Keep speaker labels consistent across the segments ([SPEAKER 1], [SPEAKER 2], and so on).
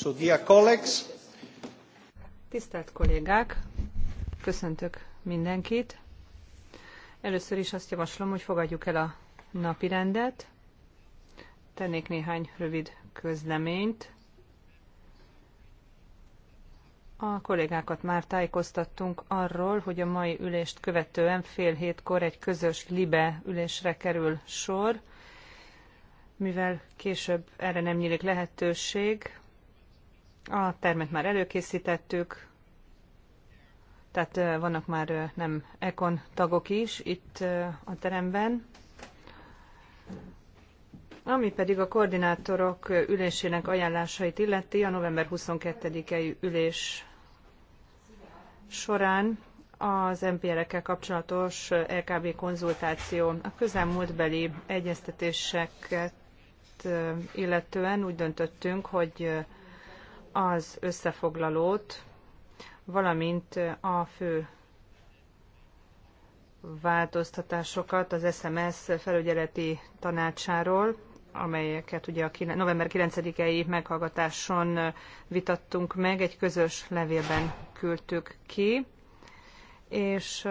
[SPEAKER 1] So, dear colleagues.
[SPEAKER 2] Tisztelt kollégák, köszöntök mindenkit. Először is azt javaslom, hogy fogadjuk el a napi rendet. Tennék néhány rövid közleményt. A kollégákat már tájékoztattunk arról, hogy a mai ülést követően fél hétkor egy közös libe ülésre kerül sor. Mivel később erre nem nyílik lehetőség, a termet már előkészítettük, tehát vannak már nem ekon tagok is itt a teremben. Ami pedig a koordinátorok ülésének ajánlásait illeti, a november 22-i ülés során az MPR-ekkel kapcsolatos LKB konzultáció a közelmúltbeli egyeztetéseket illetően úgy döntöttünk, hogy az összefoglalót, valamint a fő változtatásokat az SMS felügyeleti tanácsáról, amelyeket ugye a november 9-i meghallgatáson vitattunk meg, egy közös levélben küldtük ki, és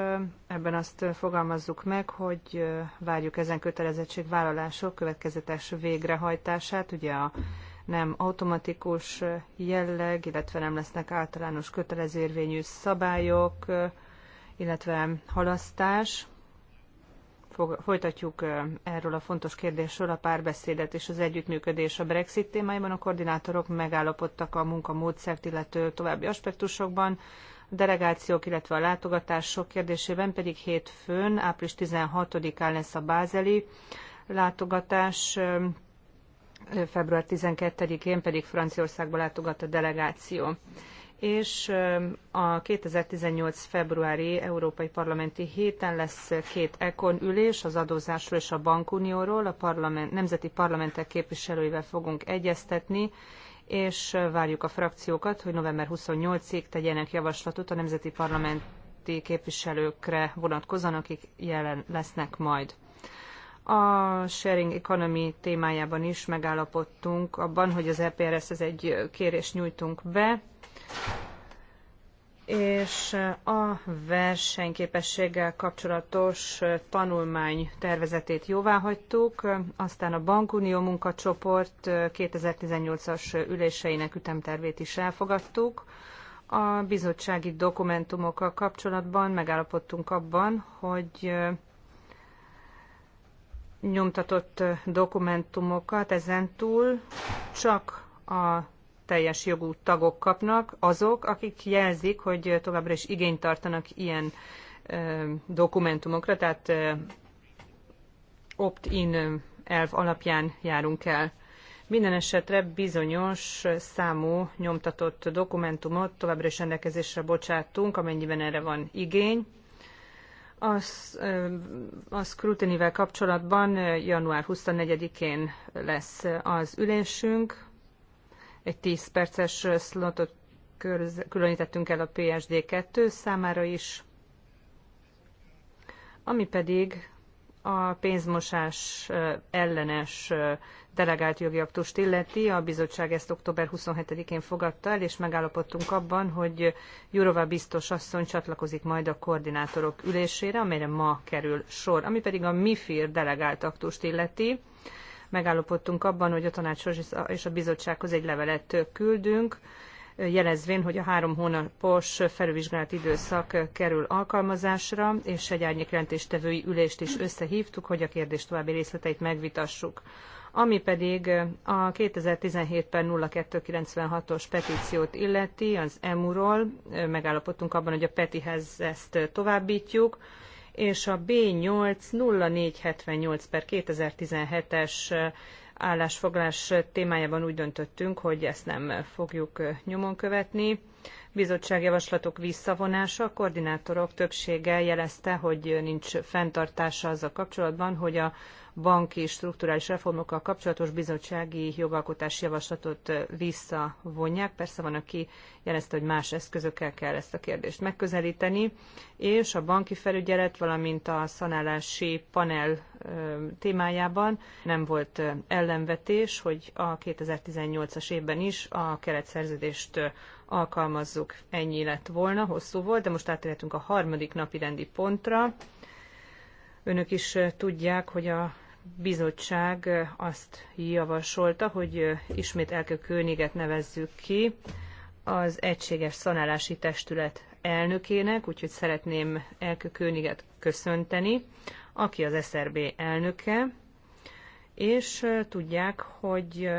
[SPEAKER 2] ebben azt fogalmazzuk meg, hogy várjuk ezen kötelezettségvállalások következetes végrehajtását, ugye a nem automatikus jelleg, illetve nem lesznek általános kötelező érvényű szabályok, illetve halasztás. Folytatjuk erről a fontos kérdésről a párbeszédet és az együttműködés a Brexit témájában. A koordinátorok megállapodtak a munkamódszert, illető további aspektusokban. A delegációk, illetve a látogatások kérdésében pedig hétfőn, április 16-án lesz a bázeli látogatás február 12-én pedig Franciaországba látogat a delegáció. És a 2018. februári Európai Parlamenti héten lesz két ECON ülés az adózásról és a bankunióról. A parlament, nemzeti parlamentek képviselőivel fogunk egyeztetni, és várjuk a frakciókat, hogy november 28-ig tegyenek javaslatot a nemzeti parlamenti képviselőkre vonatkozóan, akik jelen lesznek majd. A sharing economy témájában is megállapodtunk abban, hogy az eprs ez egy kérés nyújtunk be, és a versenyképességgel kapcsolatos tanulmány tervezetét hagytuk, aztán a Bankunió munkacsoport 2018-as üléseinek ütemtervét is elfogadtuk. A bizottsági dokumentumokkal kapcsolatban megállapodtunk abban, hogy nyomtatott dokumentumokat ezen túl csak a teljes jogú tagok kapnak, azok, akik jelzik, hogy továbbra is igényt tartanak ilyen dokumentumokra, tehát opt-in elv alapján járunk el. Minden esetre bizonyos számú nyomtatott dokumentumot továbbra is rendelkezésre bocsátunk, amennyiben erre van igény az, a scrutinivel kapcsolatban január 24-én lesz az ülésünk. Egy 10 perces szlotot különítettünk el a PSD2 számára is, ami pedig a pénzmosás ellenes delegált jogi aktust illeti, a bizottság ezt október 27-én fogadta el, és megállapodtunk abban, hogy Jurova biztos asszony csatlakozik majd a koordinátorok ülésére, amelyre ma kerül sor. Ami pedig a MIFIR delegált aktust illeti, megállapodtunk abban, hogy a tanácshoz és a bizottsághoz egy levelet küldünk, jelezvén, hogy a három hónapos felülvizsgálati időszak kerül alkalmazásra, és egy árnyékjelentéstevői ülést is összehívtuk, hogy a kérdés további részleteit megvitassuk. Ami pedig a 2017-ben 0296-os petíciót illeti, az EMU-ról megállapodtunk abban, hogy a petihez ezt továbbítjuk, és a B80478 per 2017-es állásfoglalás témájában úgy döntöttünk, hogy ezt nem fogjuk nyomon követni bizottságjavaslatok visszavonása. A koordinátorok többsége jelezte, hogy nincs fenntartása azzal kapcsolatban, hogy a banki strukturális reformokkal kapcsolatos bizottsági jogalkotási javaslatot visszavonják. Persze van, aki jelezte, hogy más eszközökkel kell ezt a kérdést megközelíteni, és a banki felügyelet, valamint a szanálási panel témájában nem volt ellenvetés, hogy a 2018-as évben is a keretszerződést alkalmazzuk. Ennyi lett volna, hosszú volt, de most átérhetünk a harmadik napi rendi pontra. Önök is eh, tudják, hogy a bizottság eh, azt javasolta, hogy eh, ismét Elke Königet nevezzük ki az Egységes Szanálási Testület elnökének, úgyhogy szeretném Elke Königet köszönteni, aki az SRB elnöke, és tudják, hogy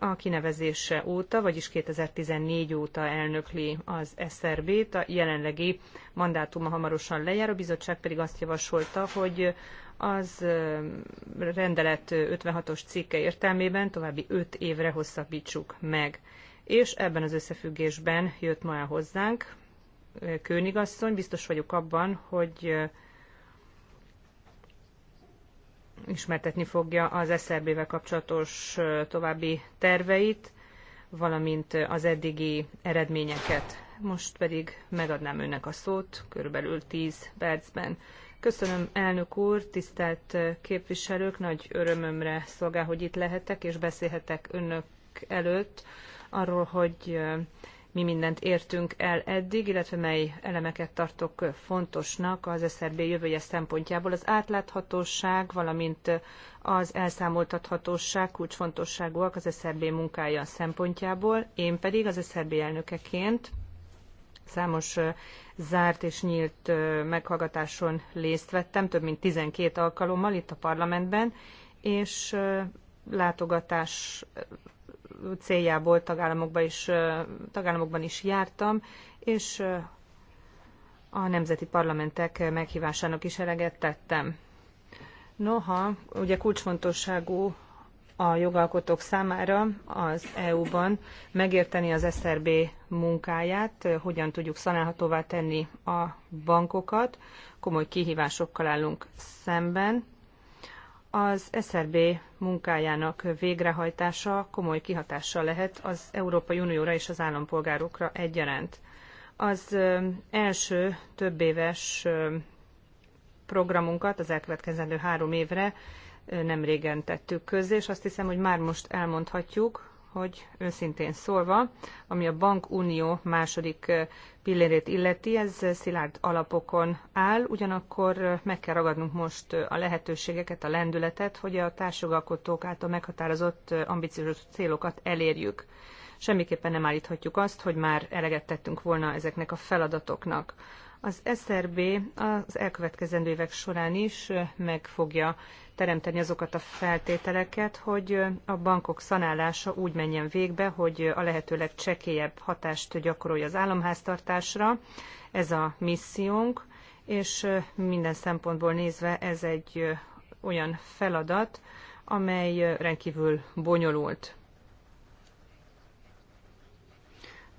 [SPEAKER 2] a kinevezése óta, vagyis 2014 óta elnökli az SRB-t, a jelenlegi mandátuma hamarosan lejár, a bizottság pedig azt javasolta, hogy az rendelet 56-os cikke értelmében további 5 évre hosszabbítsuk meg. És ebben az összefüggésben jött ma el hozzánk Kőnigasszony, biztos vagyok abban, hogy ismertetni fogja az SZRB-vel kapcsolatos további terveit, valamint az eddigi eredményeket. Most pedig megadnám önnek a szót, körülbelül 10 percben. Köszönöm, elnök úr, tisztelt képviselők, nagy örömömre szolgál, hogy itt lehetek, és beszélhetek önök előtt arról, hogy mi mindent értünk el eddig, illetve mely elemeket tartok fontosnak az SZRB jövője szempontjából. Az átláthatóság, valamint az elszámoltathatóság kulcsfontosságúak az SZRB munkája szempontjából. Én pedig az SZRB elnökeként számos zárt és nyílt meghallgatáson részt vettem, több mint 12 alkalommal itt a parlamentben, és látogatás céljából tagállamokban is, tagállamokban is jártam, és a nemzeti parlamentek meghívásának is eleget tettem. Noha, ugye kulcsfontosságú a jogalkotók számára az EU-ban megérteni az SRB munkáját, hogyan tudjuk szanálhatóvá tenni a bankokat. Komoly kihívásokkal állunk szemben, az SRB munkájának végrehajtása komoly kihatással lehet az Európai Unióra és az állampolgárokra egyaránt. Az első több éves programunkat az elkövetkezendő három évre nem régen tettük közzé, és azt hiszem, hogy már most elmondhatjuk, hogy őszintén szólva, ami a bankunió második pillérét illeti, ez szilárd alapokon áll, ugyanakkor meg kell ragadnunk most a lehetőségeket, a lendületet, hogy a társjogalkotók által meghatározott ambiciózus célokat elérjük. Semmiképpen nem állíthatjuk azt, hogy már eleget tettünk volna ezeknek a feladatoknak. Az SRB az elkövetkezendő évek során is meg fogja teremteni azokat a feltételeket, hogy a bankok szanálása úgy menjen végbe, hogy a lehető legcsekélyebb hatást gyakorolja az államháztartásra. Ez a missziónk, és minden szempontból nézve ez egy olyan feladat, amely rendkívül bonyolult.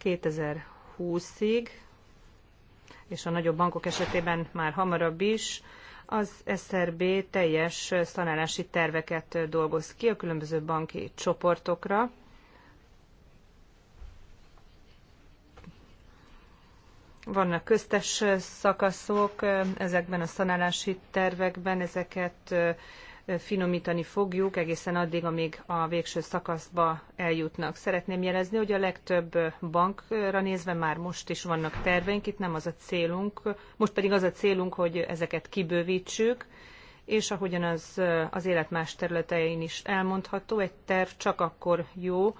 [SPEAKER 2] 2020-ig és a nagyobb bankok esetében már hamarabb is, az SRB teljes szanálási terveket dolgoz ki a különböző banki csoportokra. Vannak köztes szakaszok ezekben a szanálási tervekben, ezeket finomítani fogjuk egészen addig, amíg a végső szakaszba eljutnak. Szeretném jelezni, hogy a legtöbb bankra nézve már most is vannak terveink, itt nem az a célunk, most pedig az a célunk, hogy ezeket kibővítsük, és ahogyan az, az élet más területein is elmondható, egy terv csak akkor jó,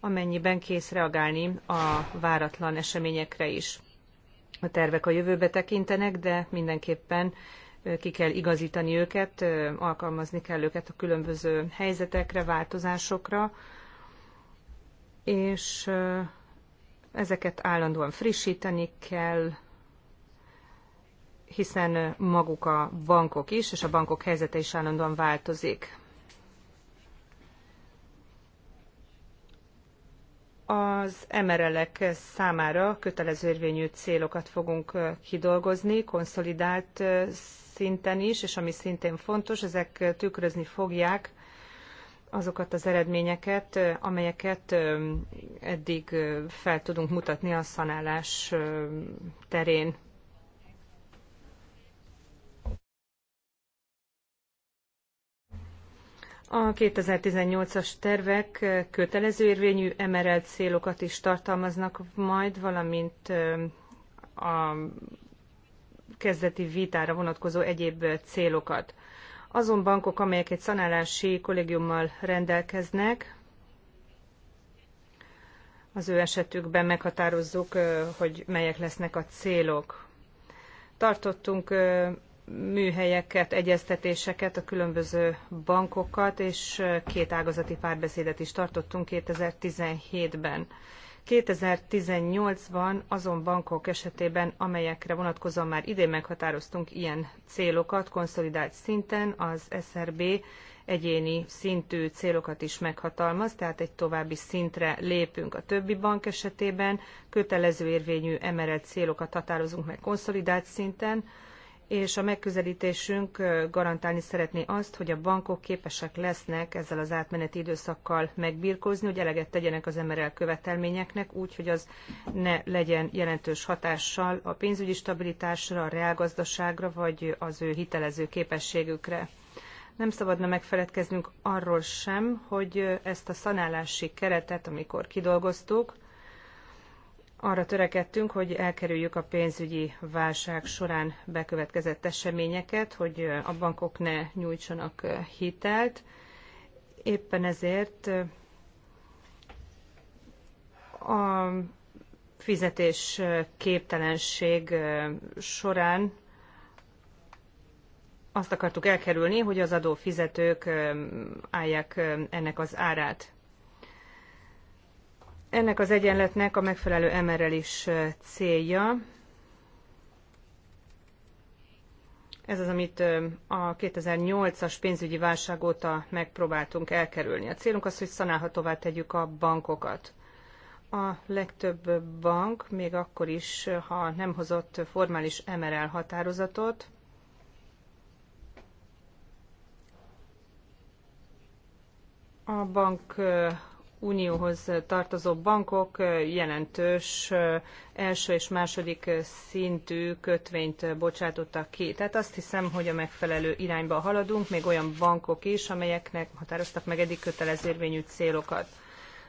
[SPEAKER 2] amennyiben kész reagálni a váratlan eseményekre is. A tervek a jövőbe tekintenek, de mindenképpen ki kell igazítani őket, alkalmazni kell őket a különböző helyzetekre, változásokra, és ezeket állandóan frissíteni kell, hiszen maguk a bankok is, és a bankok helyzete is állandóan változik. az emerelek számára kötelező érvényű célokat fogunk kidolgozni, konszolidált szinten is, és ami szintén fontos, ezek tükrözni fogják azokat az eredményeket, amelyeket eddig fel tudunk mutatni a szanálás terén. A 2018-as tervek kötelező érvényű emerelt célokat is tartalmaznak majd, valamint a kezdeti vitára vonatkozó egyéb célokat. Azon bankok, amelyek egy szanálási kollégiummal rendelkeznek, az ő esetükben meghatározzuk, hogy melyek lesznek a célok. Tartottunk műhelyeket, egyeztetéseket a különböző bankokat, és két ágazati párbeszédet is tartottunk 2017-ben. 2018-ban azon bankok esetében, amelyekre vonatkozóan már idén meghatároztunk ilyen célokat, konszolidált szinten az SRB egyéni szintű célokat is meghatalmaz, tehát egy további szintre lépünk a többi bank esetében, kötelező érvényű emelett célokat határozunk meg konszolidált szinten, és a megközelítésünk garantálni szeretné azt, hogy a bankok képesek lesznek ezzel az átmeneti időszakkal megbírkozni, hogy eleget tegyenek az MRL követelményeknek, úgy, hogy az ne legyen jelentős hatással a pénzügyi stabilitásra, a reálgazdaságra vagy az ő hitelező képességükre. Nem szabadna megfeledkeznünk arról sem, hogy ezt a szanálási keretet, amikor kidolgoztuk, arra törekedtünk, hogy elkerüljük a pénzügyi válság során bekövetkezett eseményeket, hogy a bankok ne nyújtsanak hitelt. Éppen ezért a fizetés képtelenség során azt akartuk elkerülni, hogy az adófizetők állják ennek az árát. Ennek az egyenletnek a megfelelő emerelés célja, Ez az, amit a 2008-as pénzügyi válság óta megpróbáltunk elkerülni. A célunk az, hogy szanálhatóvá tegyük a bankokat. A legtöbb bank, még akkor is, ha nem hozott formális MRL határozatot, a bank Unióhoz tartozó bankok jelentős első és második szintű kötvényt bocsátottak ki. Tehát azt hiszem, hogy a megfelelő irányba haladunk, még olyan bankok is, amelyeknek határoztak meg eddig kötelezérvényű célokat.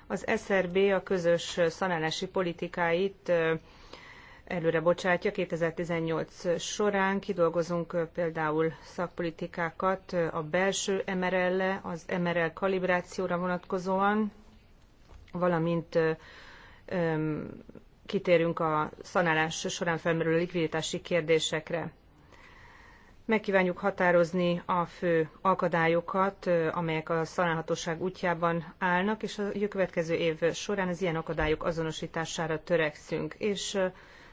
[SPEAKER 2] Az SRB a közös szanálási politikáit előre bocsátja 2018 során. Kidolgozunk például szakpolitikákat a belső MRL-le, az MRL kalibrációra vonatkozóan, valamint kitérünk a szanálás során felmerülő likviditási kérdésekre. Megkívánjuk határozni a fő akadályokat, amelyek a szanálhatóság útjában állnak, és a következő év során az ilyen akadályok azonosítására törekszünk, és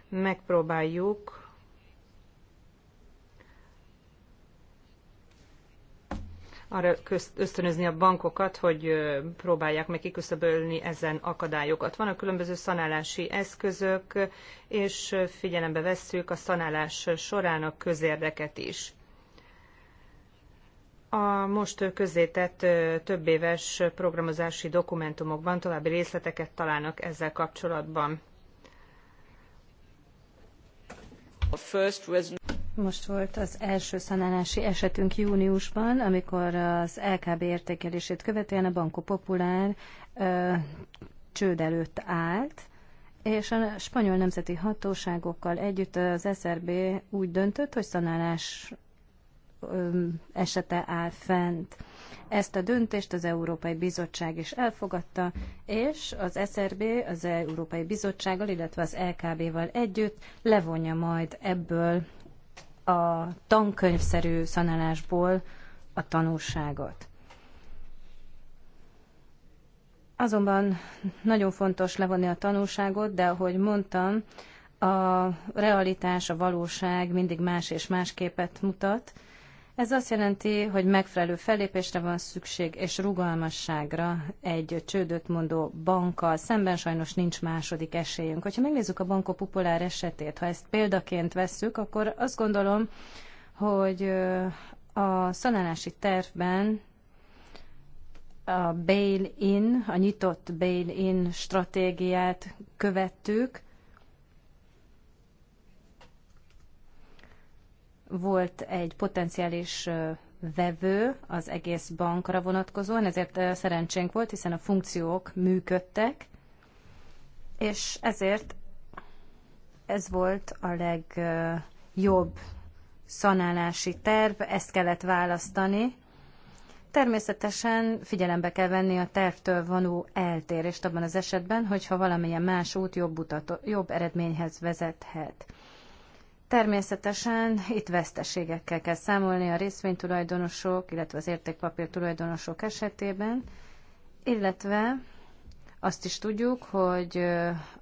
[SPEAKER 2] megpróbáljuk arra ösztönözni a bankokat, hogy próbálják meg kiküszöbölni ezen akadályokat. Vannak különböző szanálási eszközök, és figyelembe vesszük a szanálás során a közérdeket is. A most közzétett több éves programozási dokumentumokban további részleteket találnak ezzel kapcsolatban.
[SPEAKER 3] Most volt az első szanálási esetünk júniusban, amikor az LKB értékelését követően a Banco Popular ö, csőd előtt állt, és a spanyol nemzeti hatóságokkal együtt az SRB úgy döntött, hogy szanálás esete áll fent. Ezt a döntést az Európai Bizottság is elfogadta, és az SRB az Európai Bizottsággal, illetve az LKB-val együtt levonja majd ebből a tankönyvszerű szanálásból a tanulságot. Azonban nagyon fontos levonni a tanulságot, de ahogy mondtam, a realitás, a valóság mindig más és más képet mutat, ez azt jelenti, hogy megfelelő fellépésre van szükség, és rugalmasságra egy csődöt mondó bankkal szemben sajnos nincs második esélyünk. Hogyha megnézzük a bankok Populár esetét, ha ezt példaként vesszük, akkor azt gondolom, hogy a szanálási tervben a bail-in, a nyitott bail-in stratégiát követtük, volt egy potenciális vevő az egész bankra vonatkozóan, ezért szerencsénk volt, hiszen a funkciók működtek, és ezért ez volt a legjobb szanálási terv, ezt kellett választani. Természetesen figyelembe kell venni a tervtől való eltérést abban az esetben, hogyha valamilyen más út jobb, utat, jobb eredményhez vezethet. Természetesen itt veszteségekkel kell számolni a részvénytulajdonosok, illetve az értékpapír tulajdonosok esetében, illetve azt is tudjuk, hogy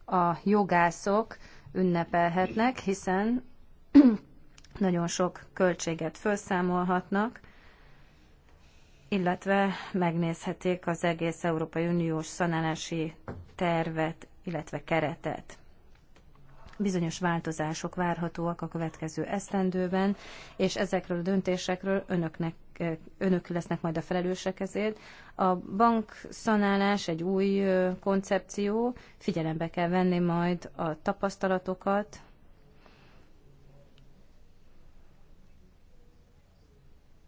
[SPEAKER 3] a jogászok ünnepelhetnek, hiszen nagyon sok költséget felszámolhatnak, illetve megnézhetik az egész Európai Uniós szanálási tervet, illetve keretet bizonyos változások várhatóak a következő esztendőben, és ezekről a döntésekről önöknek, eh, önök lesznek majd a felelősek ezért. A bankszanálás egy új eh, koncepció, figyelembe kell venni majd a tapasztalatokat,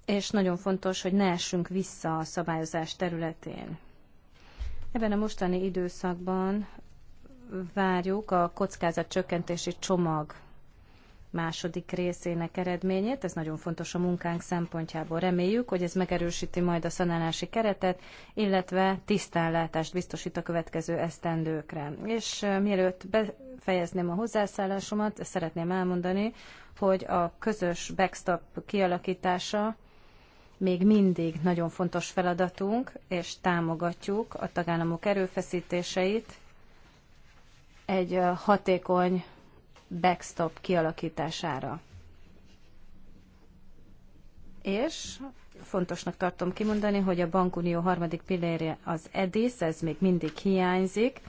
[SPEAKER 3] és nagyon fontos, hogy ne essünk vissza a szabályozás területén. Ebben a mostani időszakban várjuk a kockázatcsökkentési csomag második részének eredményét. Ez nagyon fontos a munkánk szempontjából. Reméljük, hogy ez megerősíti majd a szanálási keretet, illetve tisztánlátást biztosít a következő esztendőkre. És mielőtt befejezném a hozzászállásomat, szeretném elmondani, hogy a közös backstop kialakítása még mindig nagyon fontos feladatunk, és támogatjuk a tagállamok erőfeszítéseit, egy hatékony backstop kialakítására. És fontosnak tartom kimondani, hogy a bankunió harmadik pillérje az EDIS, ez még mindig hiányzik,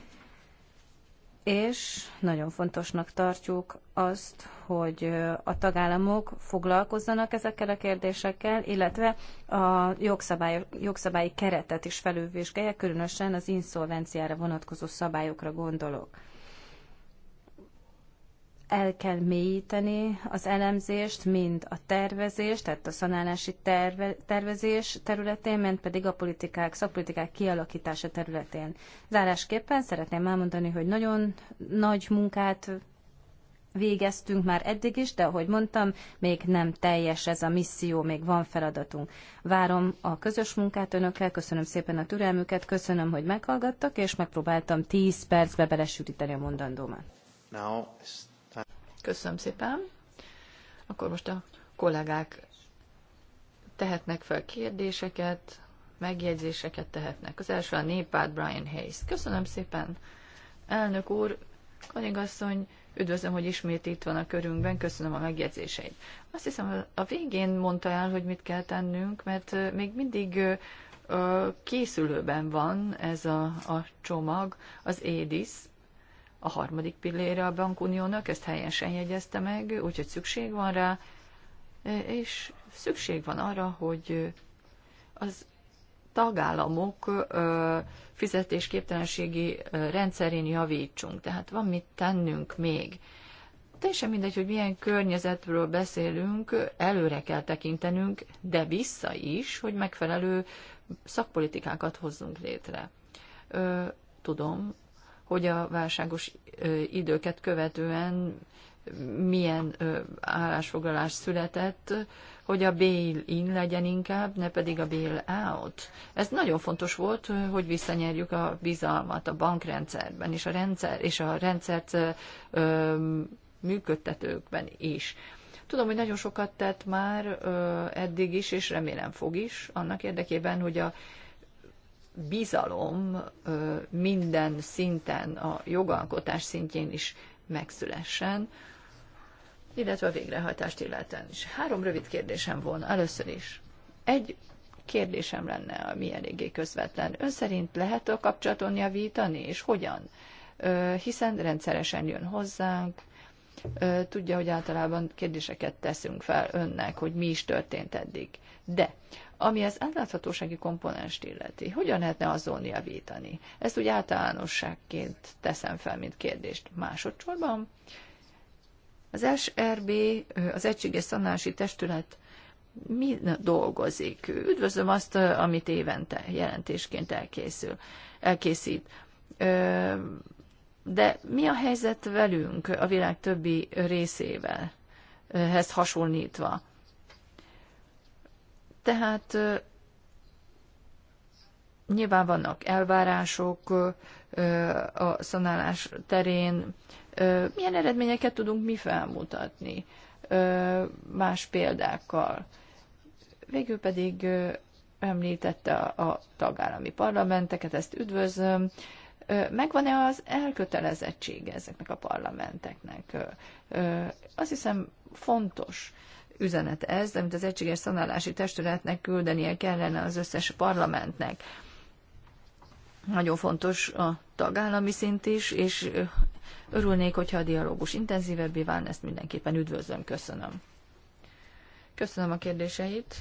[SPEAKER 3] és nagyon fontosnak tartjuk azt, hogy a tagállamok foglalkozzanak ezekkel a kérdésekkel, illetve a jogszabály, jogszabályi keretet is felülvizsgálják, különösen az inszolvenciára vonatkozó szabályokra gondolok el kell mélyíteni az elemzést, mind a tervezést, tehát a szanálási terve, tervezés területén, mint pedig a politikák, szakpolitikák kialakítása területén. Zárásképpen szeretném elmondani, hogy nagyon nagy munkát végeztünk már eddig is, de ahogy mondtam, még nem teljes ez a misszió, még van feladatunk. Várom a közös munkát önökkel, köszönöm szépen a türelmüket, köszönöm, hogy meghallgattak, és megpróbáltam 10 percbe belesűríteni a mondandómat. Now, Köszönöm szépen.
[SPEAKER 4] Akkor most a kollégák tehetnek fel kérdéseket, megjegyzéseket tehetnek. Az első a néppárt Brian Hayes. Köszönöm szépen, elnök úr, kanyagasszony, üdvözlöm, hogy ismét itt van a körünkben, köszönöm a megjegyzéseit. Azt hiszem, a végén mondta el, hogy mit kell tennünk, mert még mindig készülőben van ez a, a csomag, az EDIS, a harmadik pillére a bankuniónak, ezt helyesen jegyezte meg, úgyhogy szükség van rá, és szükség van arra, hogy az tagállamok fizetésképtelenségi rendszerén javítsunk. Tehát van mit tennünk még. Teljesen mindegy, hogy milyen környezetről beszélünk, előre kell tekintenünk, de vissza is, hogy megfelelő szakpolitikákat hozzunk létre. Tudom, hogy a válságos időket követően milyen állásfoglalás született, hogy a bail-in legyen inkább, ne pedig a bail-out. Ez nagyon fontos volt, hogy visszanyerjük a bizalmat a bankrendszerben és a, rendszer, és a rendszert ö, működtetőkben is. Tudom, hogy nagyon sokat tett már ö, eddig is, és remélem fog is, annak érdekében, hogy a bizalom minden szinten, a jogalkotás szintjén is megszülessen, illetve a végrehajtást illetően is. Három rövid kérdésem volna először is. Egy kérdésem lenne, ami eléggé közvetlen. Ön szerint lehet a kapcsolaton javítani, és hogyan? Hiszen rendszeresen jön hozzánk, tudja, hogy általában kérdéseket teszünk fel önnek, hogy mi is történt eddig. De ami az átláthatósági komponenst illeti, hogyan lehetne azon javítani? Ezt úgy általánosságként teszem fel, mint kérdést. Másodszorban az SRB, az Egységes Szanási Testület mi dolgozik? Üdvözlöm azt, amit évente jelentésként elkészül, elkészít. De mi a helyzet velünk a világ többi részével, ehhez hasonlítva? Tehát nyilván vannak elvárások a szanálás terén. Milyen eredményeket tudunk mi felmutatni más példákkal? Végül pedig említette a tagállami parlamenteket, ezt üdvözlöm. Megvan-e az elkötelezettsége ezeknek a parlamenteknek? Azt hiszem fontos üzenet ez, amit az Egységes Szanálási Testületnek küldenie kellene az összes parlamentnek. Nagyon fontos a tagállami szint is, és örülnék, hogyha a dialógus intenzívebbé válna, ezt mindenképpen üdvözlöm, köszönöm. Köszönöm a kérdéseit,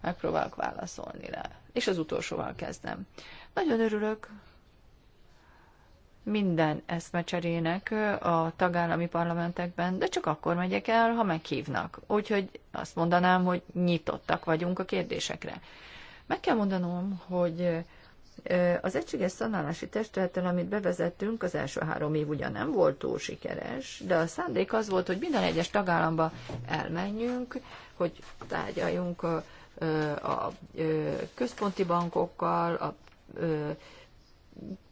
[SPEAKER 4] megpróbálok válaszolni rá. És az utolsóval kezdem. Nagyon örülök, minden eszmecserének a tagállami parlamentekben, de csak akkor megyek el, ha meghívnak. Úgyhogy azt mondanám, hogy nyitottak vagyunk a kérdésekre. Meg kell mondanom, hogy az egységes szanálási testülettel, amit bevezettünk, az első három év ugyan nem volt túl sikeres, de a szándék az volt, hogy minden egyes tagállamba elmenjünk, hogy tárgyaljunk a, a, a központi bankokkal, a, a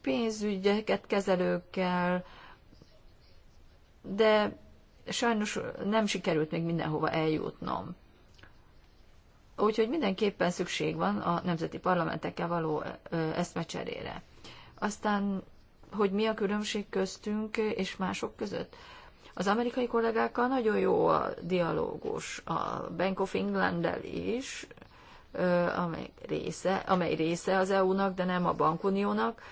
[SPEAKER 4] pénzügyeket kezelőkkel, de sajnos nem sikerült még mindenhova eljutnom. Úgyhogy mindenképpen szükség van a nemzeti parlamentekkel való eszmecserére. Aztán, hogy mi a különbség köztünk és mások között? Az amerikai kollégákkal nagyon jó a dialógus, a Bank of england del is, amely része, amely része az EU-nak, de nem a bankuniónak.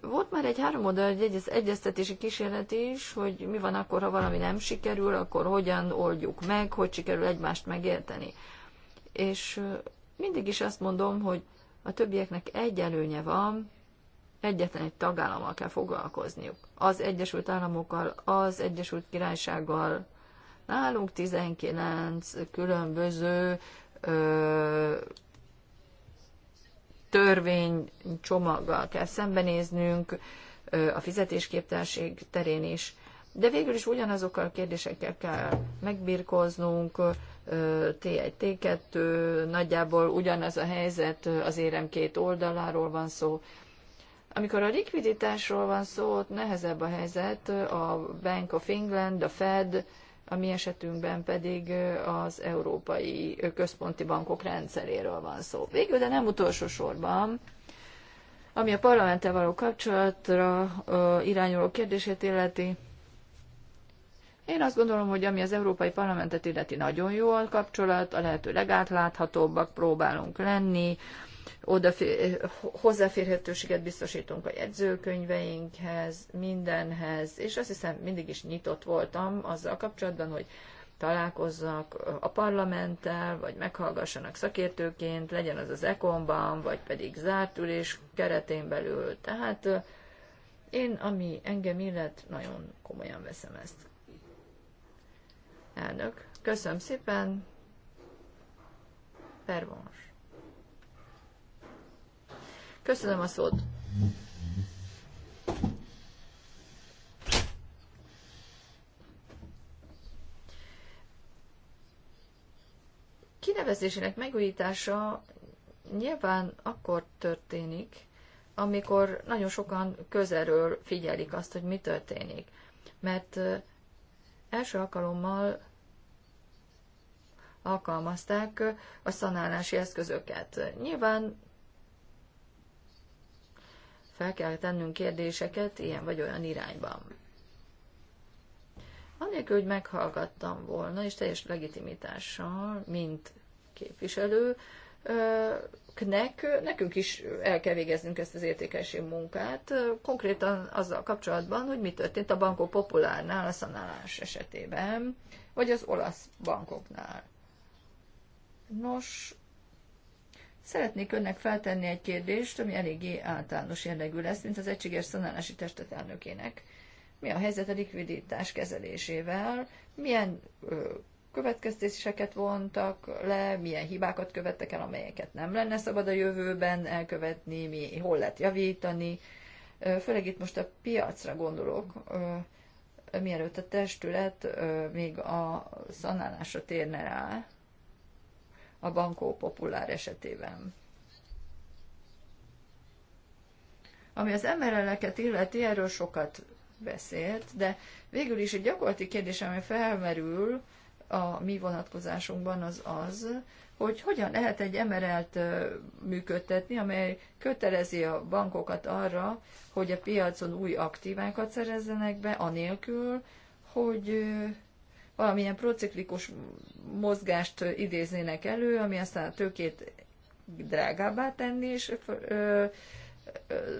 [SPEAKER 4] Volt már egy három oldal, egy egyeztetési kísérlet is, hogy mi van akkor, ha valami nem sikerül, akkor hogyan oldjuk meg, hogy sikerül egymást megérteni. És mindig is azt mondom, hogy a többieknek egy előnye van, egyetlen egy tagállammal kell foglalkozniuk. Az Egyesült Államokkal, az Egyesült Királysággal, nálunk 19 különböző ö, törvénycsomaggal kell szembenéznünk, a fizetésképtelség terén is. De végül is ugyanazokkal a kérdésekkel kell megbirkóznunk, T1, T2, nagyjából ugyanaz a helyzet, az érem két oldaláról van szó. Amikor a likviditásról van szó, ott nehezebb a helyzet, a Bank of England, a Fed, a mi esetünkben pedig az európai központi bankok rendszeréről van szó. Végül, de nem utolsó sorban, ami a parlamenttel való kapcsolatra irányuló kérdését illeti, én azt gondolom, hogy ami az Európai Parlamentet illeti nagyon jó a kapcsolat, a lehető legátláthatóbbak próbálunk lenni, odafér, hozzáférhetőséget biztosítunk a jegyzőkönyveinkhez, mindenhez, és azt hiszem mindig is nyitott voltam azzal kapcsolatban, hogy találkozzak a parlamenttel, vagy meghallgassanak szakértőként, legyen az az ekonban, vagy pedig zárt ülés keretén belül. Tehát én, ami engem illet, nagyon komolyan veszem ezt. Elnök, köszönöm szépen. Pervons. Köszönöm a szót. Kinevezésének megújítása nyilván akkor történik, amikor nagyon sokan közelről figyelik azt, hogy mi történik. Mert első alkalommal alkalmazták a szanálási eszközöket. Nyilván fel kell tennünk kérdéseket ilyen vagy olyan irányban. Anélkül, hogy meghallgattam volna, és teljes legitimitással, mint képviselő, nekünk is el kell végeznünk ezt az értékelési munkát, konkrétan azzal kapcsolatban, hogy mi történt a bankok populárnál a szanálás esetében, vagy az olasz bankoknál. Nos, Szeretnék önnek feltenni egy kérdést, ami eléggé általános jellegű lesz, mint az Egységes Szanálási Testet elnökének. Mi a helyzet a likviditás kezelésével? Milyen ö, következtetéseket vontak le, milyen hibákat követtek el, amelyeket nem lenne szabad a jövőben elkövetni, mi, hol lehet javítani. Főleg itt most a piacra gondolok, mielőtt a testület még a szanálásra térne rá, a Bankó Populár esetében. Ami az MRL-eket illeti, erről sokat beszélt, de végül is egy gyakorlati kérdés, ami felmerül a mi vonatkozásunkban, az az, hogy hogyan lehet egy emerelt működtetni, amely kötelezi a bankokat arra, hogy a piacon új aktívákat szerezzenek be, anélkül, hogy valamilyen prociklikus mozgást idéznének elő, ami aztán a tőkét drágábbá tenni, és ö, ö,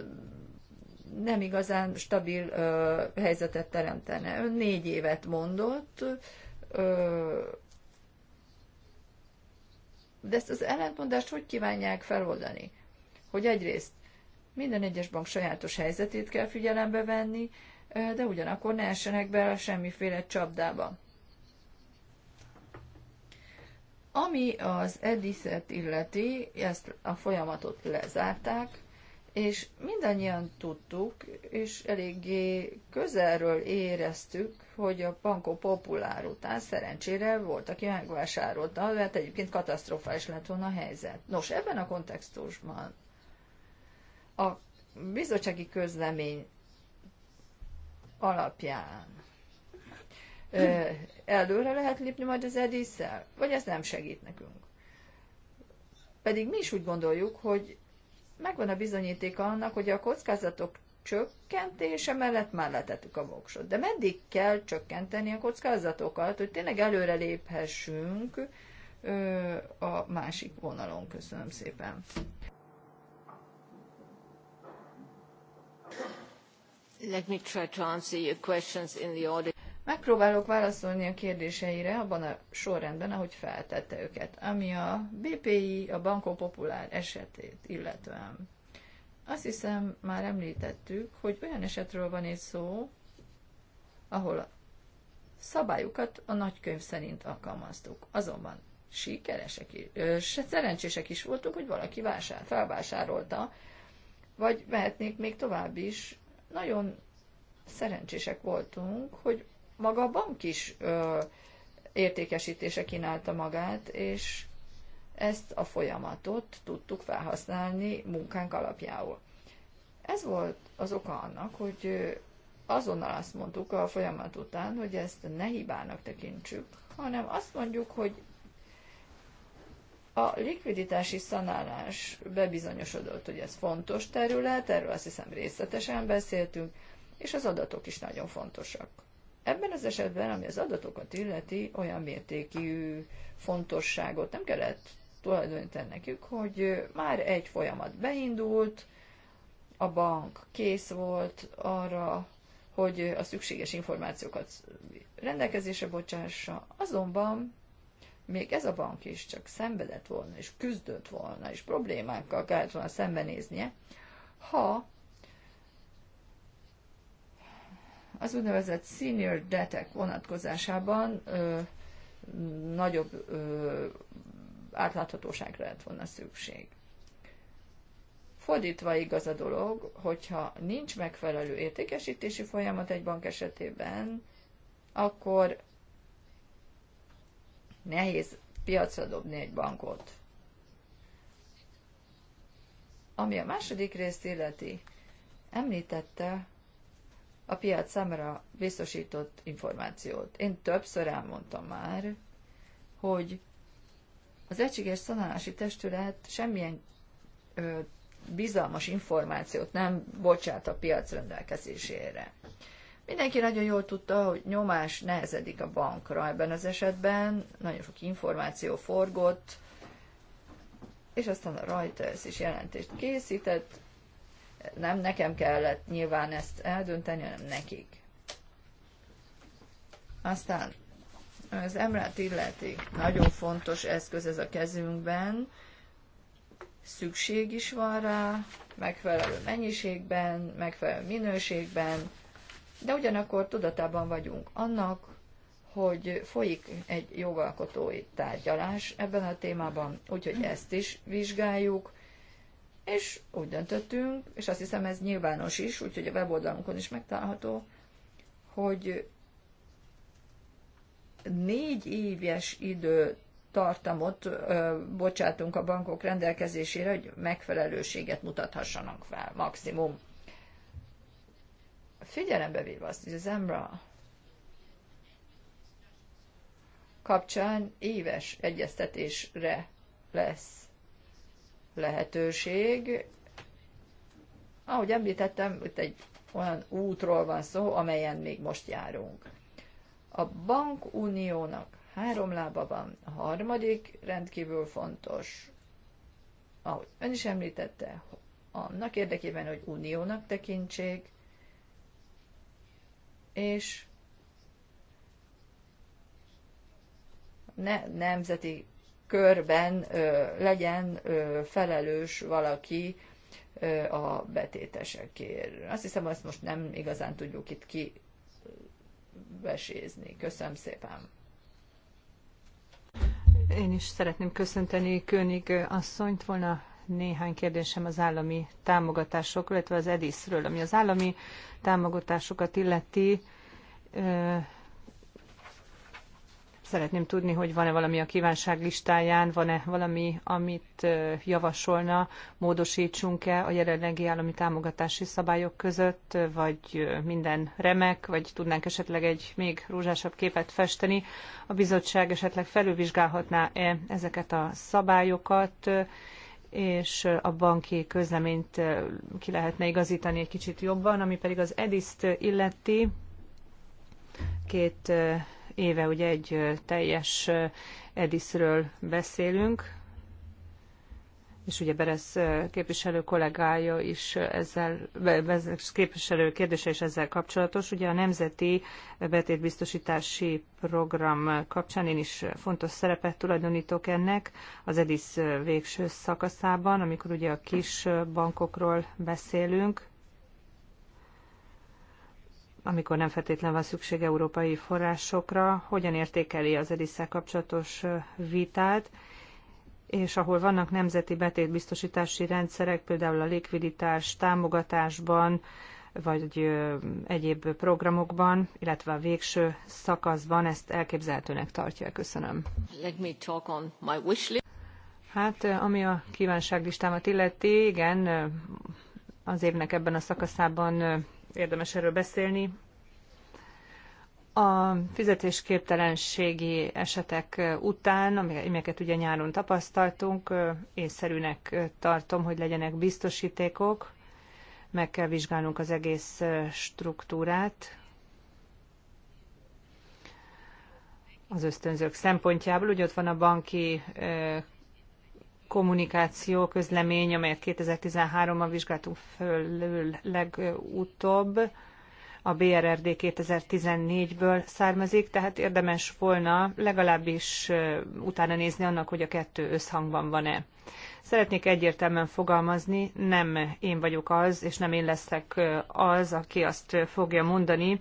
[SPEAKER 4] nem igazán stabil ö, helyzetet teremtene. Ön négy évet mondott, ö, de ezt az ellentmondást hogy kívánják feloldani? Hogy egyrészt minden egyes bank sajátos helyzetét kell figyelembe venni, de ugyanakkor ne essenek bele semmiféle csapdába. Ami az Ediszet illeti, ezt a folyamatot lezárták, és mindannyian tudtuk, és eléggé közelről éreztük, hogy a Banco Populár után szerencsére volt, aki megvásárolta, mert hát egyébként katasztrofális lett volna a helyzet. Nos, ebben a kontextusban a bizottsági közlemény alapján előre lehet lépni majd az edisszel, vagy ez nem segít nekünk. Pedig mi is úgy gondoljuk, hogy megvan a bizonyítéka annak, hogy a kockázatok csökkentése mellett már letettük a voksot. De meddig kell csökkenteni a kockázatokat, hogy tényleg előre léphessünk a másik vonalon? Köszönöm szépen. Let me try to answer your questions in the order. Megpróbálok válaszolni a kérdéseire abban a sorrendben, ahogy feltette őket, ami a BPI, a Banco Popular esetét illetően. Azt hiszem, már említettük, hogy olyan esetről van egy szó, ahol a szabályukat a nagykönyv szerint alkalmaztuk. Azonban sikeresek is, szerencsések is voltunk, hogy valaki vásár, felvásárolta, vagy vehetnék még tovább is. Nagyon szerencsések voltunk, hogy maga a bank is ö, értékesítése kínálta magát, és ezt a folyamatot tudtuk felhasználni munkánk alapjául. Ez volt az oka annak, hogy azonnal azt mondtuk a folyamat után, hogy ezt ne hibának tekintsük, hanem azt mondjuk, hogy a likviditási szanálás bebizonyosodott, hogy ez fontos terület, erről azt hiszem részletesen beszéltünk, és az adatok is nagyon fontosak. Ebben az esetben, ami az adatokat illeti, olyan mértékű fontosságot nem kellett tulajdonítani nekük, hogy már egy folyamat beindult, a bank kész volt arra, hogy a szükséges információkat rendelkezésre bocsássa, azonban még ez a bank is csak szenvedett volna, és küzdött volna, és problémákkal kellett volna szembenéznie, ha Az úgynevezett senior detek vonatkozásában ö, nagyobb ö, átláthatóságra lett volna szükség. Fordítva igaz a dolog, hogyha nincs megfelelő értékesítési folyamat egy bank esetében, akkor nehéz piacra dobni egy bankot. Ami a második részt illeti, említette, a piac számára biztosított információt. Én többször elmondtam már, hogy az egységes szanálási testület semmilyen ö, bizalmas információt nem bocsát a piac rendelkezésére. Mindenki nagyon jól tudta, hogy nyomás nehezedik a bankra ebben az esetben, nagyon sok információ forgott, és aztán a Reuters is jelentést készített, nem nekem kellett nyilván ezt eldönteni, hanem nekik. Aztán az emrát illeti, nagyon fontos eszköz ez a kezünkben, szükség is van rá, megfelelő mennyiségben, megfelelő minőségben, de ugyanakkor tudatában vagyunk annak, hogy folyik egy jogalkotói tárgyalás ebben a témában, úgyhogy ezt is vizsgáljuk, és úgy döntöttünk, és azt hiszem ez nyilvános is, úgyhogy a weboldalunkon is megtalálható, hogy négy éves idő tartamot bocsátunk a bankok rendelkezésére, hogy megfelelőséget mutathassanak fel maximum. Figyelembe véve azt, hogy az EMRA kapcsán éves egyeztetésre lesz lehetőség. Ahogy említettem, itt egy olyan útról van szó, amelyen még most járunk. A bankuniónak három lába van, a harmadik rendkívül fontos, ahogy ön is említette, annak érdekében, hogy uniónak tekintsék, és ne, nemzeti körben legyen felelős valaki a betétesekért. Azt hiszem, azt most nem igazán tudjuk itt ki vesézni. Köszönöm szépen!
[SPEAKER 2] Én is szeretném köszönteni König asszonyt. Volna néhány kérdésem az állami támogatásokról, illetve az EDIS-ről, ami az állami támogatásokat illeti Szeretném tudni, hogy van-e valami a kívánság listáján, van-e valami, amit javasolna, módosítsunk-e a jelenlegi állami támogatási szabályok között, vagy minden remek, vagy tudnánk esetleg egy még rózsásabb képet festeni. A bizottság esetleg felülvizsgálhatná-e ezeket a szabályokat, és a banki közleményt ki lehetne igazítani egy kicsit jobban, ami pedig az EDIS-t illeti, két éve, ugye egy teljes Edisről beszélünk, és ugye Beresz képviselő kollégája is ezzel, képviselő kérdése is ezzel kapcsolatos. Ugye a Nemzeti Betétbiztosítási Program kapcsán én is fontos szerepet tulajdonítok ennek az EDIS végső szakaszában, amikor ugye a kis bankokról beszélünk, amikor nem feltétlen van szükség európai forrásokra, hogyan értékeli az edisz kapcsolatos vitát, és ahol vannak nemzeti betétbiztosítási rendszerek, például a likviditás támogatásban, vagy egyéb programokban, illetve a végső szakaszban ezt elképzelhetőnek tartja. Köszönöm.
[SPEAKER 4] Let me talk on my wish list.
[SPEAKER 2] Hát, ami a kívánságlistámat illeti, igen, az évnek ebben a szakaszában
[SPEAKER 4] érdemes erről
[SPEAKER 2] beszélni. A fizetésképtelenségi esetek után, amelyeket ugye nyáron tapasztaltunk, észszerűnek tartom, hogy legyenek biztosítékok, meg kell vizsgálnunk az egész struktúrát, az ösztönzők szempontjából. Ugye ott van a banki kommunikáció közlemény, amelyet 2013-ban vizsgáltunk fölül legutóbb, a BRRD 2014-ből származik, tehát érdemes volna legalábbis utána nézni annak, hogy a kettő összhangban van-e. Szeretnék egyértelműen fogalmazni, nem én vagyok az, és nem én leszek az, aki azt fogja mondani,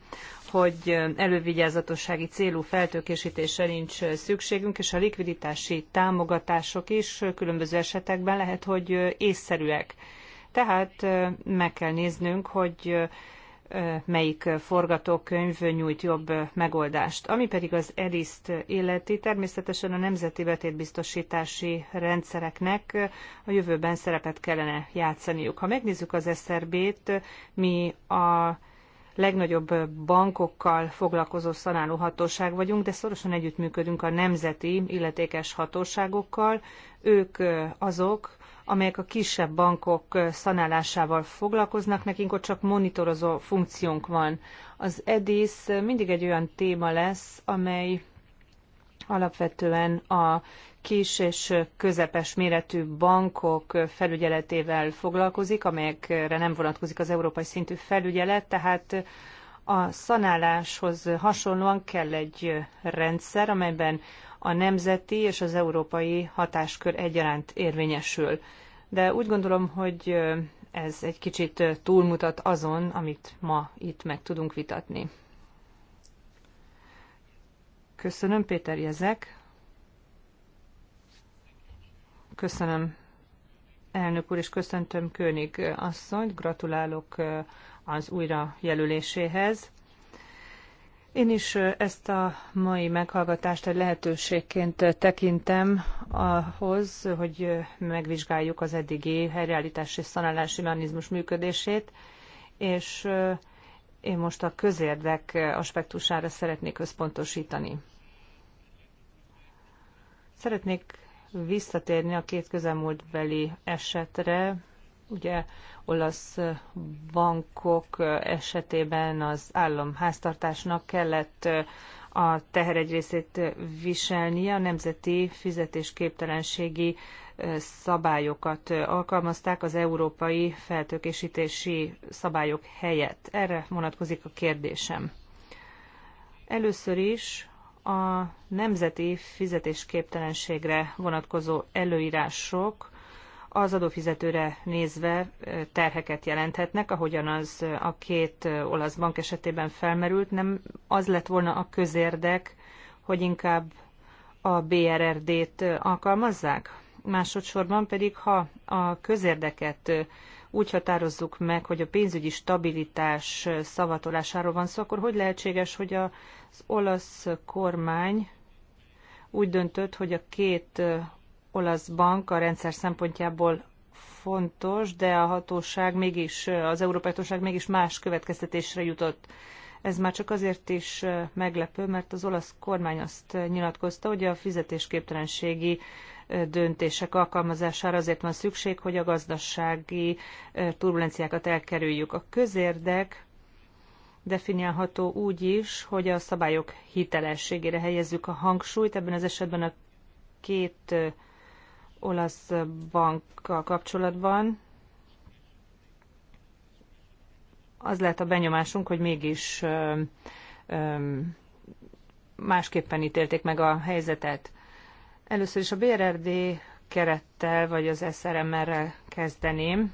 [SPEAKER 2] hogy elővigyázatossági célú feltőkésítése nincs szükségünk, és a likviditási támogatások is különböző esetekben lehet, hogy észszerűek. Tehát meg kell néznünk, hogy melyik forgatókönyv nyújt jobb megoldást. Ami pedig az edisz életi illeti, természetesen a nemzeti betétbiztosítási rendszereknek a jövőben szerepet kellene játszaniuk. Ha megnézzük az SRB-t, er mi a legnagyobb bankokkal foglalkozó szanáló hatóság vagyunk, de szorosan együttműködünk a nemzeti illetékes hatóságokkal. Ők azok, amelyek a kisebb bankok szanálásával foglalkoznak, nekünk ott csak monitorozó funkciónk van. Az EDIS mindig egy olyan téma lesz, amely alapvetően a kis és közepes méretű bankok felügyeletével foglalkozik, amelyekre nem vonatkozik az európai szintű felügyelet, tehát a szanáláshoz hasonlóan kell egy rendszer, amelyben a nemzeti és az európai hatáskör egyaránt érvényesül. De úgy gondolom, hogy ez egy kicsit túlmutat azon, amit ma itt meg tudunk vitatni. Köszönöm, Péter Jezek. Köszönöm, elnök úr, és köszöntöm König asszonyt. Gratulálok az újra jelöléséhez. Én is ezt a mai meghallgatást egy lehetőségként tekintem ahhoz, hogy megvizsgáljuk az eddigi helyreállítási szanálási mechanizmus működését, és én most a közérdek aspektusára szeretnék összpontosítani. Szeretnék visszatérni a két közelmúltbeli esetre, Ugye olasz bankok esetében az államháztartásnak kellett a teher egy részét viselnie, a nemzeti fizetésképtelenségi szabályokat alkalmazták az európai feltökésítési szabályok helyett. Erre vonatkozik a kérdésem. Először is a nemzeti fizetésképtelenségre vonatkozó előírások az adófizetőre nézve terheket jelenthetnek, ahogyan az a két olasz bank esetében felmerült, nem az lett volna a közérdek, hogy inkább a BRRD-t alkalmazzák? Másodszorban pedig, ha a közérdeket úgy határozzuk meg, hogy a pénzügyi stabilitás szavatolásáról van szó, akkor hogy lehetséges, hogy az olasz kormány úgy döntött, hogy a két olasz bank a rendszer szempontjából fontos, de a hatóság mégis, az Európai Hatóság mégis más következtetésre jutott. Ez már csak azért is meglepő, mert az olasz kormány azt nyilatkozta, hogy a fizetésképtelenségi döntések alkalmazására azért van szükség, hogy a gazdasági turbulenciákat elkerüljük. A közérdek definiálható úgy is, hogy a szabályok hitelességére helyezzük a hangsúlyt, ebben az esetben a két olasz bankkal kapcsolatban. Az lehet a benyomásunk, hogy mégis ö, ö, másképpen ítélték meg a helyzetet. Először is a BRRD kerettel, vagy az SRM-rel kezdeném.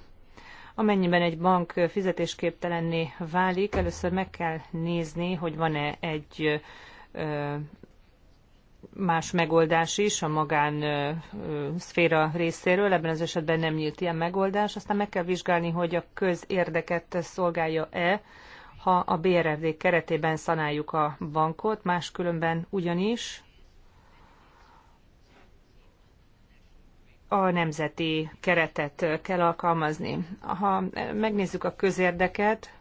[SPEAKER 2] Amennyiben egy bank fizetésképtelenné válik, először meg kell nézni, hogy van-e egy más megoldás is a magán szféra részéről, ebben az esetben nem nyílt ilyen megoldás. Aztán meg kell vizsgálni, hogy a közérdeket szolgálja-e, ha a BRFD keretében szanáljuk a bankot, máskülönben ugyanis a nemzeti keretet kell alkalmazni. Ha megnézzük a közérdeket,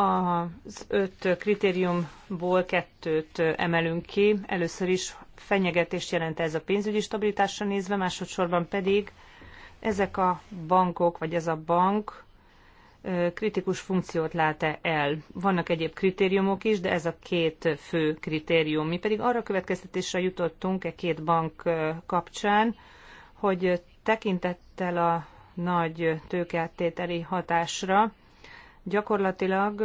[SPEAKER 2] az öt kritériumból kettőt emelünk ki. Először is fenyegetést jelent ez a pénzügyi stabilitásra nézve, másodszorban pedig ezek a bankok, vagy ez a bank kritikus funkciót lát-e el. Vannak egyéb kritériumok is, de ez a két fő kritérium. Mi pedig arra következtetésre jutottunk e két bank kapcsán, hogy tekintettel a nagy tőkeáttételi hatásra, gyakorlatilag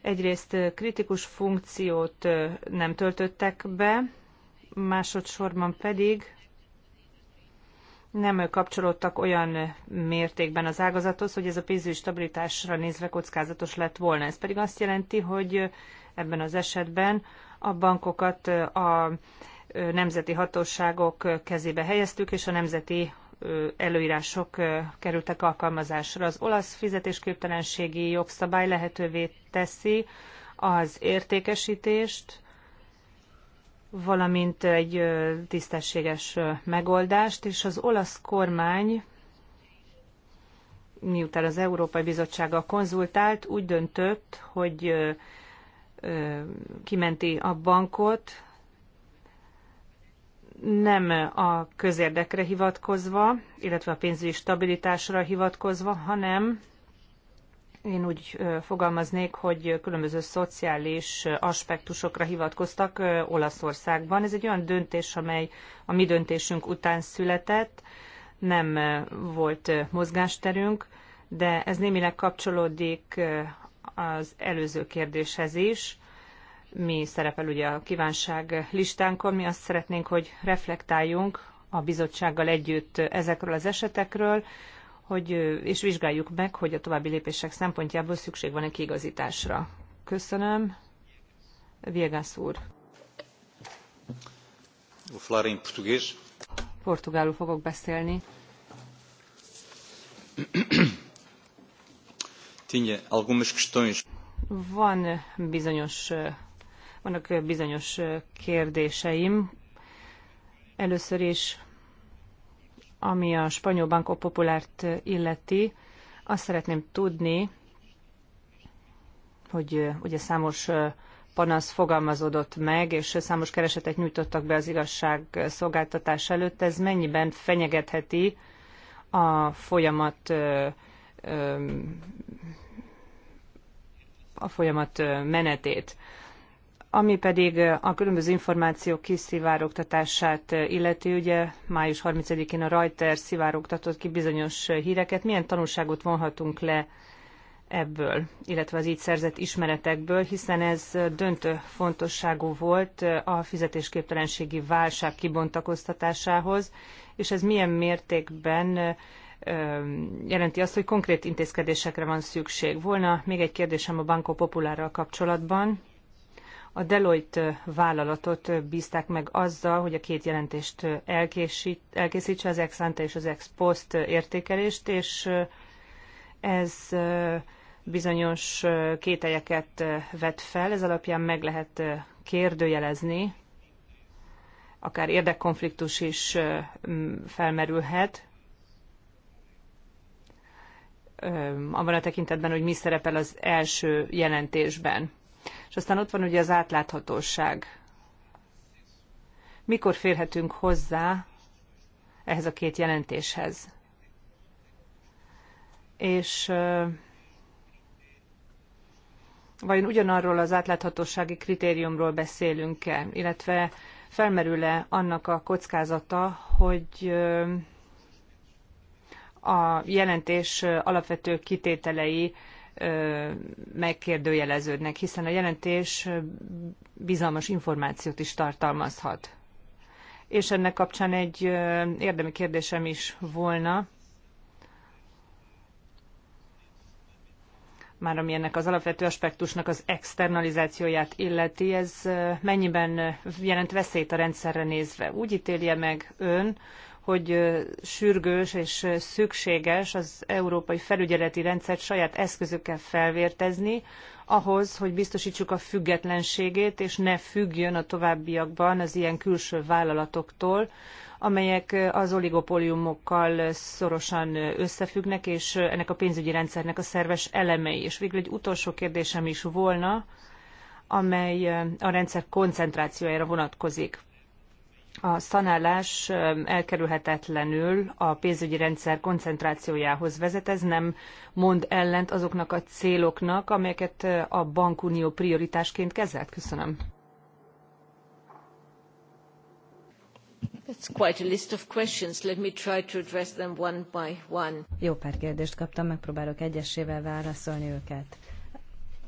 [SPEAKER 2] egyrészt kritikus funkciót nem töltöttek be, másodszorban pedig nem kapcsolódtak olyan mértékben az ágazathoz, hogy ez a pénzügyi stabilitásra nézve kockázatos lett volna. Ez pedig azt jelenti, hogy ebben az esetben a bankokat a nemzeti hatóságok kezébe helyeztük, és a nemzeti előírások kerültek alkalmazásra. Az olasz fizetésképtelenségi jogszabály lehetővé teszi az értékesítést, valamint egy tisztességes megoldást, és az olasz kormány, miután az Európai Bizottsággal konzultált, úgy döntött, hogy kimenti a bankot, nem a közérdekre hivatkozva, illetve a pénzügyi stabilitásra hivatkozva, hanem én úgy fogalmaznék, hogy különböző szociális aspektusokra hivatkoztak Olaszországban. Ez egy olyan döntés, amely a mi döntésünk után született, nem volt mozgásterünk, de ez némileg kapcsolódik az előző kérdéshez is mi szerepel ugye a kívánság listánkon. Mi azt szeretnénk, hogy reflektáljunk a bizottsággal együtt ezekről az esetekről, hogy, és vizsgáljuk meg, hogy a további lépések szempontjából szükség van-e kiigazításra. Köszönöm. Viegas úr.
[SPEAKER 1] Vou falar em português.
[SPEAKER 2] Portugálul fogok beszélni.
[SPEAKER 1] Tinha algumas questões.
[SPEAKER 2] Van bizonyos vannak bizonyos kérdéseim. Először is, ami a spanyol Banco Populárt illeti, azt szeretném tudni, hogy ugye számos panasz fogalmazódott meg, és számos keresetet nyújtottak be az igazság szolgáltatás előtt. Ez mennyiben fenyegetheti a folyamat a folyamat menetét. Ami pedig a különböző információk kiszivárogtatását illeti, ugye május 30-én a Reuters szivárogtatott ki bizonyos híreket. Milyen tanulságot vonhatunk le ebből, illetve az így szerzett ismeretekből, hiszen ez döntő fontosságú volt a fizetésképtelenségi válság kibontakoztatásához, és ez milyen mértékben jelenti azt, hogy konkrét intézkedésekre van szükség. Volna még egy kérdésem a Banco Populárral kapcsolatban. A Deloitte vállalatot bízták meg azzal, hogy a két jelentést elkészít, elkészítse, az ex ante és az ex post értékelést, és ez bizonyos kételyeket vet fel, ez alapján meg lehet kérdőjelezni, akár érdekkonfliktus is mm, felmerülhet, abban a tekintetben, hogy mi szerepel az első jelentésben. És aztán ott van ugye az átláthatóság. Mikor férhetünk hozzá ehhez a két jelentéshez? És vajon ugyanarról az átláthatósági kritériumról beszélünk-e, illetve felmerül-e annak a kockázata, hogy a jelentés alapvető kitételei megkérdőjeleződnek, hiszen a jelentés bizalmas információt is tartalmazhat. És ennek kapcsán egy érdemi kérdésem is volna, már ami ennek az alapvető aspektusnak az externalizációját illeti, ez mennyiben jelent veszélyt a rendszerre nézve? Úgy ítélje meg ön, hogy sürgős és szükséges az európai felügyeleti rendszert saját eszközökkel felvértezni, ahhoz, hogy biztosítsuk a függetlenségét, és ne függjön a továbbiakban az ilyen külső vállalatoktól, amelyek az oligopóliumokkal szorosan összefüggnek, és ennek a pénzügyi rendszernek a szerves elemei. És végül egy utolsó kérdésem is volna, amely a rendszer koncentrációjára vonatkozik a szanálás elkerülhetetlenül a pénzügyi rendszer koncentrációjához vezet. Ez nem mond ellent azoknak a céloknak, amelyeket a bankunió prioritásként kezelt. Köszönöm.
[SPEAKER 4] That's quite a list of questions. Let me try to address them one by one.
[SPEAKER 3] Jó pár kérdést kaptam, megpróbálok egyesével válaszolni őket.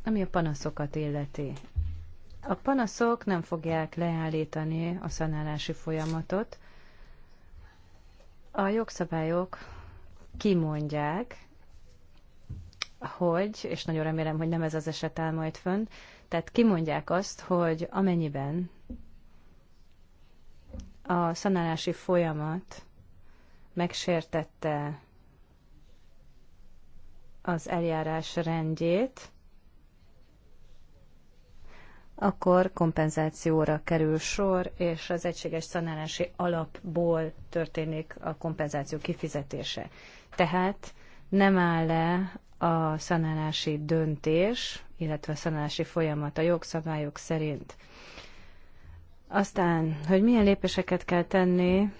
[SPEAKER 3] Ami a panaszokat illeti, a panaszok nem fogják leállítani a szanálási folyamatot. A jogszabályok kimondják, hogy, és nagyon remélem, hogy nem ez az eset áll majd fönn, tehát kimondják azt, hogy amennyiben a szanálási folyamat megsértette az eljárás rendjét, akkor kompenzációra kerül sor, és az egységes szanálási alapból történik a kompenzáció kifizetése. Tehát nem áll le a szanálási döntés, illetve a szanálási folyamat a jogszabályok szerint. Aztán, hogy milyen lépéseket kell tenni,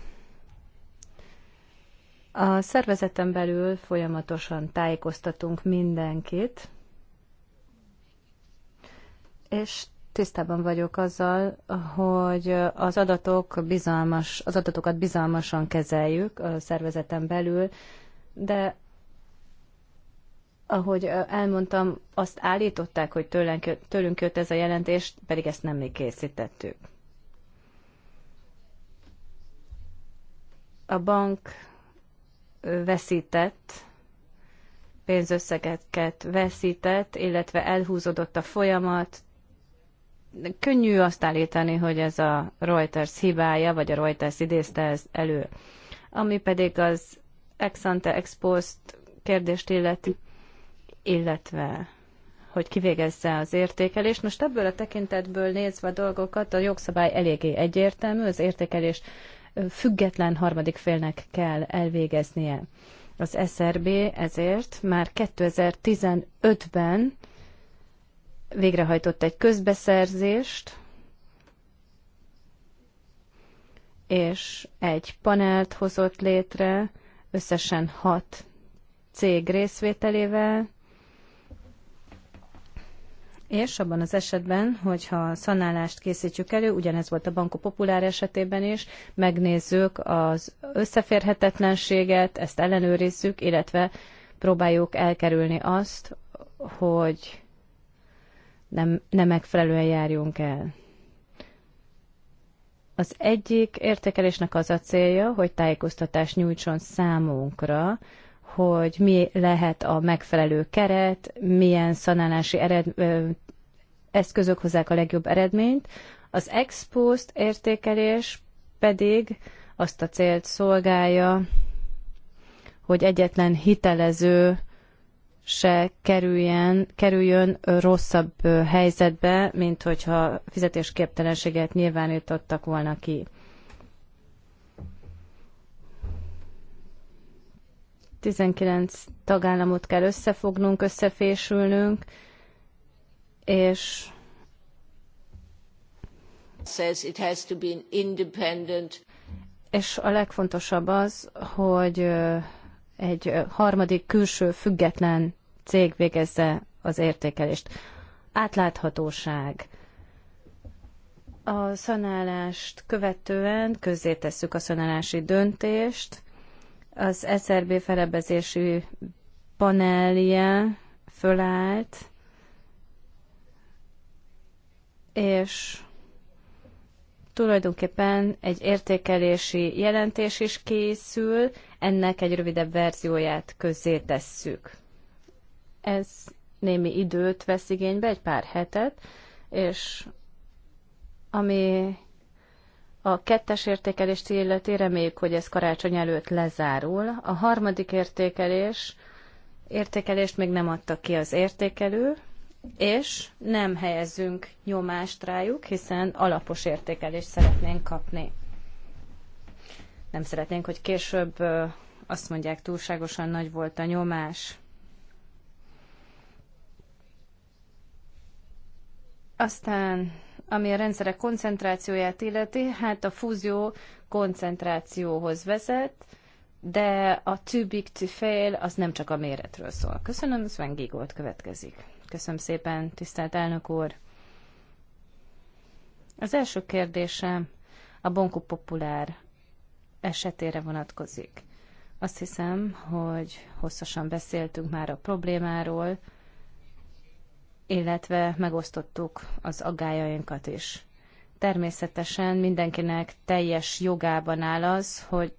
[SPEAKER 3] a szervezeten belül folyamatosan tájékoztatunk mindenkit, és tisztában vagyok azzal, hogy az adatok bizalmas, az adatokat bizalmasan kezeljük a szervezeten belül, de ahogy elmondtam, azt állították, hogy tőlünk, tőlünk jött ez a jelentés, pedig ezt nem mi készítettük. A bank veszített, pénzösszegeket veszített, illetve elhúzódott a folyamat, könnyű azt állítani, hogy ez a Reuters hibája, vagy a Reuters idézte ez elő. Ami pedig az exante expost kérdést illeti, illetve hogy kivégezze az értékelést. Most ebből a tekintetből nézve a dolgokat, a jogszabály eléggé egyértelmű, az értékelés független harmadik félnek kell elvégeznie. Az SRB ezért már 2015-ben végrehajtott egy közbeszerzést, és egy panelt hozott létre, összesen hat cég részvételével, és abban az esetben, hogyha szanálást készítjük elő, ugyanez volt a Banko Populár esetében is, megnézzük az összeférhetetlenséget, ezt ellenőrizzük, illetve próbáljuk elkerülni azt, hogy nem, nem megfelelően járjunk el. Az egyik értékelésnek az a célja, hogy tájékoztatást nyújtson számunkra, hogy mi lehet a megfelelő keret, milyen szanálási ered, ö, eszközök hozzák a legjobb eredményt. Az ex post értékelés pedig azt a célt szolgálja, hogy egyetlen hitelező se kerüljen, kerüljön rosszabb helyzetbe, mint hogyha fizetésképtelenséget nyilvánítottak volna ki. Tizenkilenc tagállamot kell összefognunk, összefésülnünk, és
[SPEAKER 4] says it has to be independent
[SPEAKER 3] és a legfontosabb az, hogy egy harmadik külső független cég végezze az értékelést. Átláthatóság. A szanálást követően közzétesszük a szanálási döntést. Az SRB felebezési panelje fölállt, és tulajdonképpen egy értékelési jelentés is készül, ennek egy rövidebb verzióját közzé tesszük. Ez némi időt vesz igénybe, egy pár hetet, és ami a kettes értékelést illeti, reméljük, hogy ez karácsony előtt lezárul. A harmadik értékelés, értékelést még nem adta ki az értékelő, és nem helyezzünk nyomást rájuk, hiszen alapos értékelést szeretnénk kapni. Nem szeretnénk, hogy később azt mondják, túlságosan nagy volt a nyomás. Aztán, ami a rendszerek koncentrációját illeti, hát a fúzió koncentrációhoz vezet, de a too big to fail az nem csak a méretről szól. Köszönöm, Sven Gigolt következik. Köszönöm szépen, tisztelt elnök úr. Az első kérdésem a Bonku Populár esetére vonatkozik. Azt hiszem, hogy hosszasan beszéltünk már a problémáról, illetve megosztottuk az aggájainkat is. Természetesen mindenkinek teljes jogában áll az, hogy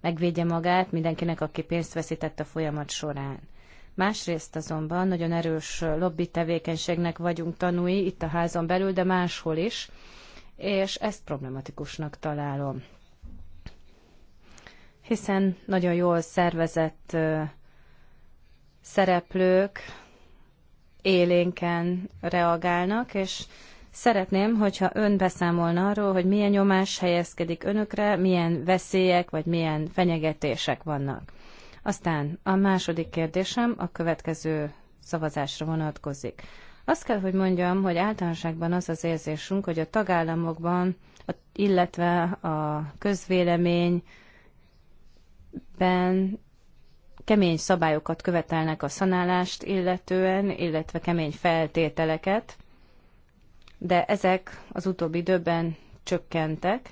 [SPEAKER 3] megvédje magát mindenkinek, aki pénzt veszített a folyamat során. Másrészt azonban nagyon erős lobby tevékenységnek vagyunk tanúi itt a házon belül, de máshol is, és ezt problematikusnak találom. Hiszen nagyon jól szervezett szereplők élénken reagálnak, és Szeretném, hogyha ön beszámolna arról, hogy milyen nyomás helyezkedik önökre, milyen veszélyek vagy milyen fenyegetések vannak. Aztán a második kérdésem a következő szavazásra vonatkozik. Azt kell, hogy mondjam, hogy általánoságban az az érzésünk, hogy a tagállamokban, illetve a közvéleményben kemény szabályokat követelnek a szanálást illetően, illetve kemény feltételeket, de ezek az utóbbi időben csökkentek,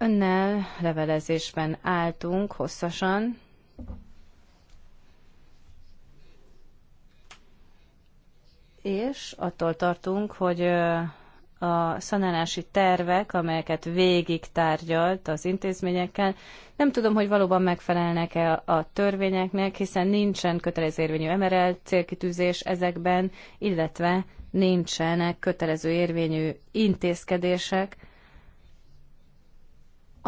[SPEAKER 3] Önnel levelezésben álltunk hosszasan. És attól tartunk, hogy a szanálási tervek, amelyeket végig tárgyalt az intézményekkel, nem tudom, hogy valóban megfelelnek-e a törvényeknek, hiszen nincsen kötelező érvényű MRL célkitűzés ezekben, illetve nincsenek kötelező érvényű intézkedések,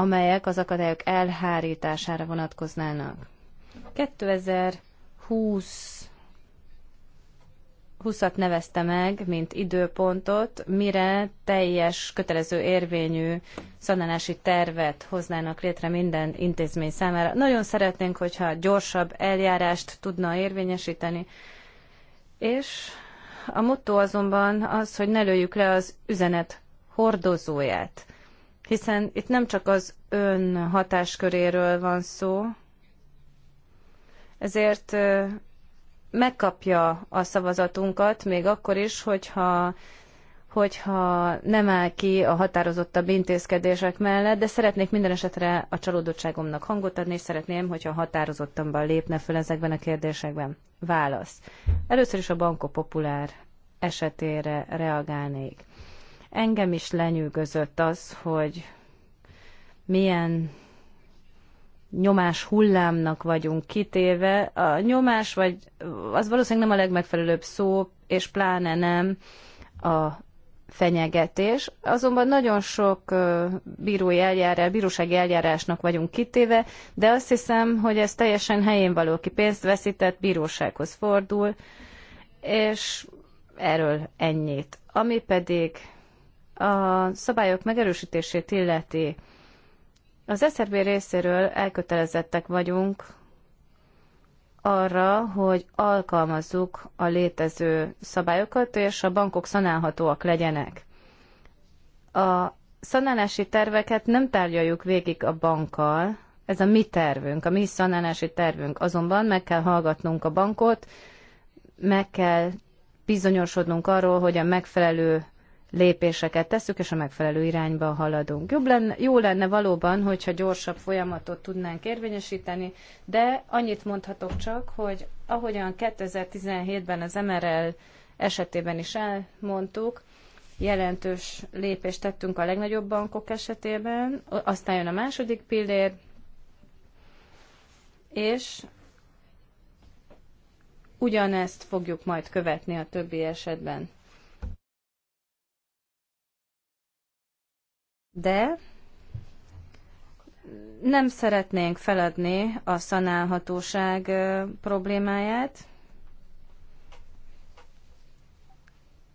[SPEAKER 3] amelyek az akadályok elhárítására vonatkoznának. 2020 20-at nevezte meg, mint időpontot, mire teljes, kötelező érvényű szanálási tervet hoznának létre minden intézmény számára. Nagyon szeretnénk, hogyha gyorsabb eljárást tudna érvényesíteni, és a motto azonban az, hogy ne lőjük le az üzenet hordozóját hiszen itt nem csak az ön hatásköréről van szó, ezért megkapja a szavazatunkat, még akkor is, hogyha hogyha nem áll ki a határozottabb intézkedések mellett, de szeretnék minden esetre a csalódottságomnak hangot adni, és szeretném, hogyha határozottamban lépne föl ezekben a kérdésekben. Válasz. Először is a bankopopulár Populár esetére reagálnék. Engem is lenyűgözött az, hogy milyen nyomás hullámnak vagyunk kitéve. A nyomás, vagy az valószínűleg nem a legmegfelelőbb szó, és pláne nem a fenyegetés. Azonban nagyon sok bírói eljárás, bírósági eljárásnak vagyunk kitéve, de azt hiszem, hogy ez teljesen helyén való, ki pénzt veszített, bírósághoz fordul, és erről ennyit. Ami pedig a szabályok megerősítését illeti. Az SZRB részéről elkötelezettek vagyunk arra, hogy alkalmazzuk a létező szabályokat, és a bankok szanálhatóak legyenek. A szanálási terveket nem tárgyaljuk végig a bankkal, ez a mi tervünk, a mi szanálási tervünk. Azonban meg kell hallgatnunk a bankot, meg kell bizonyosodnunk arról, hogy a megfelelő lépéseket tesszük, és a megfelelő irányba haladunk. Jobb lenne, jó lenne valóban, hogyha gyorsabb folyamatot tudnánk érvényesíteni, de annyit mondhatok csak, hogy ahogyan 2017-ben az MRL esetében is elmondtuk, jelentős lépést tettünk a legnagyobb bankok esetében, aztán jön a második pillér, és ugyanezt fogjuk majd követni a többi esetben. de nem szeretnénk feladni a szanálhatóság problémáját.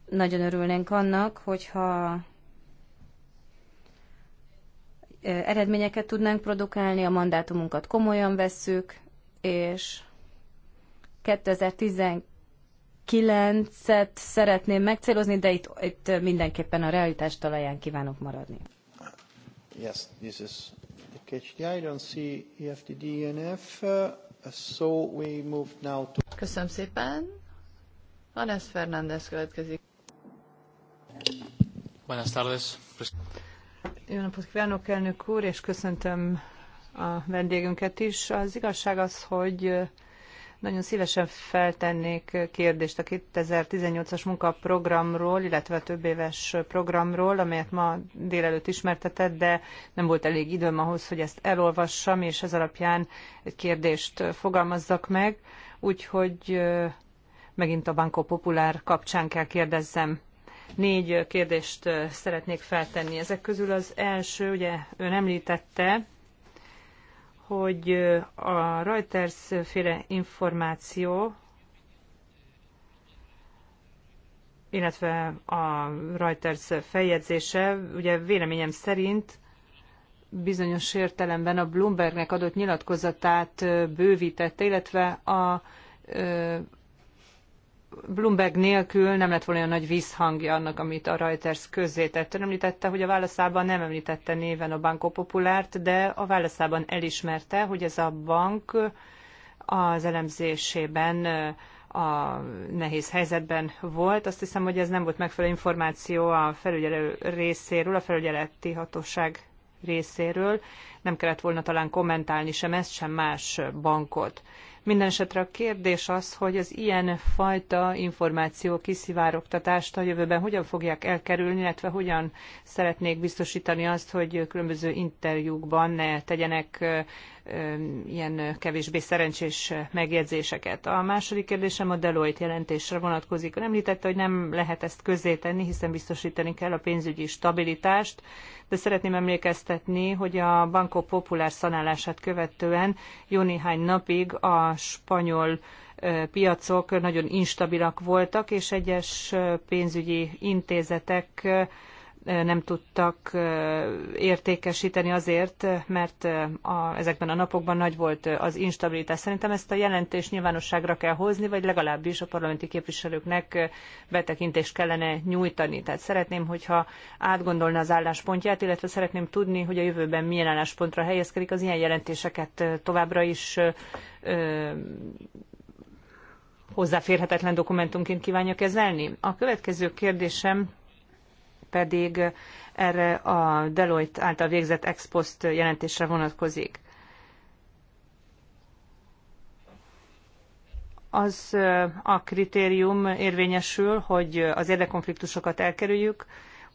[SPEAKER 3] Nagyon örülnénk annak, hogyha eredményeket tudnánk produkálni, a mandátumunkat komolyan vesszük, és 2019-et szeretném megcélozni, de itt, itt mindenképpen a realitás talaján kívánok maradni.
[SPEAKER 1] Yes, this is the KHDI. I don't see EFTD and e F, uh, so we move now to...
[SPEAKER 4] Köszönöm szépen. Vanessa Fernández következik.
[SPEAKER 5] Buenas tardes.
[SPEAKER 2] Jó napot kívánok, elnök úr, és köszöntöm a vendégünket is. Az igazság az, hogy nagyon szívesen feltennék kérdést a 2018-as munkaprogramról, illetve a több éves programról, amelyet ma délelőtt ismertetett, de nem volt elég időm ahhoz, hogy ezt elolvassam, és ez alapján egy kérdést fogalmazzak meg. Úgyhogy megint a Banco Populár kapcsán kell kérdezzem négy kérdést szeretnék feltenni. Ezek közül az első, ugye ön említette, hogy a Reuters féle információ, illetve a Reuters feljegyzése, ugye véleményem szerint bizonyos értelemben a Bloombergnek adott nyilatkozatát bővítette, illetve a Bloomberg nélkül nem lett volna olyan nagy visszhangja annak, amit a Reuters közzétett. Ön említette, hogy a válaszában nem említette néven a Banco Populárt, de a válaszában elismerte, hogy ez a bank az elemzésében a nehéz helyzetben volt. Azt hiszem, hogy ez nem volt megfelelő információ a felügyelő részéről, a felügyeleti hatóság részéről. Nem kellett volna talán kommentálni sem ezt, sem más bankot. Mindenesetre a kérdés az, hogy az ilyen fajta információ kiszivárogtatást a jövőben hogyan fogják elkerülni, illetve hogyan szeretnék biztosítani azt, hogy különböző interjúkban ne tegyenek ilyen kevésbé szerencsés megjegyzéseket. A második kérdésem a Deloitte jelentésre vonatkozik. említette, hogy nem lehet ezt közzétenni, hiszen biztosítani kell a pénzügyi stabilitást, de szeretném emlékeztetni, hogy a Banco Popular szanálását követően jó néhány napig a spanyol piacok nagyon instabilak voltak, és egyes pénzügyi intézetek nem tudtak értékesíteni azért, mert a, ezekben a napokban nagy volt az instabilitás. Szerintem ezt a jelentést nyilvánosságra kell hozni, vagy legalábbis a parlamenti képviselőknek betekintést kellene nyújtani. Tehát szeretném, hogyha átgondolna az álláspontját, illetve szeretném tudni, hogy a jövőben milyen álláspontra helyezkedik az ilyen jelentéseket továbbra is ö, hozzáférhetetlen dokumentumként kívánja kezelni. A következő kérdésem pedig erre a Deloitte által végzett ex post jelentésre vonatkozik. Az a kritérium érvényesül, hogy az érdekonfliktusokat elkerüljük,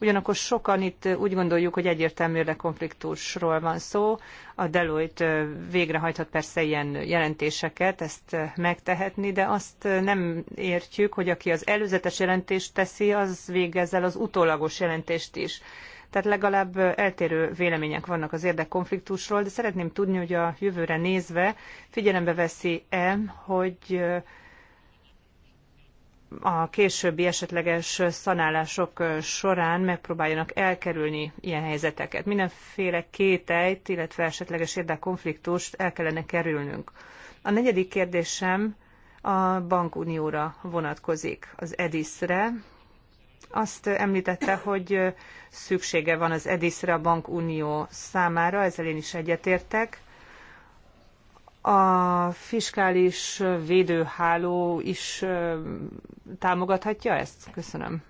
[SPEAKER 2] Ugyanakkor sokan itt úgy gondoljuk, hogy egyértelműre konfliktusról van szó. A Deloitte végrehajthat persze ilyen jelentéseket, ezt megtehetni, de azt nem értjük, hogy aki az előzetes jelentést teszi, az végezzel az utólagos jelentést is. Tehát legalább eltérő vélemények vannak az érdekkonfliktusról, de szeretném tudni, hogy a jövőre nézve figyelembe veszi-e, hogy a későbbi esetleges szanálások során megpróbáljanak elkerülni ilyen helyzeteket. Mindenféle kételyt, illetve esetleges érdekkonfliktust el kellene kerülnünk. A negyedik kérdésem a bankunióra vonatkozik, az EDIS-re. Azt említette, hogy szüksége van az EDIS-re a bankunió számára, ezzel én is egyetértek a fiskális védőháló is támogathatja ezt?
[SPEAKER 4] Köszönöm.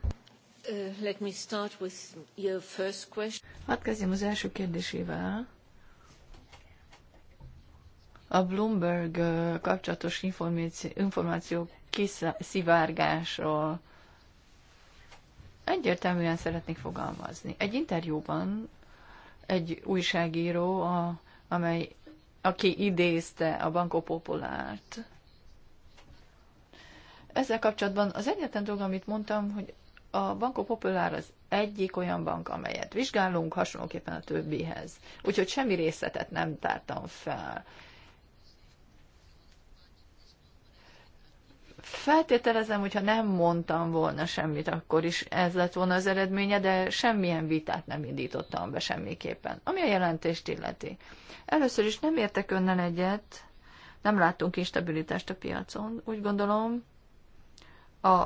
[SPEAKER 4] Uh, let me start with your first question. kezdjem az első kérdésével. A Bloomberg kapcsolatos információ, információ kiszivárgásról egyértelműen szeretnék fogalmazni. Egy interjúban egy újságíró, a, amely aki idézte a Banco Populárt. Ezzel kapcsolatban az egyetlen dolog, amit mondtam, hogy a Banco Populár az egyik olyan bank, amelyet vizsgálunk, hasonlóképpen a többihez. Úgyhogy semmi részletet nem tártam fel. Feltételezem, hogyha nem mondtam volna semmit, akkor is ez lett volna az eredménye, de semmilyen vitát nem indítottam be semmiképpen, ami a jelentést illeti. Először is nem értek önnel egyet, nem láttunk instabilitást a piacon. Úgy gondolom, a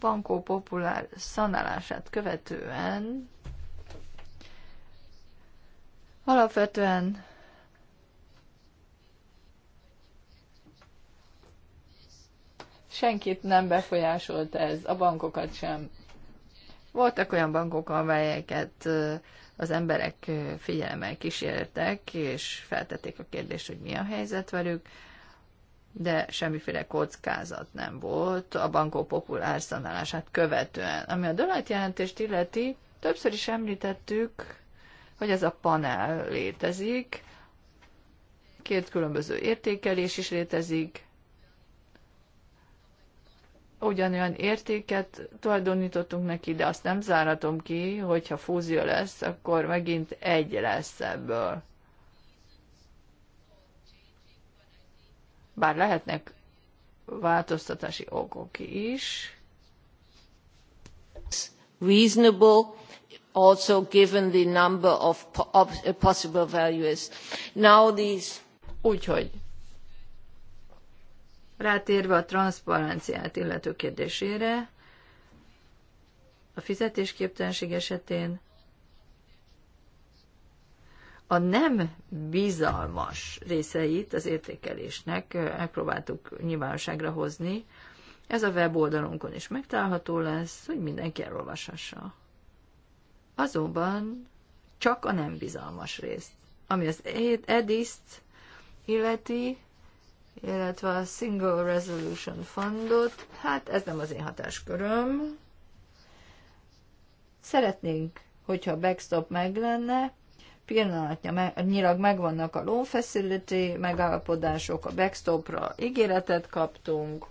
[SPEAKER 4] bankó populár szanálását követően alapvetően senkit nem befolyásolt ez, a bankokat sem. Voltak olyan bankok, amelyeket az emberek figyelemmel kísértek, és feltették a kérdést, hogy mi a helyzet velük, de semmiféle kockázat nem volt a bankok populár szanálását követően. Ami a Dolajt jelentést illeti, többször is említettük, hogy ez a panel létezik, két különböző értékelés is létezik, ugyanolyan értéket tulajdonítottunk neki, de azt nem zárhatom ki, hogyha fúzió lesz, akkor megint egy lesz ebből. Bár lehetnek változtatási okok is. Reasonable also given the number of possible values. Now these... Úgyhogy Rátérve a transzparenciát illető kérdésére, a fizetésképtelenség esetén a nem bizalmas részeit az értékelésnek megpróbáltuk nyilvánosságra hozni. Ez a weboldalunkon is megtalálható lesz, hogy mindenki elolvashassa. Azonban csak a nem bizalmas részt, ami az ediszt illeti, illetve a Single Resolution Fundot. Hát ez nem az én hatásköröm. Szeretnénk, hogyha a backstop meg lenne, pillanatnyilag megvannak a loan facility megállapodások, a backstopra ígéretet kaptunk,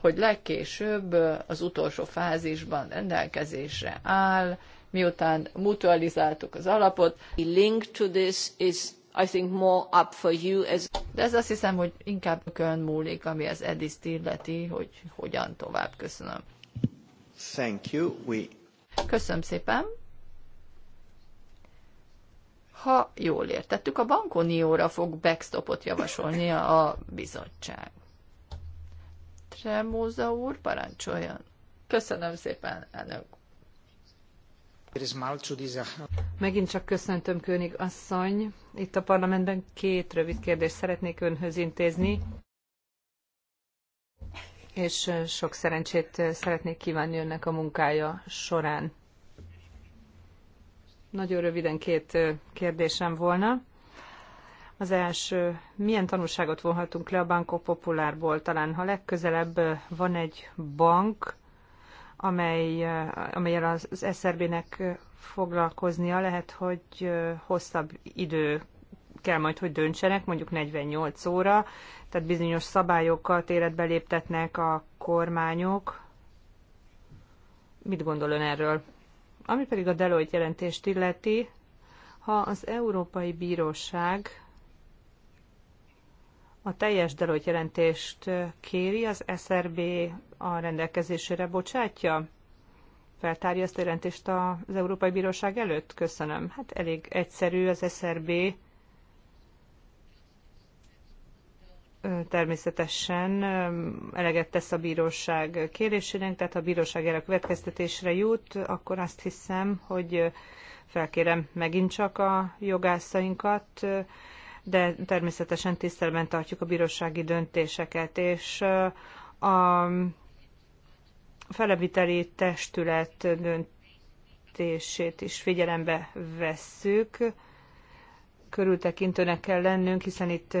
[SPEAKER 4] hogy legkésőbb az utolsó fázisban rendelkezésre áll, miután mutualizáltuk az alapot. The link to this is I think more up for you as... De ez azt hiszem, hogy inkább ökön múlik, ami az edis illeti, hogy hogyan tovább. Köszönöm. Thank you. We... Köszönöm szépen. Ha jól értettük, a bankunióra fog backstopot javasolni a bizottság. Tremóza úr, parancsoljon. Köszönöm szépen, elnök
[SPEAKER 2] Megint csak köszöntöm, König asszony. Itt a parlamentben két rövid kérdést szeretnék önhöz intézni, és sok szerencsét szeretnék kívánni önnek a munkája során. Nagyon röviden két kérdésem volna. Az első, milyen tanulságot vonhatunk le a Banco Populárból? Talán ha legközelebb van egy bank, amely, eh, amelyel az SRB-nek eh, foglalkoznia lehet, hogy eh, hosszabb idő kell majd, hogy döntsenek, mondjuk 48 óra, tehát bizonyos szabályokat életbe léptetnek a kormányok. Mit gondol ön erről? Ami pedig a Deloitte jelentést illeti, ha az Európai Bíróság a teljes Deloitte jelentést kéri, az SRB a rendelkezésére bocsátja? Feltárja ezt a jelentést az Európai Bíróság előtt? Köszönöm. Hát elég egyszerű az SRB természetesen eleget tesz a bíróság kérésének, tehát ha a bíróság erre következtetésre jut, akkor azt hiszem, hogy felkérem megint csak a jogászainkat, de természetesen tisztelben tartjuk a bírósági döntéseket, és a felebiteli testület döntését is figyelembe vesszük. Körültekintőnek kell lennünk, hiszen itt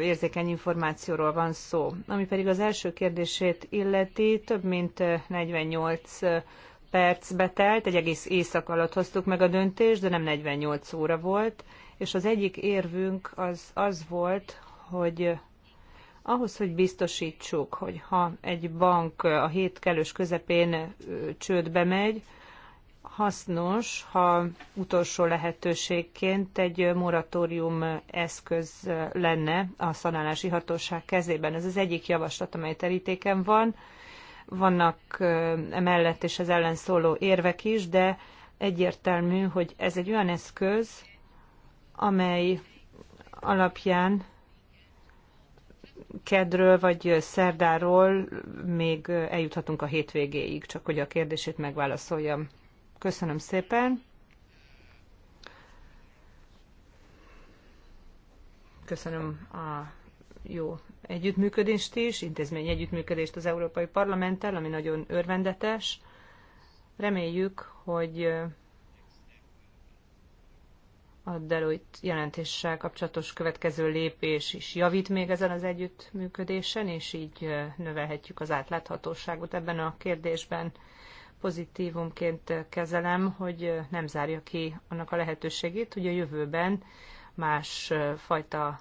[SPEAKER 2] érzékeny információról van szó. Ami pedig az első kérdését illeti, több mint 48 perc betelt, egy egész éjszak alatt hoztuk meg a döntést, de nem 48 óra volt, és az egyik érvünk az az volt, hogy ahhoz, hogy biztosítsuk, hogy ha egy bank a hét kellős közepén csődbe megy, hasznos, ha utolsó lehetőségként egy moratórium eszköz lenne a szanálási hatóság kezében. Ez az egyik javaslat, amely terítéken van. Vannak emellett és az ellen szóló érvek is, de egyértelmű, hogy ez egy olyan eszköz, amely alapján kedről vagy szerdáról még eljuthatunk a hétvégéig, csak hogy a kérdését megválaszoljam. Köszönöm szépen. Köszönöm a jó együttműködést is, intézmény együttműködést az Európai Parlamenttel, ami nagyon örvendetes. Reméljük, hogy a Deloitte jelentéssel kapcsolatos következő lépés is javít még ezen az együttműködésen, és így növelhetjük az átláthatóságot ebben a kérdésben. Pozitívumként kezelem, hogy nem zárja ki annak a lehetőségét, hogy a jövőben más fajta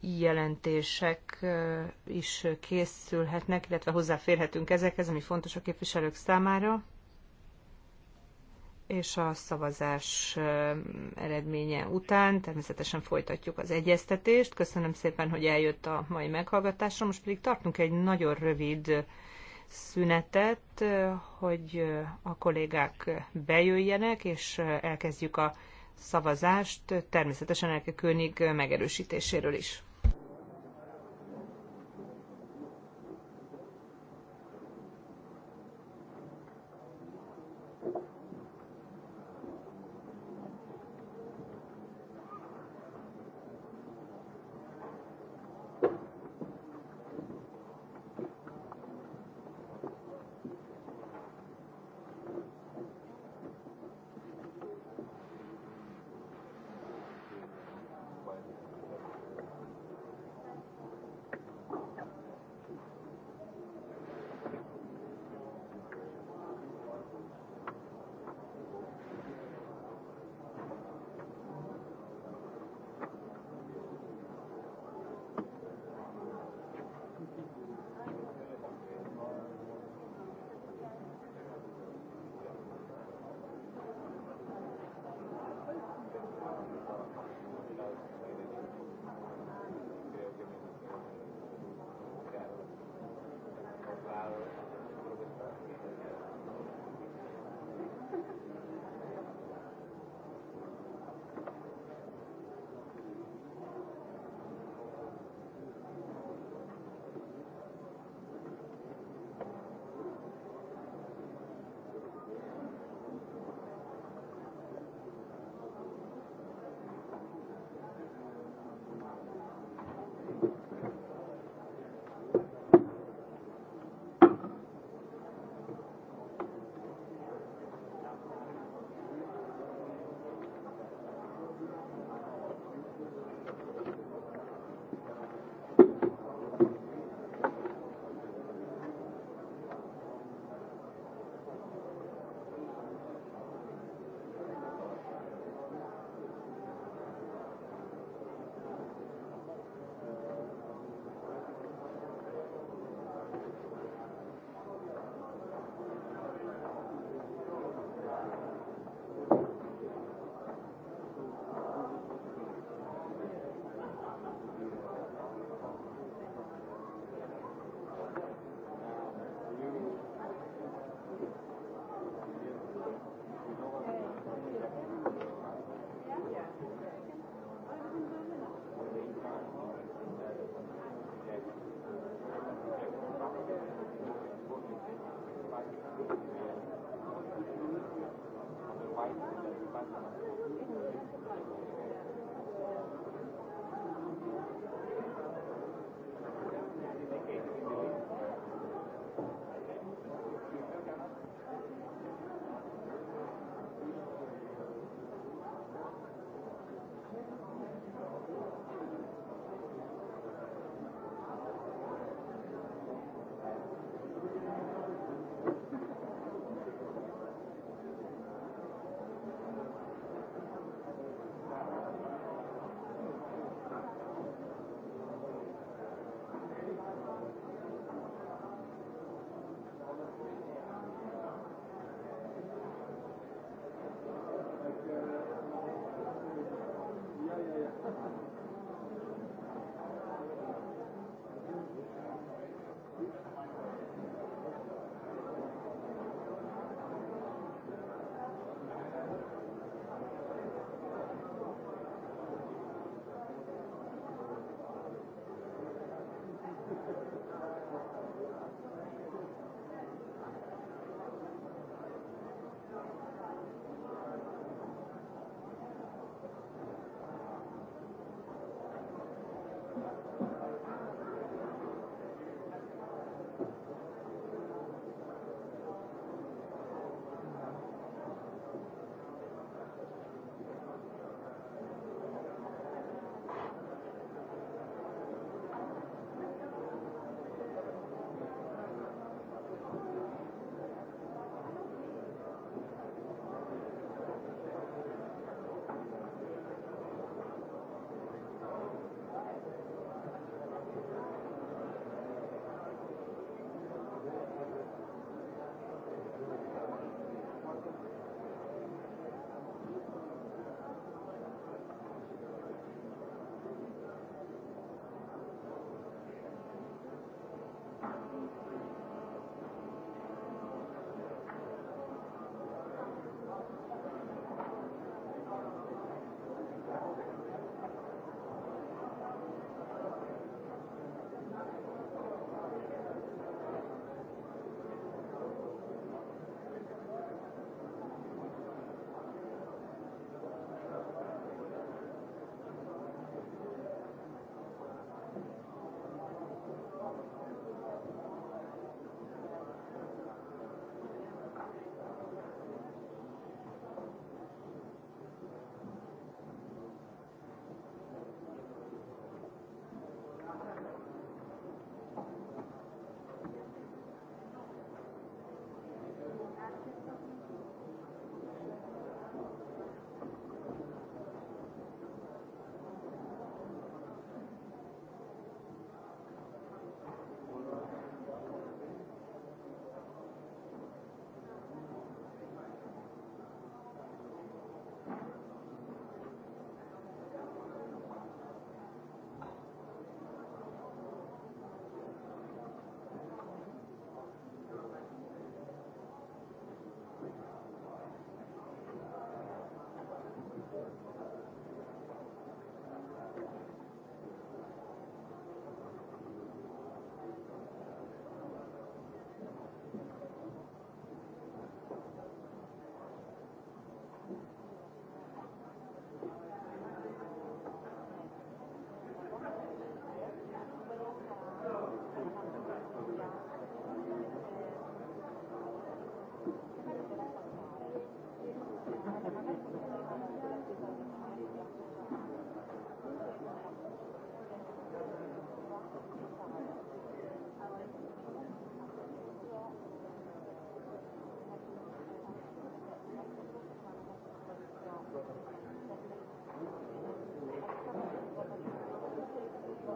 [SPEAKER 2] jelentések is készülhetnek, illetve hozzáférhetünk ezekhez, ami fontos a képviselők számára és a szavazás eredménye után természetesen folytatjuk az egyeztetést. Köszönöm szépen, hogy eljött a mai meghallgatásra. Most pedig tartunk egy nagyon rövid szünetet, hogy a kollégák bejöjjenek, és elkezdjük a szavazást, természetesen Elke König megerősítéséről is.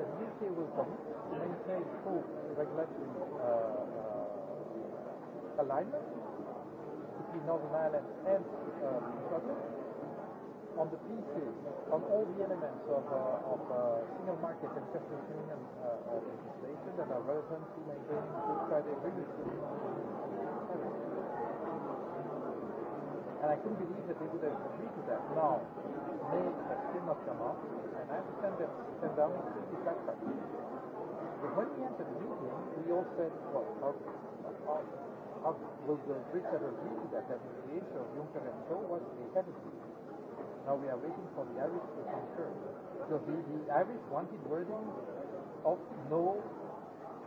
[SPEAKER 5] the UK will come and say, oh, regulatory uh, uh, alignment between Northern Ireland and um, Scotland on the pieces, on all the elements of, uh, of uh, single market and customs union uh, uh legislation that are relevant to maintaining good Friday agreements. And I couldn't believe that they would have agreed to that. Now, May has still not come up, and I understand that Sam Downing is the fact But when we entered the meeting, we all said, well, how, how, how will the Brits ever agree to that? That the age of Juncker and so was the heresy. Now we are waiting for the Irish to concur. So the, the Irish wanted wording of no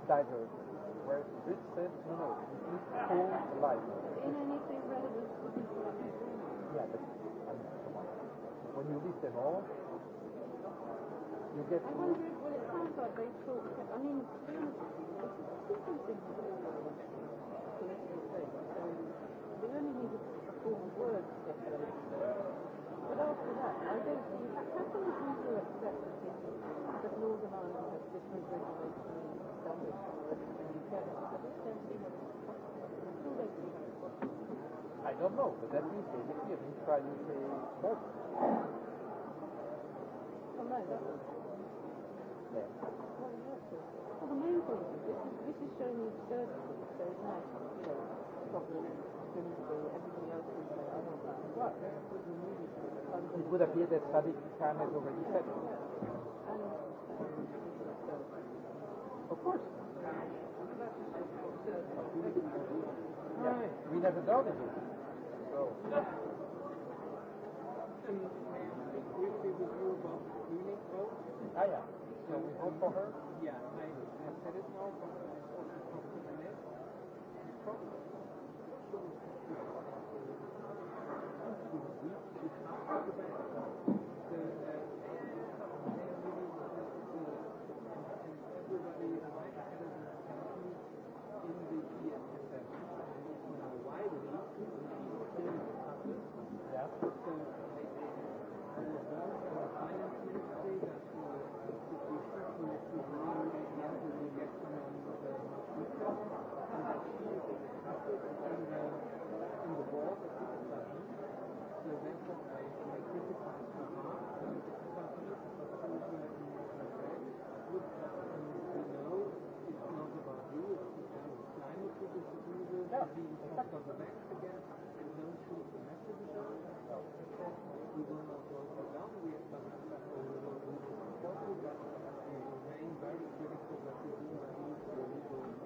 [SPEAKER 5] divergence, whereas the Brits said, no, no, we need full alignment. Yeah, but um, come on. When you read them all, you get. I wonder what it sounds like they talk. I mean, we only need a form of words But after that, I don't think. How can we do accept that Northern Ireland has different regulations and standards than the UK? I don't know, but that means basically it means Friday is a Thursday. Oh, is is, you Thursday, you know, probably Wednesday, everything else oh, It would appear that Sadiq time has already set. Um, of course. Yeah. We never doubted it. Ah, yeah. So we hope for her? Yeah, I, I said it now, but I also talked to Annette. Probably.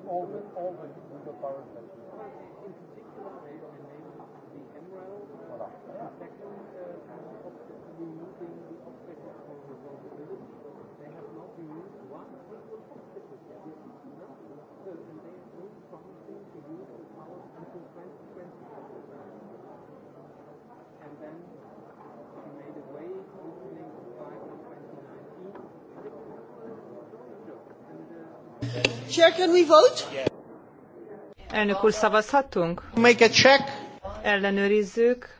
[SPEAKER 5] all the all the legal powers that we In particular, they enable the MREL uh, voilà. yeah. second uh, removing the obstacle for resolvability. They have not removed one single obstacle yet. So, and they are still promising to use the powers until 2020. And then
[SPEAKER 1] Chair, can we vote?
[SPEAKER 2] Elnök úr, szavazhatunk? Make a check. Ellenőrizzük,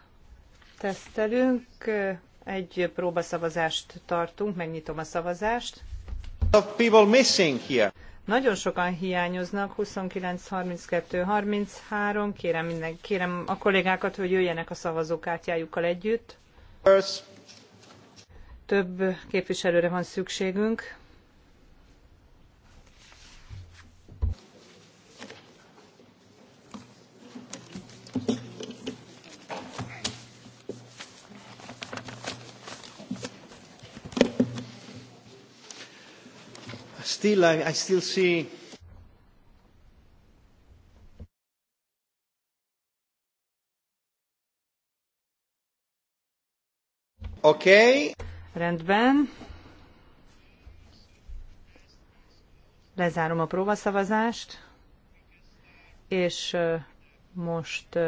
[SPEAKER 2] tesztelünk, egy próbaszavazást tartunk, megnyitom a szavazást.
[SPEAKER 1] Of people missing here.
[SPEAKER 2] Nagyon sokan hiányoznak, 29, 32, 33. Kérem, minden, kérem a kollégákat, hogy jöjjenek a szavazókártyájukkal együtt. Több képviselőre van szükségünk.
[SPEAKER 1] still I, I still see Okay.
[SPEAKER 2] Rendben. Lezárom a próbaszavazást, és most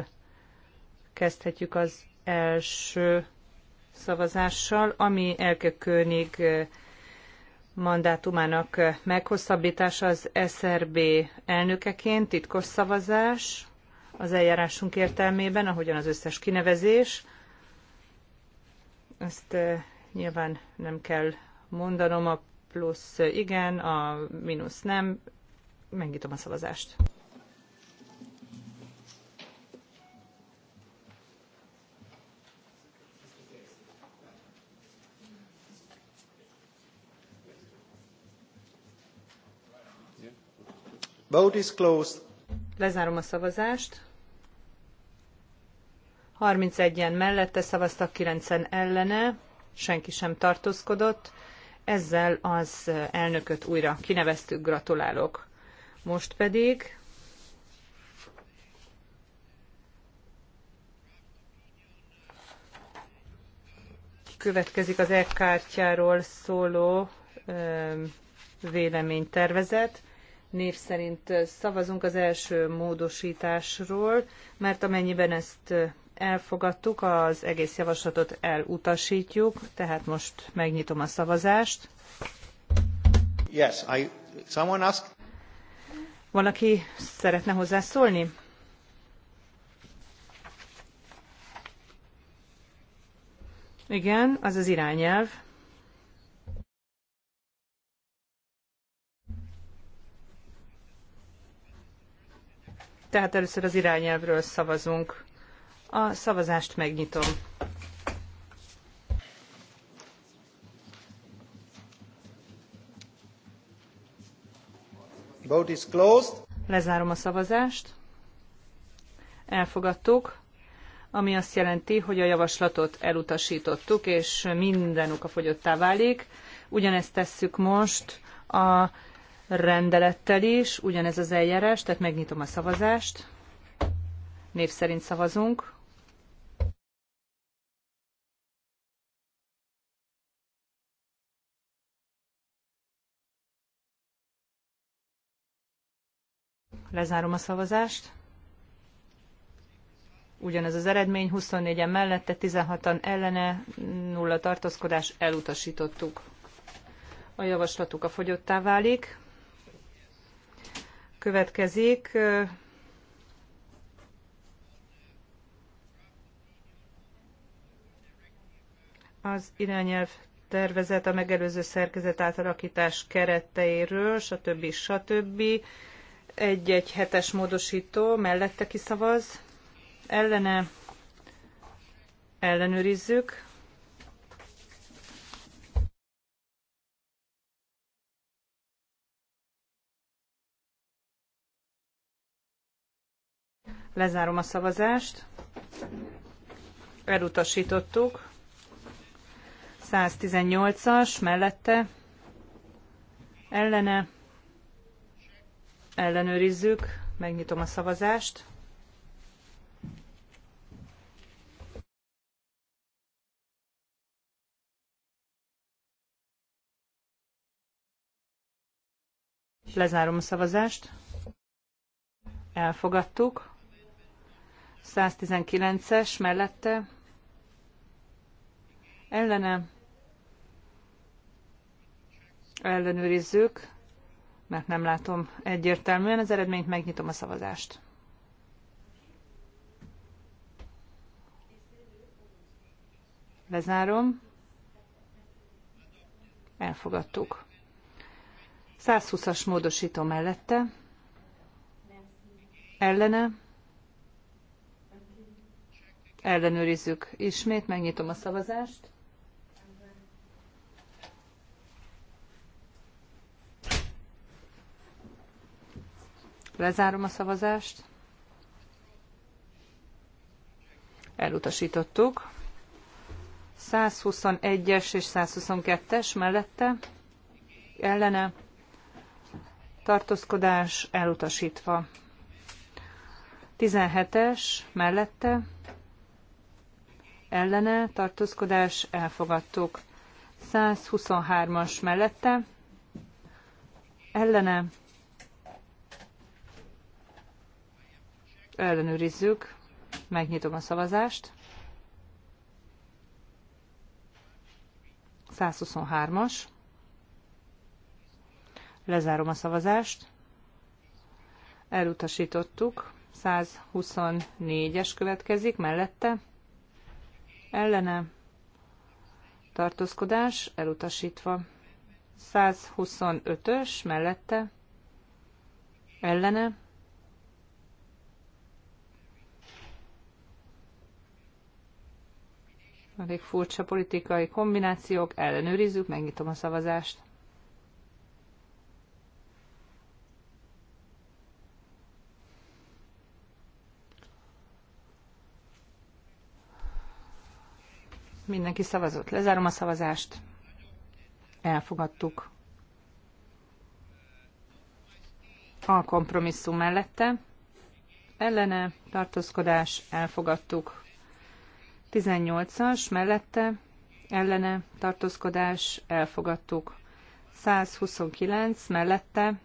[SPEAKER 2] kezdhetjük az első szavazással, ami Elke König mandátumának meghosszabbítása az SRB elnökeként, titkos szavazás az eljárásunk értelmében, ahogyan az összes kinevezés. Ezt eh, nyilván nem kell mondanom, a plusz igen, a mínusz nem. Megnyitom a szavazást.
[SPEAKER 1] Vote is closed.
[SPEAKER 2] Lezárom a szavazást. 31-en mellette szavaztak, 9 ellene, senki sem tartózkodott. Ezzel az elnököt újra kineveztük, gratulálok. Most pedig következik az e-kártyáról szóló véleménytervezet név szerint szavazunk az első módosításról, mert amennyiben ezt elfogadtuk, az egész javaslatot elutasítjuk, tehát most megnyitom a szavazást.
[SPEAKER 1] Yes, I, someone asked.
[SPEAKER 2] Van, aki szeretne hozzászólni? Igen, az az irányelv. Tehát először az irányelvről szavazunk. A szavazást megnyitom.
[SPEAKER 1] Vote is closed.
[SPEAKER 2] Lezárom a szavazást. Elfogadtuk, ami azt jelenti, hogy a javaslatot elutasítottuk, és minden oka fogyottá válik. Ugyanezt tesszük most a rendelettel is, ugyanez az eljárás, tehát megnyitom a szavazást. Név szerint szavazunk. Lezárom a szavazást. Ugyanez az eredmény, 24-en mellette, 16-an ellene, nulla tartózkodás, elutasítottuk. A javaslatuk a fogyottá válik következik. Az irányelv tervezet a megelőző szerkezet átalakítás kereteiről, stb. stb. Egy-egy hetes módosító mellette kiszavaz, ellene ellenőrizzük. Lezárom a szavazást. Elutasítottuk. 118-as mellette. Ellene. Ellenőrizzük. Megnyitom a szavazást. Lezárom a szavazást. Elfogadtuk. 119-es mellette ellene ellenőrizzük, mert nem látom egyértelműen az eredményt, megnyitom a szavazást. Lezárom. Elfogadtuk. 120-as módosító mellette. Ellene ellenőrizzük ismét, megnyitom a szavazást. Lezárom a szavazást. Elutasítottuk. 121-es és 122-es mellette ellene tartózkodás elutasítva. 17-es mellette ellene tartózkodás elfogadtuk. 123-as mellette ellene ellenőrizzük, megnyitom a szavazást. 123-as. Lezárom a szavazást. Elutasítottuk. 124-es következik mellette ellene tartózkodás elutasítva. 125-ös mellette ellene Elég furcsa politikai kombinációk, ellenőrizzük, megnyitom a szavazást. Mindenki szavazott. Lezárom a szavazást. Elfogadtuk. A kompromisszum mellette. Ellene tartózkodás. Elfogadtuk. 18-as mellette. Ellene tartózkodás. Elfogadtuk. 129 mellette.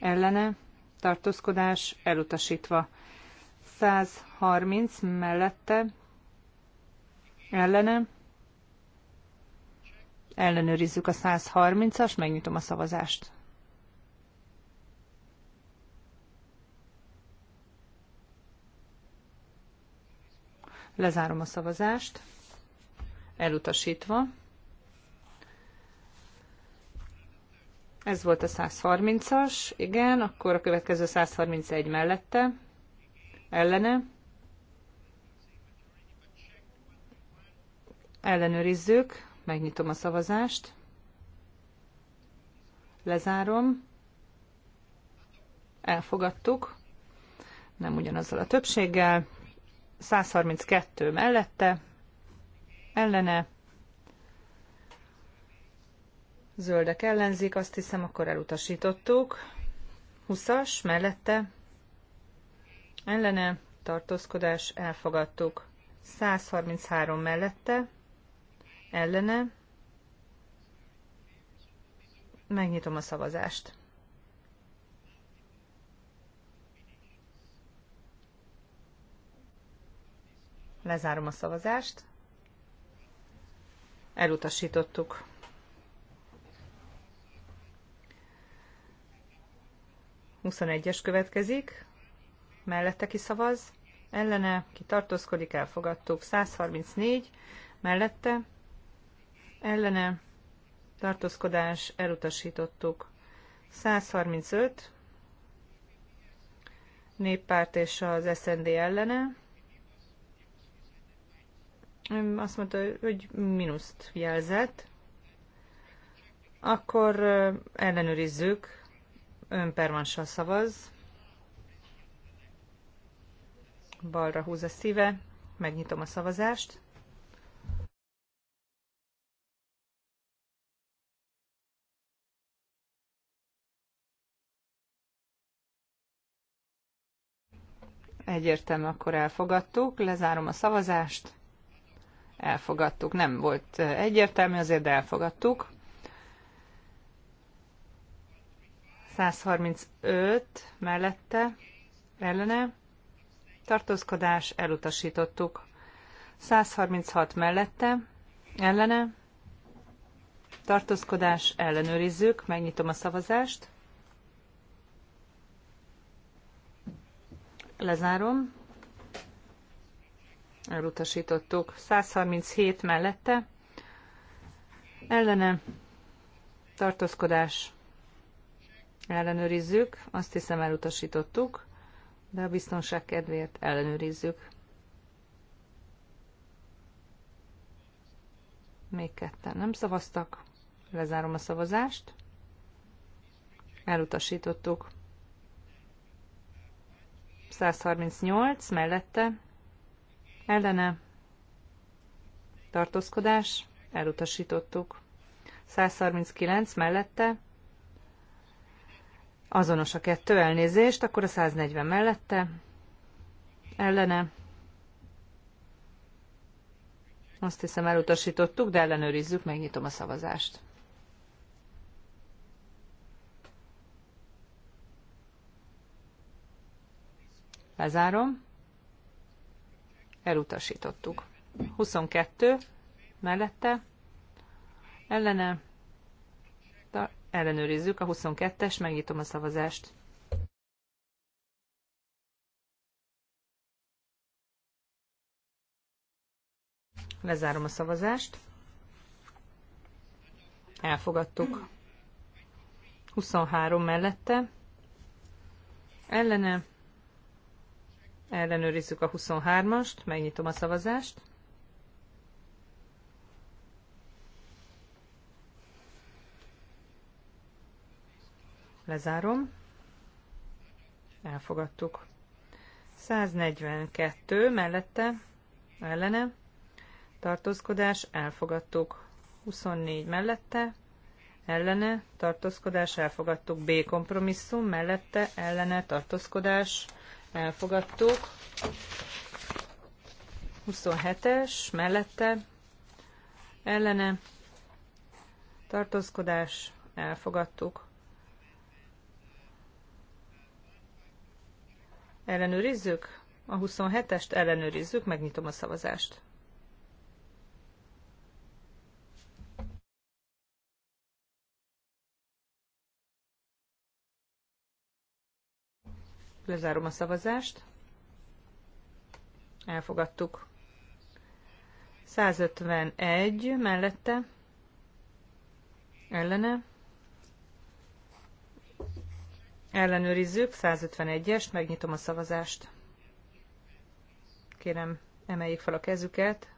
[SPEAKER 2] Ellene tartózkodás. Elutasítva. 130 mellette ellene Ellenőrizzük a 130-as, megnyitom a szavazást. Lezárom a szavazást. Elutasítva. Ez volt a 130-as, igen, akkor a következő 131 mellette, ellene. Ellenőrizzük megnyitom a szavazást, lezárom, elfogadtuk, nem ugyanazzal a többséggel, 132 mellette, ellene, zöldek ellenzik, azt hiszem, akkor elutasítottuk, 20-as mellette, ellene, tartózkodás, elfogadtuk, 133 mellette, ellene. Megnyitom a szavazást. Lezárom a szavazást. Elutasítottuk. Huszonegyes következik. Mellette ki szavaz? Ellene, ki tartózkodik, elfogadtuk. 134. Mellette ellene tartózkodás elutasítottuk. 135 néppárt és az SND ellene. Azt mondta, hogy mínuszt jelzett. Akkor ellenőrizzük. permanssal szavaz. Balra húz a szíve. Megnyitom a szavazást. Egyértelmű, akkor elfogadtuk. Lezárom a szavazást. Elfogadtuk. Nem volt egyértelmű, azért de elfogadtuk. 135 mellette, ellene, tartózkodás, elutasítottuk. 136 mellette, ellene, tartózkodás, ellenőrizzük, megnyitom a szavazást. Lezárom. Elutasítottuk. 137 mellette. Ellene. Tartózkodás. Ellenőrizzük. Azt hiszem elutasítottuk, de a biztonság kedvéért ellenőrizzük. Még ketten nem szavaztak. Lezárom a szavazást. Elutasítottuk. 138 mellette ellene tartózkodás elutasítottuk. 139 mellette azonos a kettő elnézést, akkor a 140 mellette ellene azt hiszem elutasítottuk, de ellenőrizzük, megnyitom a szavazást. Lezárom. Elutasítottuk. 22 mellette. Ellene. Ellenőrizzük a 22-es, megnyitom a szavazást. Lezárom a szavazást. Elfogadtuk. 23 mellette. Ellene Ellenőrizzük a 23-ast, megnyitom a szavazást. Lezárom. Elfogadtuk. 142 mellette, ellene, tartózkodás, elfogadtuk. 24 mellette, ellene, tartózkodás, elfogadtuk. B kompromisszum, mellette, ellene, tartózkodás, elfogadtuk. 27-es mellette ellene tartózkodás elfogadtuk. Ellenőrizzük? A 27-est ellenőrizzük, megnyitom a szavazást. Lezárom a szavazást. Elfogadtuk. 151 mellette. Ellene. Ellenőrizzük 151-est, megnyitom a szavazást. Kérem, emeljék fel a kezüket.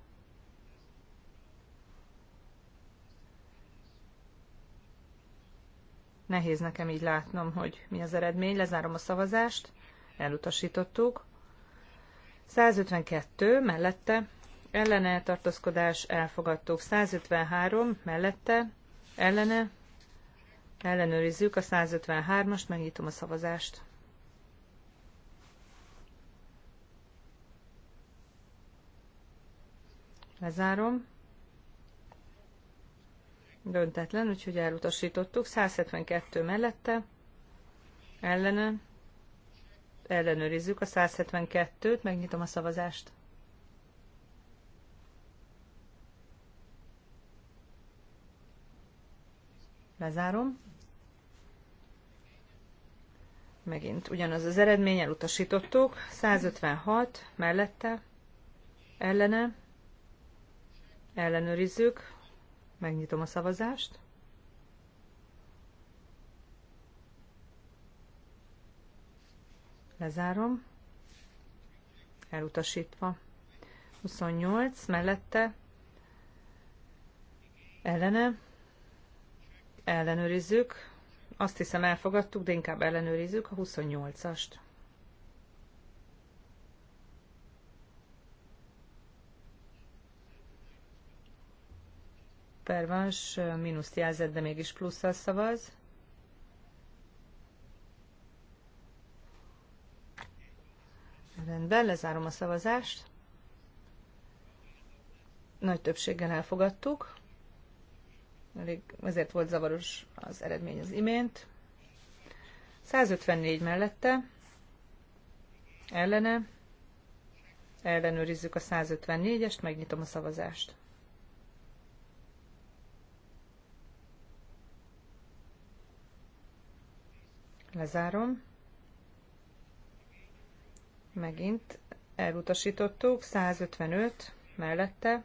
[SPEAKER 2] Nehéz nekem így látnom, hogy mi az eredmény. Lezárom a szavazást. Elutasítottuk. 152 mellette ellene tartózkodás elfogadtuk. 153 mellette ellene ellenőrizzük a 153-ast, megnyitom a szavazást. Lezárom döntetlen, úgyhogy elutasítottuk. 172 mellette, ellene, ellenőrizzük a 172-t, megnyitom a szavazást. Lezárom. Megint ugyanaz az eredmény, elutasítottuk. 156 mellette, ellene, ellenőrizzük, Megnyitom a szavazást. Lezárom. Elutasítva. 28 mellette. Ellene. Ellenőrizzük. Azt hiszem elfogadtuk, de inkább ellenőrizzük a 28-ast. Pervans mínuszt jelzett, de mégis plusszal szavaz. Rendben, lezárom a szavazást. Nagy többséggel elfogadtuk. Elég, ezért volt zavaros az eredmény az imént. 154 mellette, ellene, ellenőrizzük a 154-est, megnyitom a szavazást. Lezárom. Megint elutasítottuk. 155 mellette.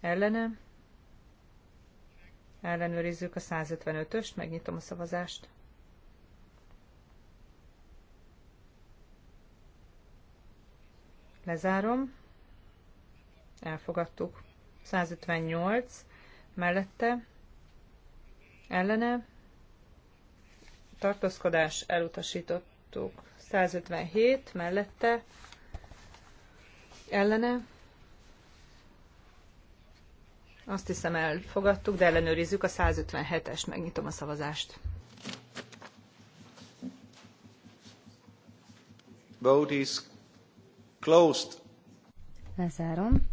[SPEAKER 2] Ellene. Ellenőrizzük a 155-öst. Megnyitom a szavazást. Lezárom. Elfogadtuk. 158 mellette. Ellene tartózkodás elutasítottuk. 157 mellette ellene. Azt hiszem elfogadtuk, de ellenőrizzük a 157-est, megnyitom a szavazást.
[SPEAKER 1] Vote is closed.
[SPEAKER 3] Lezárom.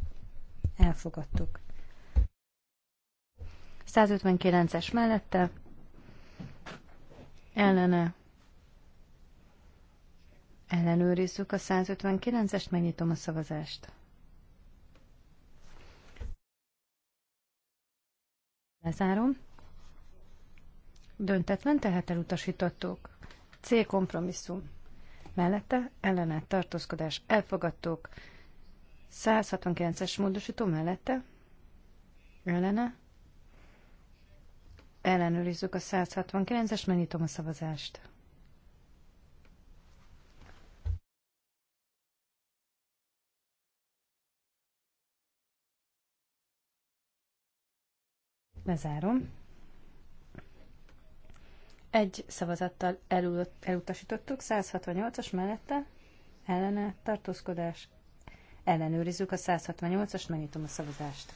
[SPEAKER 3] Elfogadtuk. 159-es mellette ellene. Ellenőrizzük a 159-est, megnyitom a szavazást. Lezárom. Döntetlen, tehát elutasítottuk. C kompromisszum. Mellette ellene tartózkodás elfogadtuk. 169-es módosító mellette ellene Ellenőrizzük a 169-es, megnyitom a szavazást. Lezárom. Egy szavazattal elutasítottuk, 168-as mellette, ellene, tartózkodás, ellenőrizzük a 168-as, megnyitom a szavazást.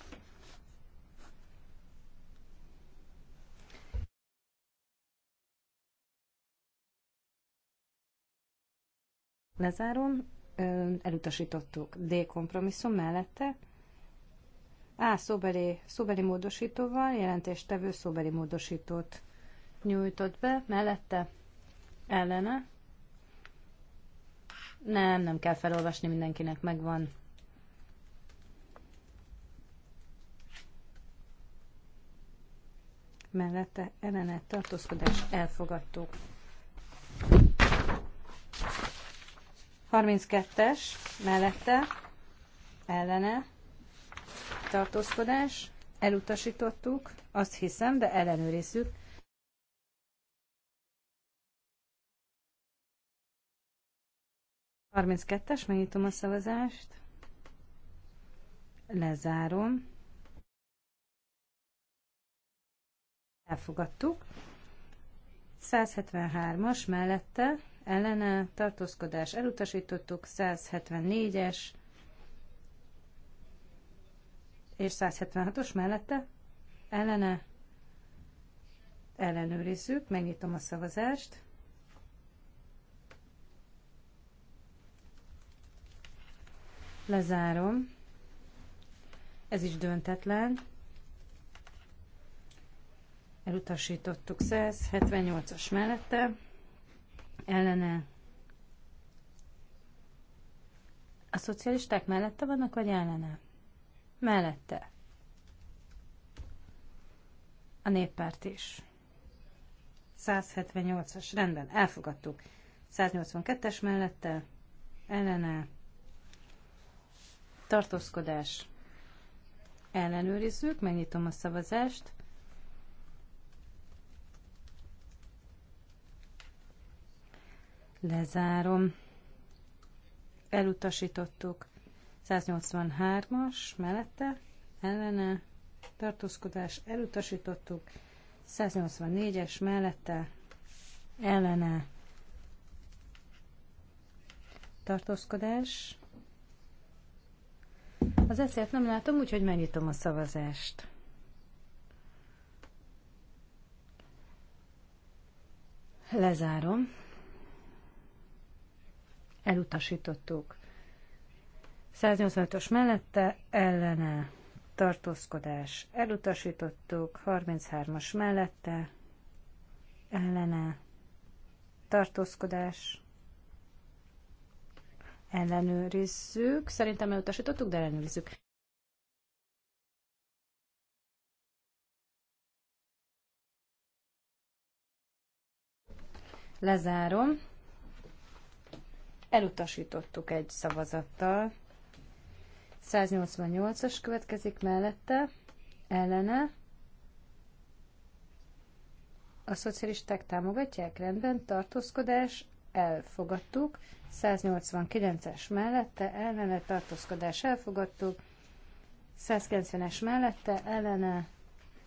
[SPEAKER 3] Lezárom, elutasítottuk D kompromisszum mellette. A szóbeli, szóbeli módosítóval, jelentéstevő szóbeli módosítót nyújtott be, mellette ellene. Nem, nem kell felolvasni, mindenkinek megvan. Mellette ellene tartózkodás elfogadtuk. 32-es mellette ellene tartózkodás, elutasítottuk, azt hiszem, de ellenőrizzük. Harminckettes, megnyitom a szavazást, lezárom, elfogadtuk, 173-as mellette, ellene tartózkodás elutasítottuk, 174-es és 176-os mellette ellene ellenőrizzük, megnyitom a szavazást. Lezárom. Ez is döntetlen. Elutasítottuk 178-as mellette ellene. A szocialisták mellette vannak, vagy ellene? Mellette. A néppárt is. 178-as, rendben, elfogadtuk. 182-es mellette, ellene, tartózkodás. Ellenőrizzük, megnyitom a szavazást. Lezárom. Elutasítottuk. 183-as mellette, ellene, tartózkodás, elutasítottuk. 184-es mellette, ellene, tartózkodás. Az eszélyt nem látom, úgyhogy megnyitom a szavazást. Lezárom elutasítottuk. 185-ös mellette ellene tartózkodás elutasítottuk, 33-as mellette ellene tartózkodás ellenőrizzük. Szerintem elutasítottuk, de ellenőrizzük. Lezárom elutasítottuk egy szavazattal. 188-as következik mellette, ellene. A szocialisták támogatják, rendben, tartózkodás, elfogadtuk. 189-es mellette, ellene, tartózkodás, elfogadtuk. 190-es mellette, ellene,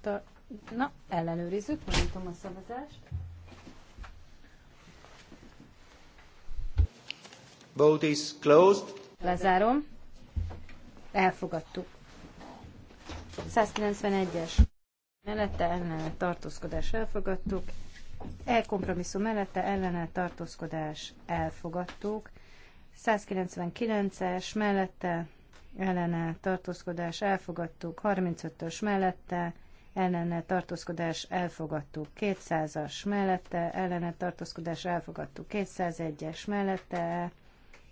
[SPEAKER 3] tar- na, ellenőrizzük, megnyitom a szavazást.
[SPEAKER 1] Vote is closed.
[SPEAKER 3] Lezárom. Elfogadtuk. 191-es mellette ellene tartózkodás elfogadtuk. E-kompromisszum mellette ellene tartózkodás elfogadtuk. 199-es mellette ellene tartózkodás elfogadtuk. 35-ös mellette ellene tartózkodás elfogadtuk 200-as mellette, ellene tartózkodás elfogadtuk 201-es mellette,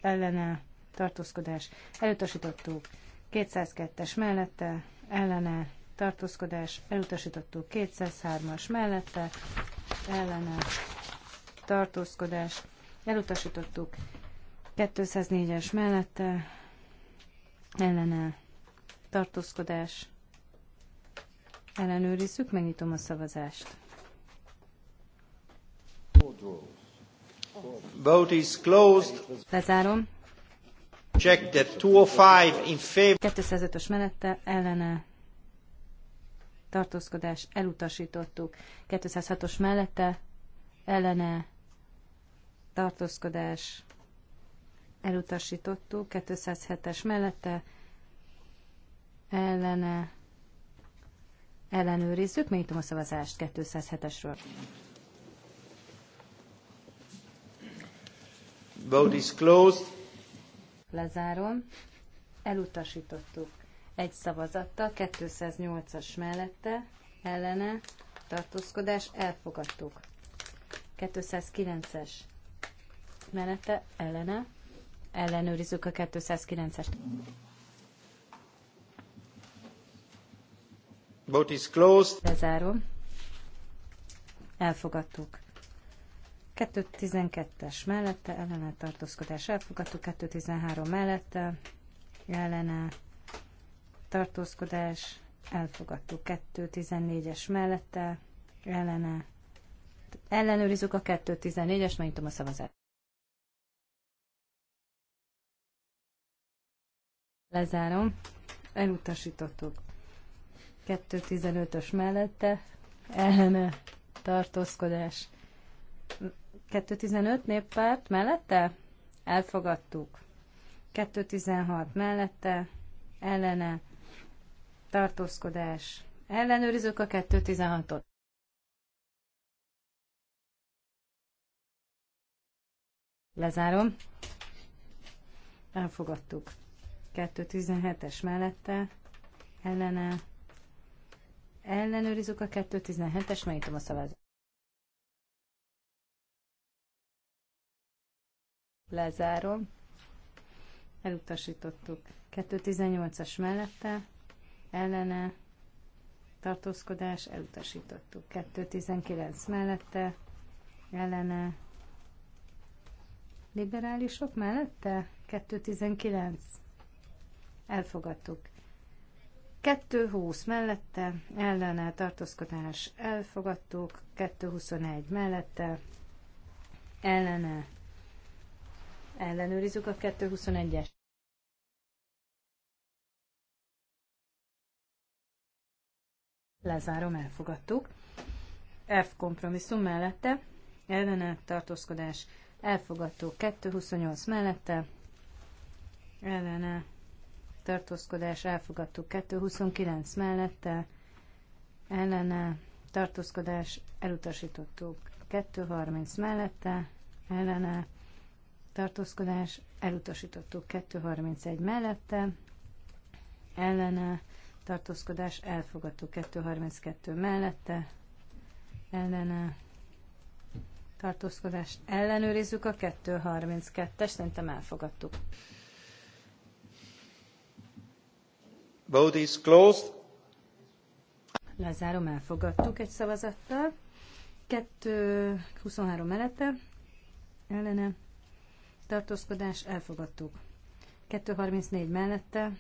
[SPEAKER 3] ellene tartózkodás elutasítottuk. 202-es mellette ellene tartózkodás elutasítottuk. 203-as mellette ellene tartózkodás elutasítottuk. 204-es mellette ellene tartózkodás ellenőrizzük, megnyitom a szavazást.
[SPEAKER 1] Fordul. Vote is closed. Lezárom. Check that 205
[SPEAKER 3] in favor. 205-ös menette ellene tartózkodás elutasítottuk. 206-os mellette ellene tartózkodás elutasítottuk. 207-es mellette ellene ellenőrizzük. Megnyitom a szavazást 207-esről.
[SPEAKER 1] Vote is closed.
[SPEAKER 3] Lezárom. Elutasítottuk egy szavazattal, 208-as mellette, ellene, tartózkodás, elfogadtuk. 209-es mellette, ellene, ellenőrizzük a 209-est.
[SPEAKER 1] Vote is closed.
[SPEAKER 3] Lezárom. Elfogadtuk. 2.12-es mellette ellene tartózkodás elfogadtuk, 2.13 mellette ellene tartózkodás elfogadtuk, 2.14-es mellette ellene ellenőrizzük a 2.14-es, megnyitom a szavazást. Lezárom. Elutasítottuk. 2.15-ös mellette ellene tartózkodás 215 néppárt mellette? Elfogadtuk. 216 mellette, ellene, tartózkodás. Ellenőrizzük a 216-ot. Lezárom. Elfogadtuk. 217-es mellette, ellene, ellenőrizzük a 217-es, megnyitom a szavazat. lezárom. Elutasítottuk. 218-as mellette, ellene, tartózkodás, elutasítottuk. 219 mellette, ellene, liberálisok mellette, 219, elfogadtuk. 220 mellette, ellene, tartózkodás, elfogadtuk. 221 mellette, ellene, Ellenőrizzük a 221-es. Lezárom, elfogadtuk. F kompromisszum mellette, ellene tartózkodás, elfogadtuk 228 mellette, ellene tartózkodás, elfogadtuk 229 mellette, ellene tartózkodás, elutasítottuk 230 mellette, ellene tartózkodás, elutasítottuk 231 mellette, ellene tartózkodás, elfogadtuk 232 mellette, ellene tartózkodás, ellenőrizzük a 232-es, szerintem elfogadtuk.
[SPEAKER 1] Vote is closed.
[SPEAKER 3] Lezárom, elfogadtuk egy szavazattal. 223 mellette, ellene tartózkodás elfogadtuk. 234 mellette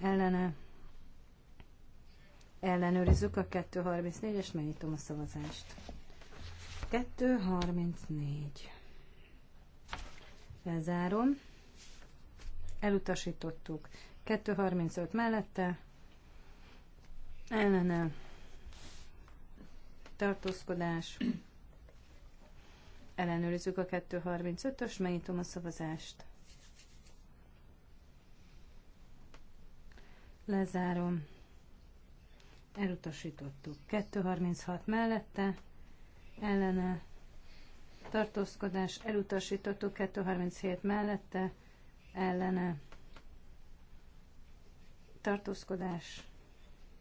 [SPEAKER 3] ellene ellenőrizzük a 234-es, megnyitom a szavazást. 234. Lezárom. Elutasítottuk. 235 mellette ellene tartózkodás Ellenőrizzük a 235-ös, megnyitom a szavazást. Lezárom. Elutasítottuk. 236 mellette, ellene tartózkodás, elutasítottuk 237 mellette, ellene tartózkodás,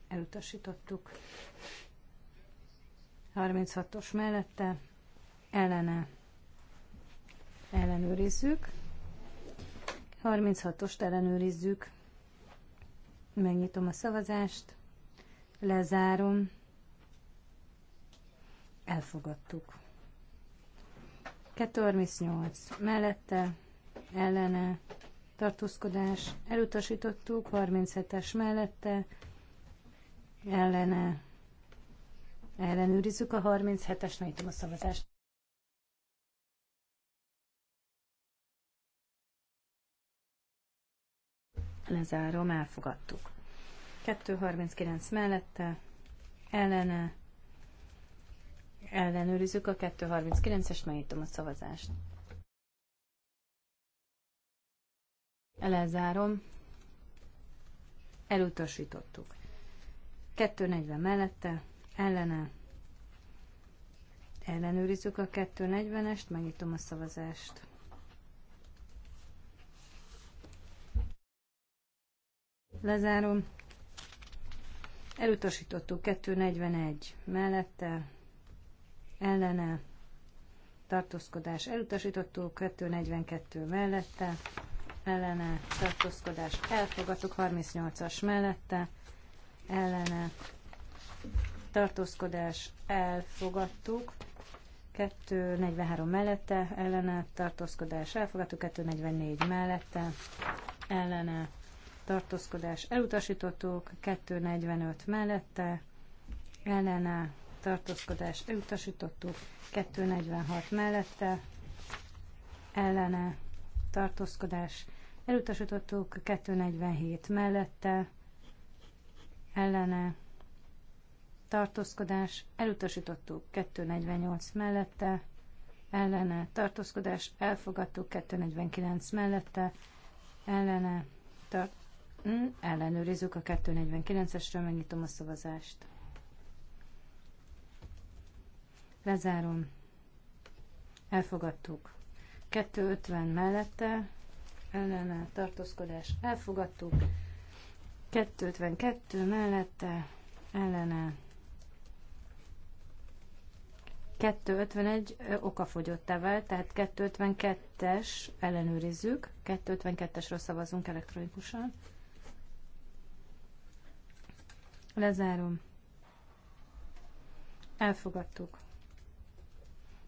[SPEAKER 3] elutasítottuk. 36-os mellette, ellene ellenőrizzük. 36-ost ellenőrizzük. Megnyitom a szavazást, lezárom, elfogadtuk. 238 mellette, ellene, tartózkodás, elutasítottuk, 37-es mellette, ellene, ellenőrizzük a 37-es, megnyitom a szavazást. lezárom, elfogadtuk. 239 mellette, ellene, ellenőrizzük a 239-est, megnyitom a szavazást. Lezárom, elutasítottuk. 240 mellette, ellene, ellenőrizzük a 240-est, megnyitom a szavazást. Lezárom. Elutasítottuk 241 mellette, ellene, tartózkodás elutasítottuk 242 mellette, ellene, tartózkodás elfogadtuk 38-as mellette, ellene, tartózkodás elfogadtuk 243 mellette, ellene, tartózkodás elfogadtuk 244 mellette, ellene, tartózkodás elutasítottuk, 245 mellette, ellene tartózkodás elutasítottuk, 246 mellette, ellene tartózkodás elutasítottuk, 247 mellette, ellene tartózkodás elutasítottuk, 248 mellette, ellene tartózkodás elfogadtuk, 249 mellette, ellene tartózkodás Ellenőrizzük a 249-esről, megnyitom a szavazást. Lezárom. Elfogadtuk. 250 mellette ellene tartózkodás elfogadtuk. 252 mellette ellene 251 okafogyottá vált, tehát 252-es ellenőrizzük, 252-esről szavazunk elektronikusan. Lezárom. Elfogadtuk.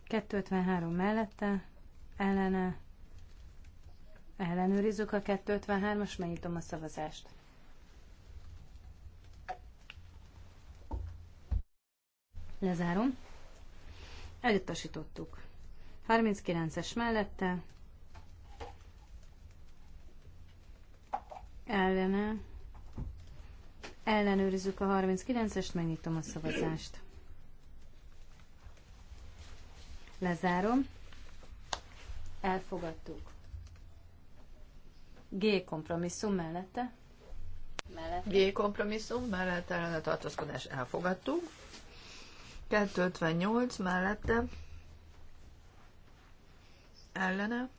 [SPEAKER 3] 253 mellette, ellene, ellenőrizzük a 253-as, megnyitom a szavazást. Lezárom.
[SPEAKER 6] Elutasítottuk.
[SPEAKER 3] 39-es mellette, ellene, Ellenőrizzük a 39-est, megnyitom a szavazást.
[SPEAKER 4] Lezárom. Elfogadtuk. G kompromisszum mellette. mellette. G kompromisszum mellette, ellene tartózkodás elfogadtuk. 258 mellette ellene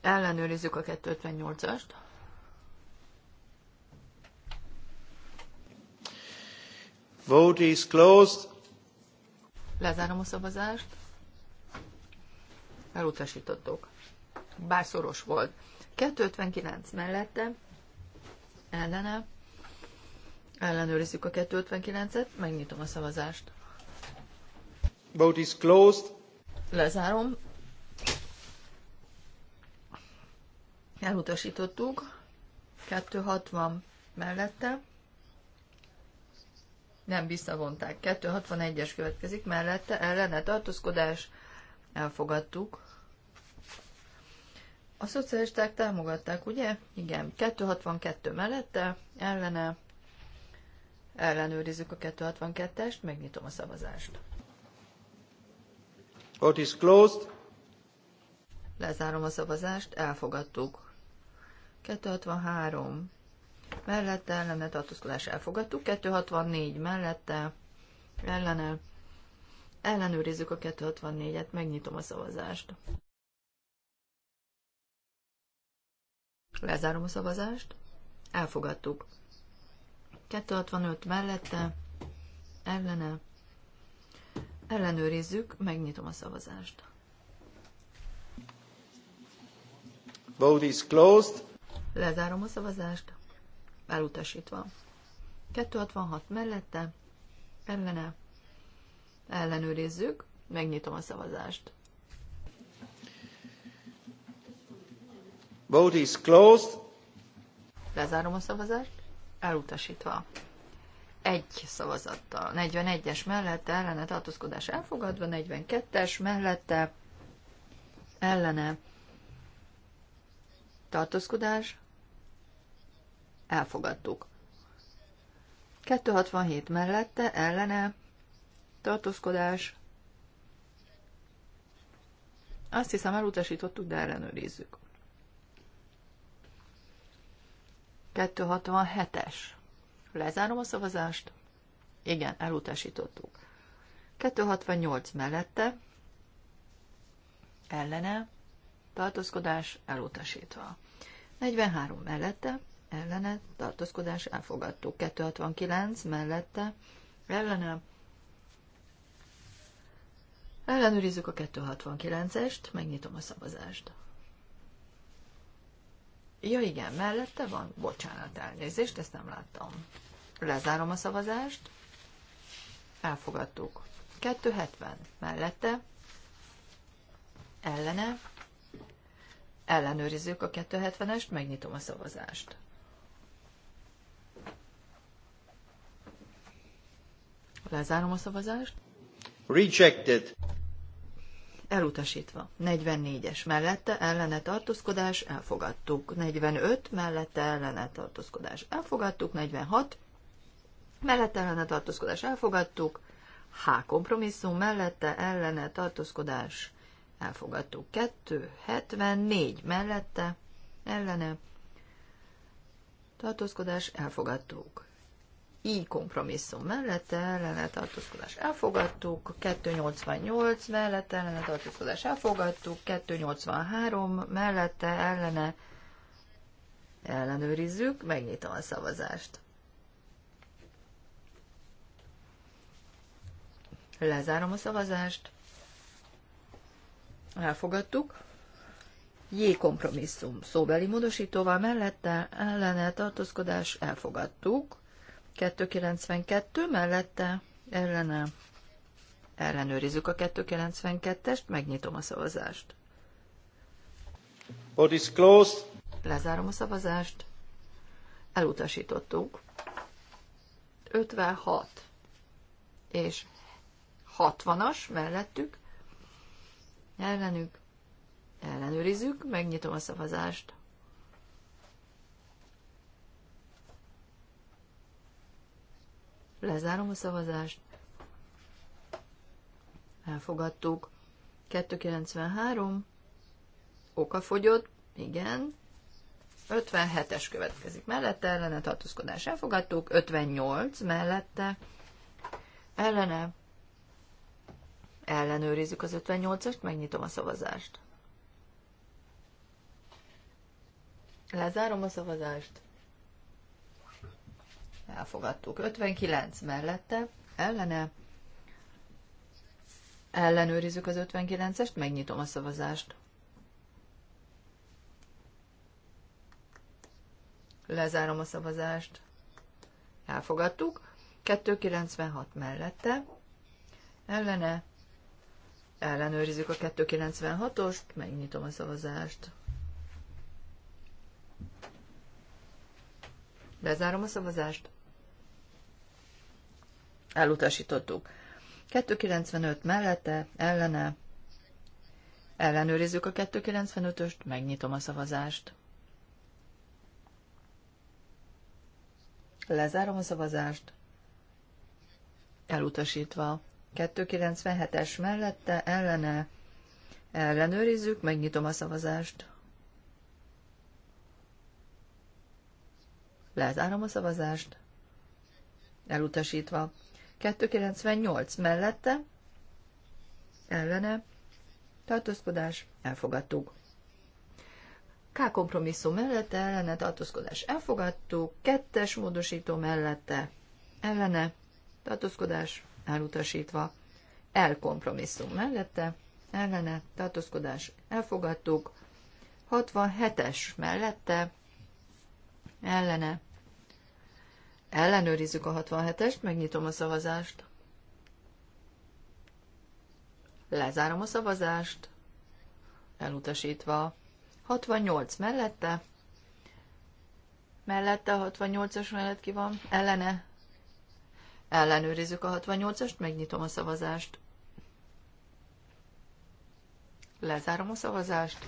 [SPEAKER 4] Ellenőrizzük a 258-ast.
[SPEAKER 1] Vote is closed.
[SPEAKER 4] Lezárom a szavazást. Elutasítottuk. Bár szoros volt. 259 mellette, ellene. Ellenőrizzük a 259-et, megnyitom a szavazást.
[SPEAKER 1] Vote is closed.
[SPEAKER 4] Lezárom elutasítottuk, 260 mellette, nem visszavonták, 261-es következik, mellette ellene tartózkodás, elfogadtuk. A szocialisták támogatták, ugye? Igen, 262 mellette, ellene, ellenőrizzük a 262-est, megnyitom a szavazást.
[SPEAKER 1] Vote is closed.
[SPEAKER 4] Lezárom a szavazást, elfogadtuk. 263 mellette ellene tartózkodás elfogadtuk, 264 mellette ellene ellenőrizzük a 264-et, megnyitom a szavazást. Lezárom a szavazást. Elfogadtuk. 265 mellette, ellene. Ellenőrizzük, megnyitom a szavazást.
[SPEAKER 1] Vote is closed.
[SPEAKER 4] Lezárom a szavazást. Elutasítva. 266 mellette. Ellene. Ellenőrizzük. Megnyitom a szavazást.
[SPEAKER 1] Vote is closed.
[SPEAKER 4] Lezárom a szavazást. Elutasítva. Egy szavazattal. 41-es mellette ellene tartózkodás elfogadva, 42-es mellette ellene tartózkodás, elfogadtuk. 267 mellette, ellene, tartózkodás, azt hiszem elutasítottuk, de ellenőrizzük. 267-es. Lezárom a szavazást. Igen, elutasítottuk. 268 mellette, ellene, tartózkodás elutasítva. 43 mellette, ellene, tartózkodás elfogadtuk. 269 mellette, ellene, ellenőrizzük a 269-est, megnyitom a szavazást. Ja igen, mellette van, bocsánat, elnézést, ezt nem láttam. Lezárom a szavazást, elfogadtuk. 270 mellette, ellene, Ellenőrizzük a 270-est, megnyitom a szavazást. Lezárom a szavazást.
[SPEAKER 1] Rejected.
[SPEAKER 4] Elutasítva. 44-es mellette ellene tartózkodás elfogadtuk. 45 mellette ellene tartózkodás elfogadtuk. 46 mellette ellene tartózkodás elfogadtuk. H kompromisszum mellette ellene tartózkodás elfogadtuk. 274 mellette, ellene, tartózkodás, elfogadtuk. I kompromisszum mellette, ellene tartózkodás elfogadtuk, 288 mellette, ellene tartózkodás elfogadtuk, 283 mellette, ellene ellenőrizzük, megnyitom a szavazást. Lezárom a szavazást elfogadtuk. J kompromisszum szóbeli módosítóval mellette ellene tartózkodás elfogadtuk. 292 mellette ellene ellenőrizzük a 292-est, megnyitom a szavazást.
[SPEAKER 1] Vote is closed.
[SPEAKER 4] Lezárom a szavazást. Elutasítottuk. 56 és 60-as mellettük ellenük, ellenőrizzük, megnyitom a szavazást. Lezárom a szavazást. Elfogadtuk. 293. Oka fogyott. Igen. 57-es következik mellette, ellene tartózkodás elfogadtuk. 58 mellette, ellene Ellenőrizzük az 58-ast, megnyitom a szavazást. Lezárom a szavazást. Elfogadtuk. 59 mellette, ellene. Ellenőrizzük az 59-est, megnyitom a szavazást. Lezárom a szavazást. Elfogadtuk. 296 mellette. Ellene. Ellenőrizzük a 296-ost, megnyitom a szavazást. Bezárom a szavazást. Elutasítottuk. 295 mellette, ellene. Ellenőrizzük a 295-öst, megnyitom a szavazást. Lezárom a szavazást. Elutasítva. 297-es mellette ellene ellenőrizzük, megnyitom a szavazást. Lezárom a szavazást. Elutasítva. 298 mellette ellene tartózkodás elfogadtuk. K kompromisszum mellette ellene tartózkodás elfogadtuk, kettes módosító mellette ellene tartózkodás elutasítva, elkompromisszum mellette, ellene, tartózkodás elfogadtuk, 67-es mellette, ellene, ellenőrizzük a 67-est, megnyitom a szavazást, lezárom a szavazást, elutasítva, 68 mellette, mellette, 68-as mellett ki van, ellene, Ellenőrizzük a 68-ast, megnyitom a szavazást. Lezárom a szavazást.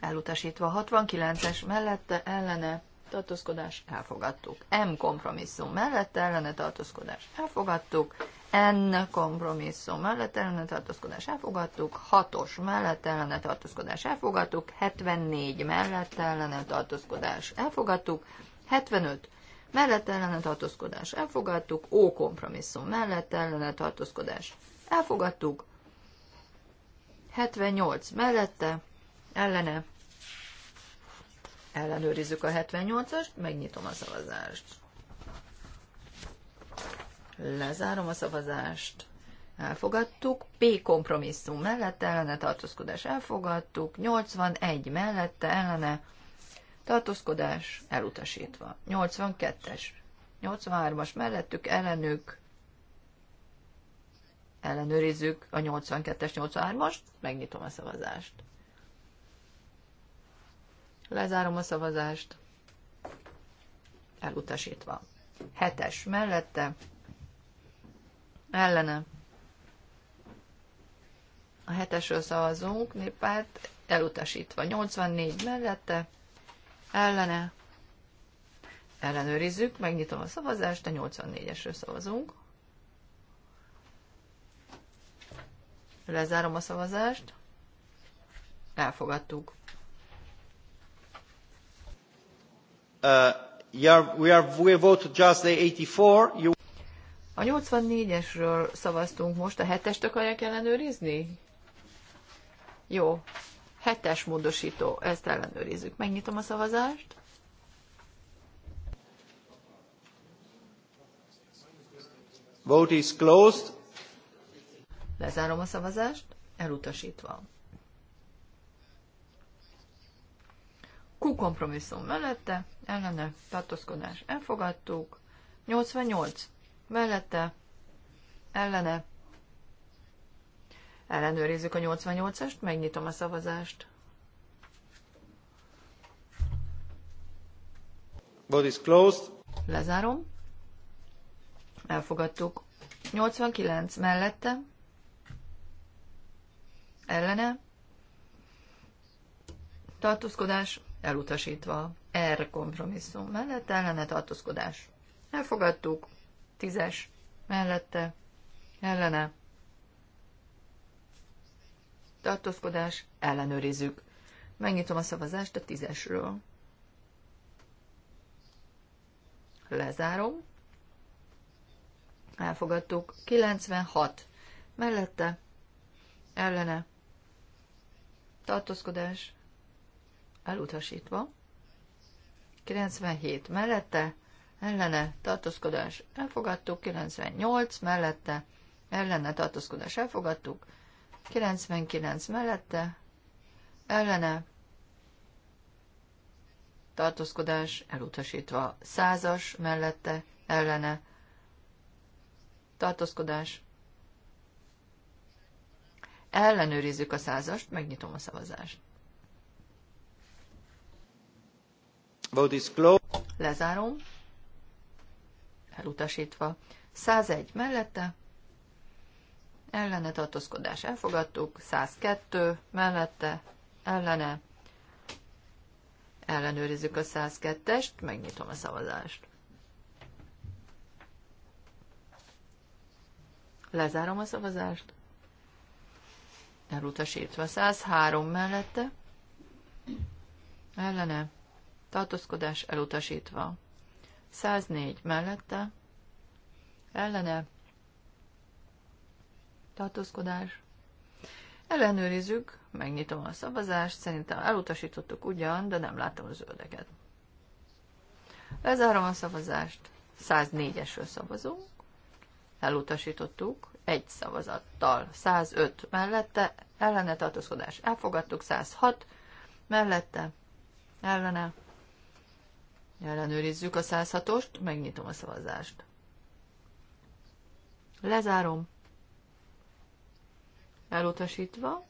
[SPEAKER 4] Elutasítva 69-es, mellette ellene tartózkodás, elfogadtuk. M kompromisszum, mellette ellene tartózkodás, elfogadtuk. N kompromisszum, mellette ellene tartózkodás, elfogadtuk. 6-os, mellette ellene tartózkodás, elfogadtuk. 74, mellette ellene tartózkodás, elfogadtuk. 75, mellett ellene tartózkodás elfogadtuk, ó kompromisszum mellett ellene tartózkodás elfogadtuk, 78 mellette ellene ellenőrizzük a 78-ast, megnyitom a szavazást. Lezárom a szavazást. Elfogadtuk. P kompromisszum mellette ellene tartózkodás elfogadtuk. 81 mellette ellene tartózkodás elutasítva. 82-es, 83-as mellettük ellenük ellenőrizzük a 82-es, 83-ast, megnyitom a szavazást. Lezárom a szavazást, elutasítva. 7-es mellette, ellene. A 7-esről szavazunk, néppárt elutasítva. 84 mellette, ellene, ellenőrizzük, megnyitom a szavazást, a 84-esről szavazunk. Lezárom a szavazást. Elfogadtuk.
[SPEAKER 1] Uh, are, we are, we voted just the 84. You...
[SPEAKER 4] A 84-esről szavaztunk most, a 7-est akarják ellenőrizni? Jó, Hetes módosító, ezt ellenőrizzük. Megnyitom a szavazást.
[SPEAKER 1] Vote is closed.
[SPEAKER 4] Lezárom a szavazást, elutasítva. Q kompromisszum mellette, ellene tartózkodás elfogadtuk. 88 mellette, ellene Ellenőrizzük a 88-ast, megnyitom a szavazást.
[SPEAKER 1] Vote is closed.
[SPEAKER 4] Lezárom. Elfogadtuk. 89 mellette. Ellene. Tartózkodás elutasítva. R kompromisszum mellette ellene tartózkodás. Elfogadtuk. Tízes mellette ellene tartózkodás, ellenőrizzük. Megnyitom a szavazást a tízesről. Lezárom. Elfogadtuk. 96. Mellette. Ellene. Tartózkodás. Elutasítva. 97. Mellette. Ellene. Tartózkodás. Elfogadtuk. 98. Mellette. Ellene. Tartózkodás. Elfogadtuk. 99 mellette, ellene, tartózkodás elutasítva, 100-as mellette, ellene, tartózkodás, ellenőrizzük a százast, megnyitom a szavazást.
[SPEAKER 1] Vote is closed.
[SPEAKER 4] Lezárom, elutasítva, 101 mellette, ellene tartózkodás elfogadtuk, 102 mellette ellene ellenőrizzük a 102-est, megnyitom a szavazást. Lezárom a szavazást. Elutasítva 103 mellette. Ellene. Tartózkodás elutasítva. 104 mellette. Ellene tartózkodás. Ellenőrizzük, megnyitom a szavazást, szerintem elutasítottuk ugyan, de nem látom a zöldeket. Lezárom a szavazást, 104-esről szavazunk, elutasítottuk, egy szavazattal, 105 mellette, ellene tartózkodás elfogadtuk, 106 mellette, ellene, ellenőrizzük a 106-ost, megnyitom a szavazást. Lezárom elutasítva,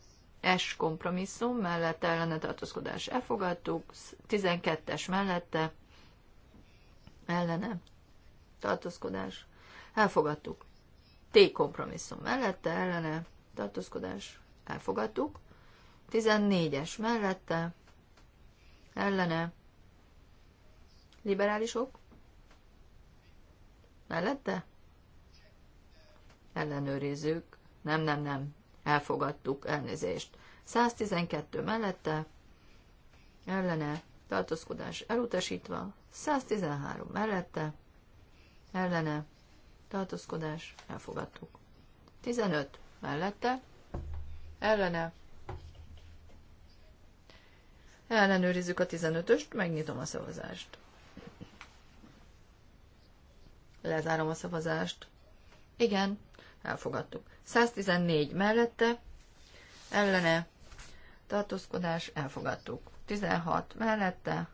[SPEAKER 4] S kompromisszum mellette ellene tartózkodás elfogadtuk, 12-es mellette ellene tartózkodás elfogadtuk. T kompromisszum mellette ellene tartózkodás elfogadtuk, 14-es mellette ellene liberálisok mellette ellenőrizzük. Nem, nem, nem elfogadtuk, elnézést. 112 mellette, ellene, tartózkodás elutasítva, 113 mellette, ellene, tartózkodás, elfogadtuk. 15 mellette, ellene, ellenőrizzük a 15-öst, megnyitom a szavazást. Lezárom a szavazást. Igen, elfogadtuk. 114 mellette, ellene, tartózkodás, elfogadtuk. 16 mellette,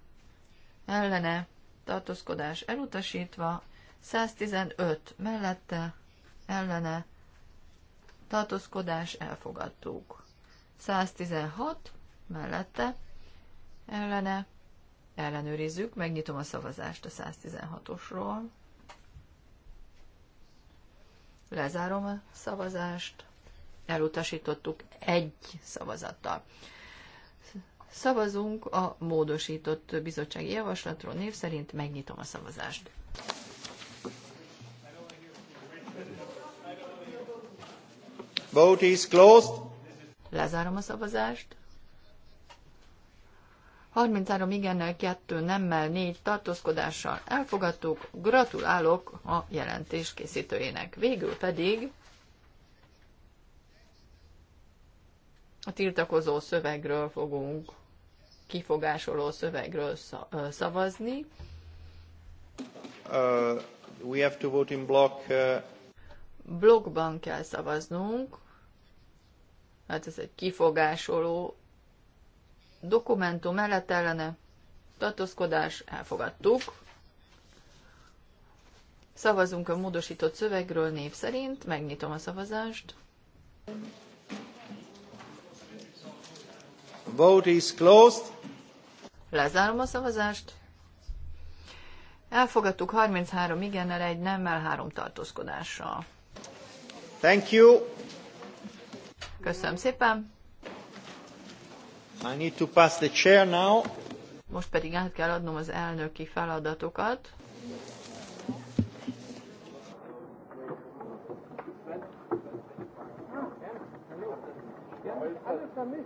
[SPEAKER 4] ellene, tartózkodás elutasítva, 115 mellette, ellene, tartózkodás elfogadtuk. 116 mellette, ellene, ellenőrizzük, megnyitom a szavazást a 116-osról. Lezárom a szavazást. Elutasítottuk egy szavazattal. Szavazunk a módosított bizottsági javaslatról. Név szerint megnyitom a szavazást.
[SPEAKER 1] Vote is closed.
[SPEAKER 4] Lezárom a szavazást. 33 igennel, 2 nemmel, 4 tartózkodással elfogadtuk. Gratulálok a jelentés készítőjének. Végül pedig a tiltakozó szövegről fogunk, kifogásoló szövegről szavazni.
[SPEAKER 1] Uh, we have to vote in block. Uh...
[SPEAKER 4] Blokkban kell szavaznunk, hát ez egy kifogásoló dokumentum mellett ellene tartózkodás elfogadtuk. Szavazunk a módosított szövegről név szerint, megnyitom a szavazást.
[SPEAKER 1] Vote is closed.
[SPEAKER 4] Lezárom a szavazást. Elfogadtuk 33 igennel, egy nemmel, három tartózkodással.
[SPEAKER 1] Thank you.
[SPEAKER 4] Köszönöm szépen. I
[SPEAKER 1] need to pass the chair now.
[SPEAKER 4] Most pedig át kell adnom az elnöki feladatokat.
[SPEAKER 5] Alles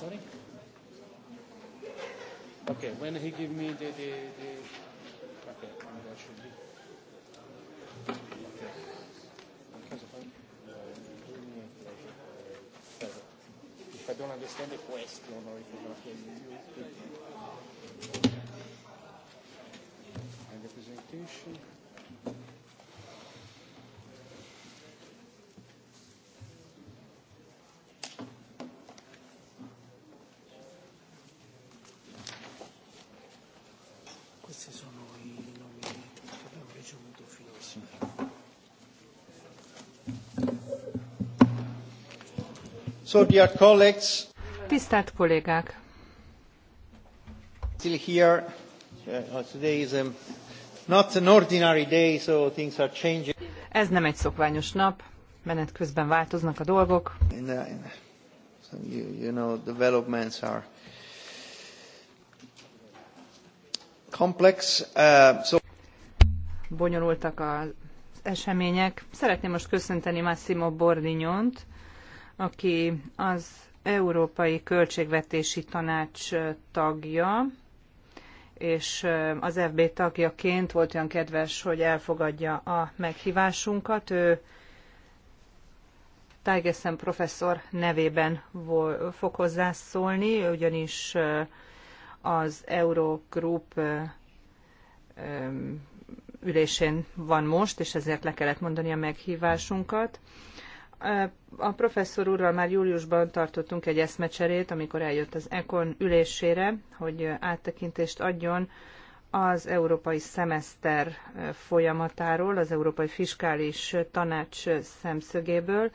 [SPEAKER 5] Sorry? Okay, when he give me the, the, the okay, that should be. Okay. If I don't understand the question or if you don't hear you,
[SPEAKER 6] and the presentation.
[SPEAKER 1] Tisztelt kollégák! Still here. Uh, today is um, not an ordinary day, so things are changing.
[SPEAKER 2] Ez nem egy szokványos nap, menet közben változnak a dolgok. In
[SPEAKER 1] the, in so you, you know, developments are complex. Uh, so...
[SPEAKER 2] Bonyolultak az események. Szeretném most köszönteni Massimo Bordignont, aki az Európai Költségvetési Tanács tagja, és az FB tagjaként volt olyan kedves, hogy elfogadja a meghívásunkat. Ő Tigersen professzor nevében fog hozzászólni, ugyanis az Eurogroup ülésén van most, és ezért le kellett mondani a meghívásunkat a professzor úrral már júliusban tartottunk egy eszmecserét, amikor eljött az ECON ülésére, hogy áttekintést adjon az európai szemeszter eh, folyamatáról, az Európai Fiskális Tanács szemszögéből,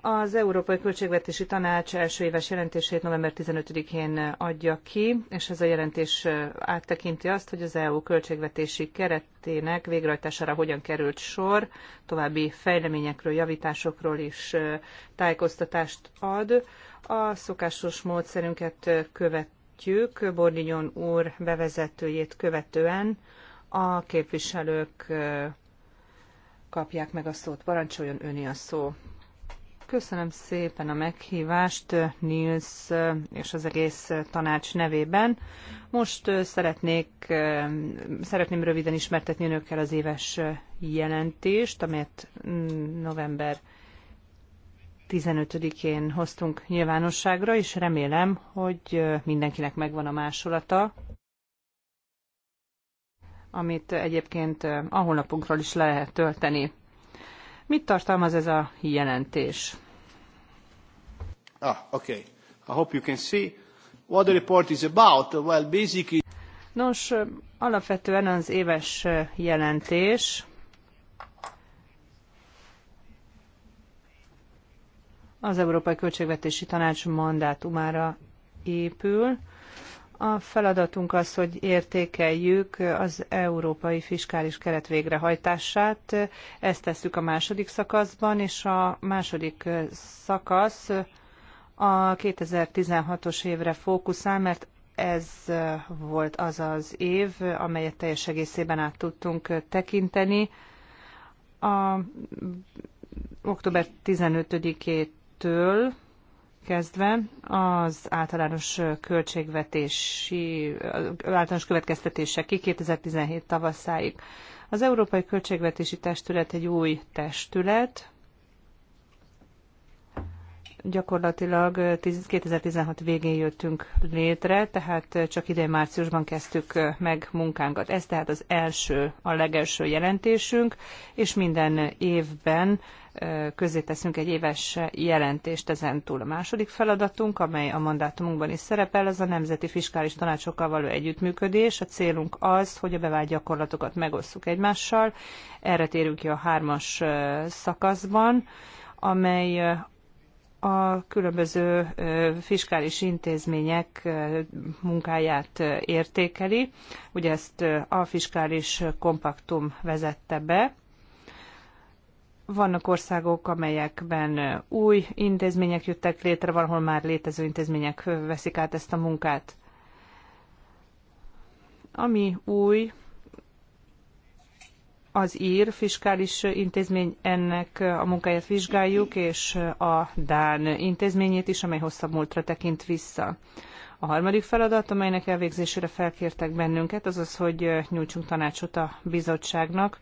[SPEAKER 2] az Európai Költségvetési Tanács első éves jelentését november 15-én adja ki, és ez a jelentés áttekinti azt, hogy az EU költségvetési keretének végrehajtására hogyan került sor, további fejleményekről, javításokról is tájékoztatást ad. A szokásos módszerünket követjük, Bordignon úr bevezetőjét követően a képviselők kapják meg a szót. Parancsoljon öni a szó. Köszönöm szépen a meghívást Nils és az egész tanács nevében. Most szeretnék, szeretném röviden ismertetni önökkel az éves jelentést, amelyet mm, november 15-én hoztunk nyilvánosságra, és remélem, hogy mindenkinek megvan a másolata, amit egyébként a honlapunkról is lehet tölteni. Mit tartalmaz ez a jelentés?
[SPEAKER 1] Ah, okay. I hope you can see what the report is about. Well, basically...
[SPEAKER 2] Nos, alapvetően az éves jelentés az Európai Költségvetési Tanács mandátumára épül. A feladatunk az, hogy értékeljük az európai fiskális keret végrehajtását. Ezt tesszük a második szakaszban, és a második szakasz a 2016-os évre fókuszál, mert ez volt az az év, amelyet teljes egészében át tudtunk tekinteni. A október 15-től kezdve az általános költségvetési, általános ki 2017 tavaszáig. Az Európai Költségvetési Testület egy új testület, gyakorlatilag 2016 végén jöttünk létre, tehát csak idén márciusban kezdtük meg munkánkat. Ez tehát az első, a legelső jelentésünk, és minden évben teszünk egy éves jelentést ezen túl. A második feladatunk, amely a mandátumunkban is szerepel, az a nemzeti fiskális tanácsokkal való együttműködés. A célunk az, hogy a bevált gyakorlatokat megosszuk egymással. Erre térünk ki a hármas szakaszban, amely a különböző fiskális intézmények munkáját értékeli. Ugye ezt a fiskális kompaktum vezette be, vannak országok, amelyekben új intézmények jöttek létre, valahol már létező intézmények veszik át ezt a munkát. Ami új, az ír fiskális intézmény ennek a munkáját vizsgáljuk, és a Dán intézményét is, amely hosszabb múltra tekint vissza. A harmadik feladat, amelynek elvégzésére felkértek bennünket, az az, hogy nyújtsunk tanácsot a bizottságnak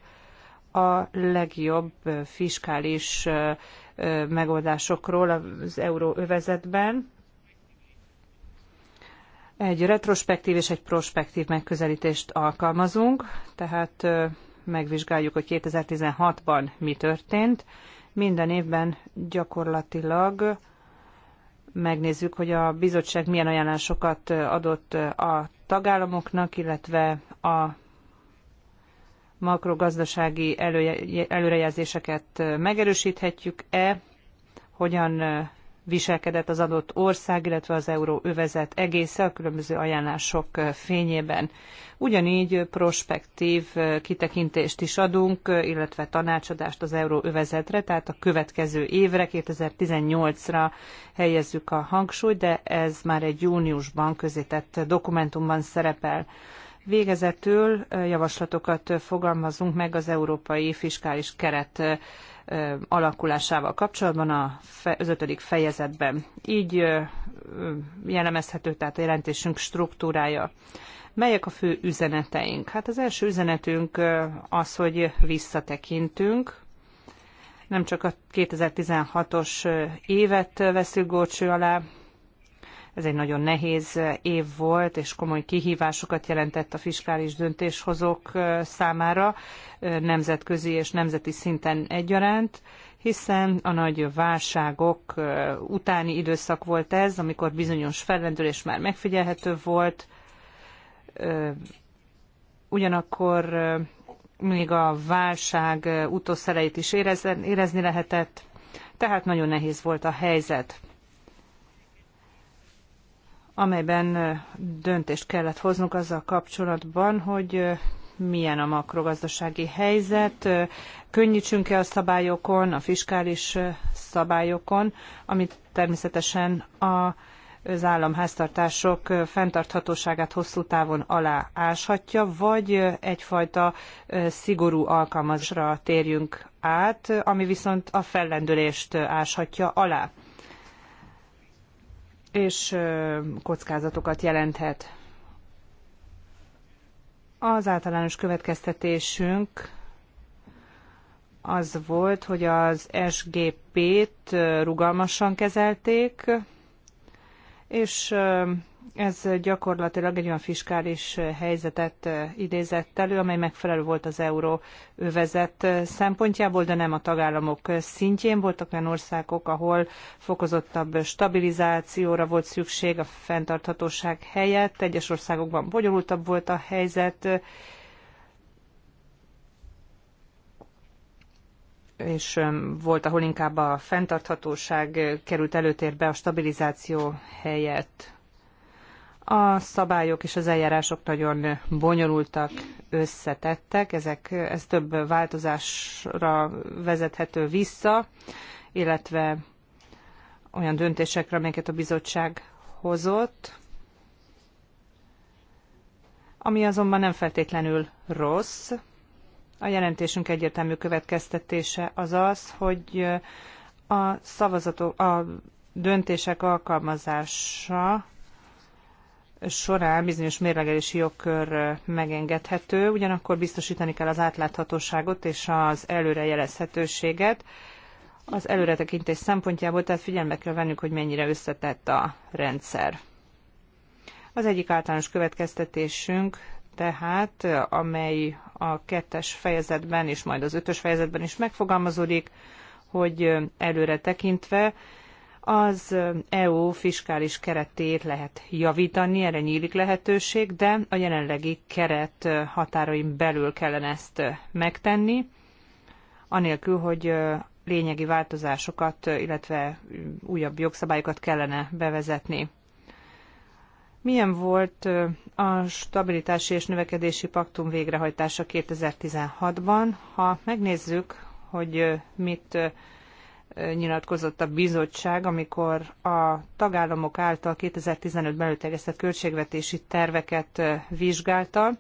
[SPEAKER 2] a legjobb fiskális megoldásokról az euróövezetben. Egy retrospektív és egy prospektív megközelítést alkalmazunk, tehát megvizsgáljuk, hogy 2016-ban mi történt. Minden évben gyakorlatilag megnézzük, hogy a bizottság milyen ajánlásokat adott a tagállamoknak, illetve a makrogazdasági előrejelzéseket megerősíthetjük-e, hogyan viselkedett az adott ország, illetve az euróövezet egésze a különböző ajánlások fényében. Ugyanígy prospektív kitekintést is adunk, illetve tanácsadást az euróövezetre, tehát a következő évre, 2018-ra helyezzük a hangsúlyt, de ez már egy júniusban közétett dokumentumban szerepel. Végezetül javaslatokat fogalmazunk meg az európai fiskális keret alakulásával kapcsolatban az ötödik fejezetben. Így jellemezhető tehát a jelentésünk struktúrája. Melyek a fő üzeneteink? Hát az első üzenetünk az, hogy visszatekintünk, nem csak a 2016-os évet veszük górcső alá, ez egy nagyon nehéz eh, év volt, és komoly kihívásokat jelentett a fiskális döntéshozók eh, számára, eh, nemzetközi és nemzeti szinten egyaránt hiszen a nagy válságok utáni időszak volt ez, amikor bizonyos fellendülés már megfigyelhető volt, ugyanakkor még a válság utószereit is érezni lehetett, tehát nagyon nehéz volt a helyzet amelyben döntést kellett hoznunk azzal kapcsolatban, hogy milyen a makrogazdasági helyzet, könnyítsünk-e a szabályokon, a fiskális szabályokon, amit természetesen a az államháztartások fenntarthatóságát hosszú távon alááshatja, vagy egyfajta szigorú alkalmazásra térjünk át, ami viszont a fellendülést áshatja alá és kockázatokat jelenthet. Az általános következtetésünk az volt, hogy az SGP-t rugalmasan kezelték, és ez gyakorlatilag egy olyan fiskális helyzetet idézett elő, amely megfelelő volt az euróövezet szempontjából, de nem a tagállamok szintjén. Voltak olyan országok, ahol fokozottabb stabilizációra volt szükség a fenntarthatóság helyett, egyes országokban bonyolultabb volt a helyzet, és volt, ahol inkább a fenntarthatóság került előtérbe a stabilizáció helyett. A szabályok és az eljárások nagyon bonyolultak, összetettek, ezek, ez több változásra vezethető vissza, illetve olyan döntésekre, amelyeket a bizottság hozott, ami azonban nem feltétlenül rossz. A jelentésünk egyértelmű következtetése az az, hogy a, szavazatok, a döntések alkalmazása során bizonyos mérlegelési jogkör megengedhető, ugyanakkor biztosítani kell az átláthatóságot és az előrejelezhetőséget. Az előretekintés szempontjából tehát figyelme kell vennünk, hogy mennyire összetett a rendszer. Az egyik általános következtetésünk tehát, amely a kettes fejezetben és majd az ötös fejezetben is megfogalmazódik, hogy előre tekintve az EU fiskális keretét lehet javítani, erre nyílik lehetőség, de a jelenlegi keret határain belül kellene ezt megtenni, anélkül, hogy lényegi változásokat, illetve újabb jogszabályokat kellene bevezetni. Milyen volt a stabilitási és növekedési paktum végrehajtása 2016-ban? Ha megnézzük, hogy mit nyilatkozott a bizottság, amikor a tagállamok által 2015-ben előterjesztett költségvetési terveket vizsgálta.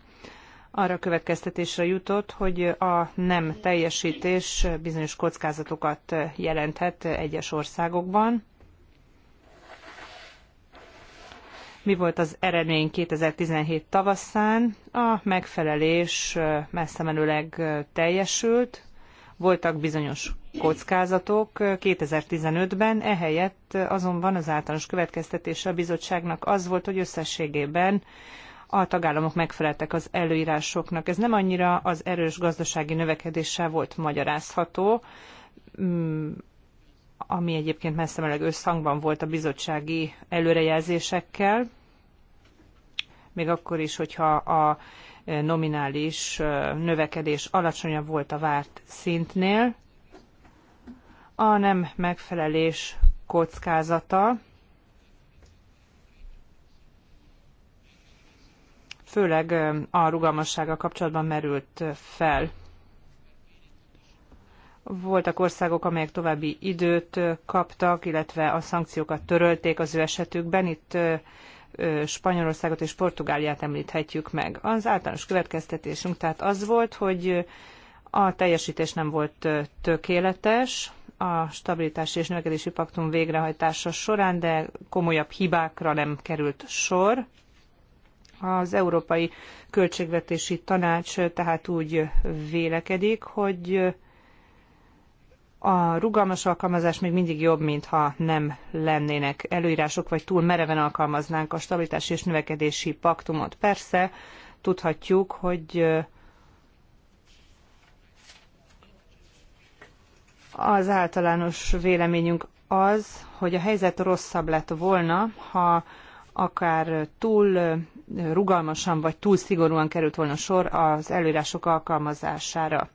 [SPEAKER 2] Arra következtetésre jutott, hogy a nem teljesítés bizonyos kockázatokat jelenthet egyes országokban. Mi volt az eredmény 2017 tavaszán? A megfelelés messze menőleg teljesült, voltak bizonyos kockázatok 2015-ben, ehelyett azonban az általános következtetése a bizottságnak az volt, hogy összességében a tagállamok megfeleltek az előírásoknak. Ez nem annyira az erős gazdasági növekedéssel volt magyarázható, mm, ami egyébként messzemeleg összhangban volt a bizottsági előrejelzésekkel, még akkor is, hogyha a nominális növekedés alacsonyabb volt a várt szintnél. A nem megfelelés kockázata főleg a rugalmassággal kapcsolatban merült fel. Voltak országok, amelyek további időt kaptak, illetve a szankciókat törölték az ő esetükben. Itt Spanyolországot és Portugáliát említhetjük meg. Az általános következtetésünk tehát az volt, hogy a teljesítés nem volt tökéletes a stabilitási és növekedési paktum végrehajtása során, de komolyabb hibákra nem került sor. Az Európai Költségvetési Tanács tehát úgy vélekedik, hogy a rugalmas alkalmazás még mindig jobb, mintha nem lennének előírások, vagy túl mereven alkalmaznánk a stabilitási és növekedési paktumot. Persze tudhatjuk, hogy az általános véleményünk az, hogy a helyzet rosszabb lett volna, ha akár túl rugalmasan vagy túl szigorúan került volna sor az előírások alkalmazására.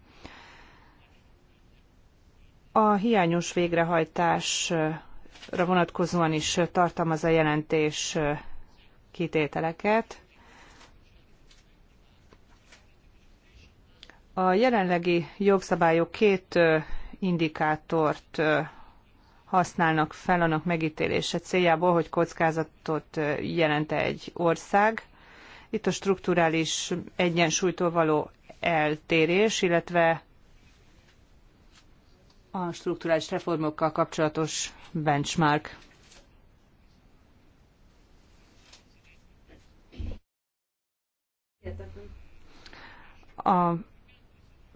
[SPEAKER 2] A hiányos végrehajtásra vonatkozóan is tartalmaz a jelentés kitételeket. A jelenlegi jogszabályok két indikátort használnak fel annak megítélése céljából, hogy kockázatot jelente egy ország. Itt a strukturális egyensúlytól való eltérés, illetve a strukturális reformokkal kapcsolatos benchmark. A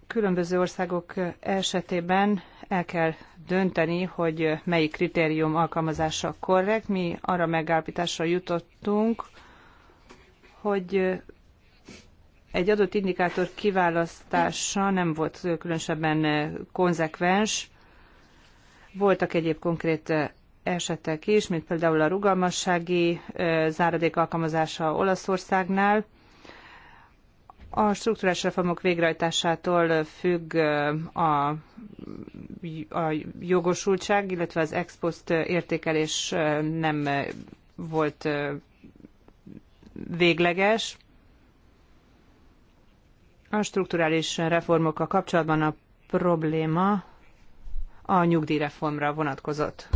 [SPEAKER 2] különböző országok esetében el kell dönteni, hogy melyik kritérium alkalmazása korrekt. Mi arra megállapításra jutottunk, hogy egy adott indikátor kiválasztása nem volt különösebben eh, konzekvens. Voltak egyéb konkrét eh, esetek is, mint például a rugalmassági eh, záradék alkalmazása Olaszországnál. A struktúrás reformok végrehajtásától függ a, a jogosultság, illetve az ex post értékelés nem volt végleges. A strukturális reformokkal kapcsolatban a probléma a nyugdíjreformra vonatkozott.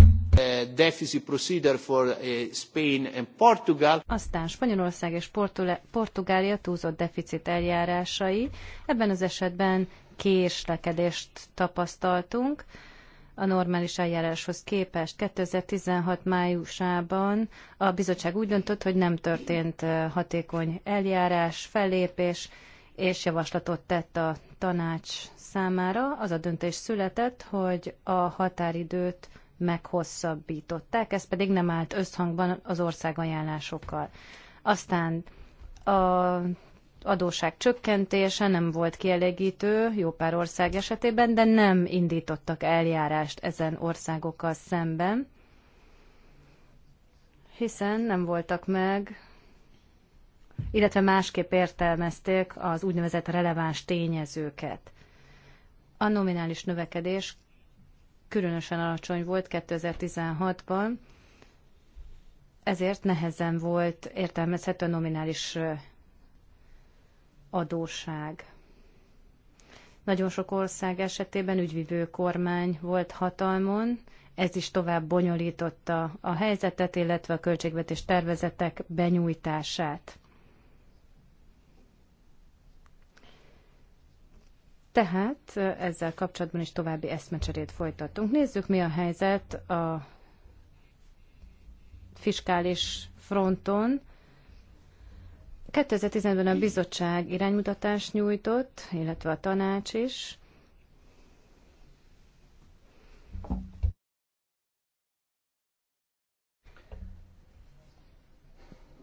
[SPEAKER 1] Deficit procedure for eh, Spain and Portugal.
[SPEAKER 3] Aztán Spanyolország és Portula- Portugália túlzott deficit eljárásai. Ebben az esetben késlekedést tapasztaltunk a normális eljáráshoz képest. 2016 májusában a bizottság úgy döntött, hogy nem történt eh, hatékony eljárás, fellépés, és javaslatot tett a tanács számára. Az a döntés született, hogy a határidőt meghosszabbították, ez pedig nem állt összhangban az ország ajánlásokkal. Aztán a adóság csökkentése nem volt kielégítő jó pár ország esetében, de nem indítottak eljárást ezen országokkal szemben, hiszen nem voltak meg illetve másképp értelmezték az úgynevezett releváns tényezőket. A nominális növekedés különösen alacsony volt 2016-ban, ezért nehezen volt értelmezhető a nominális adóság. Nagyon sok ország esetében ügyvivő kormány volt hatalmon, ez is tovább bonyolította a helyzetet, illetve a költségvetés tervezetek benyújtását. Tehát ezzel kapcsolatban is további eszmecserét folytatunk. Nézzük, mi a helyzet a fiskális fronton. 2015-ben a bizottság iránymutatást nyújtott, illetve a tanács is.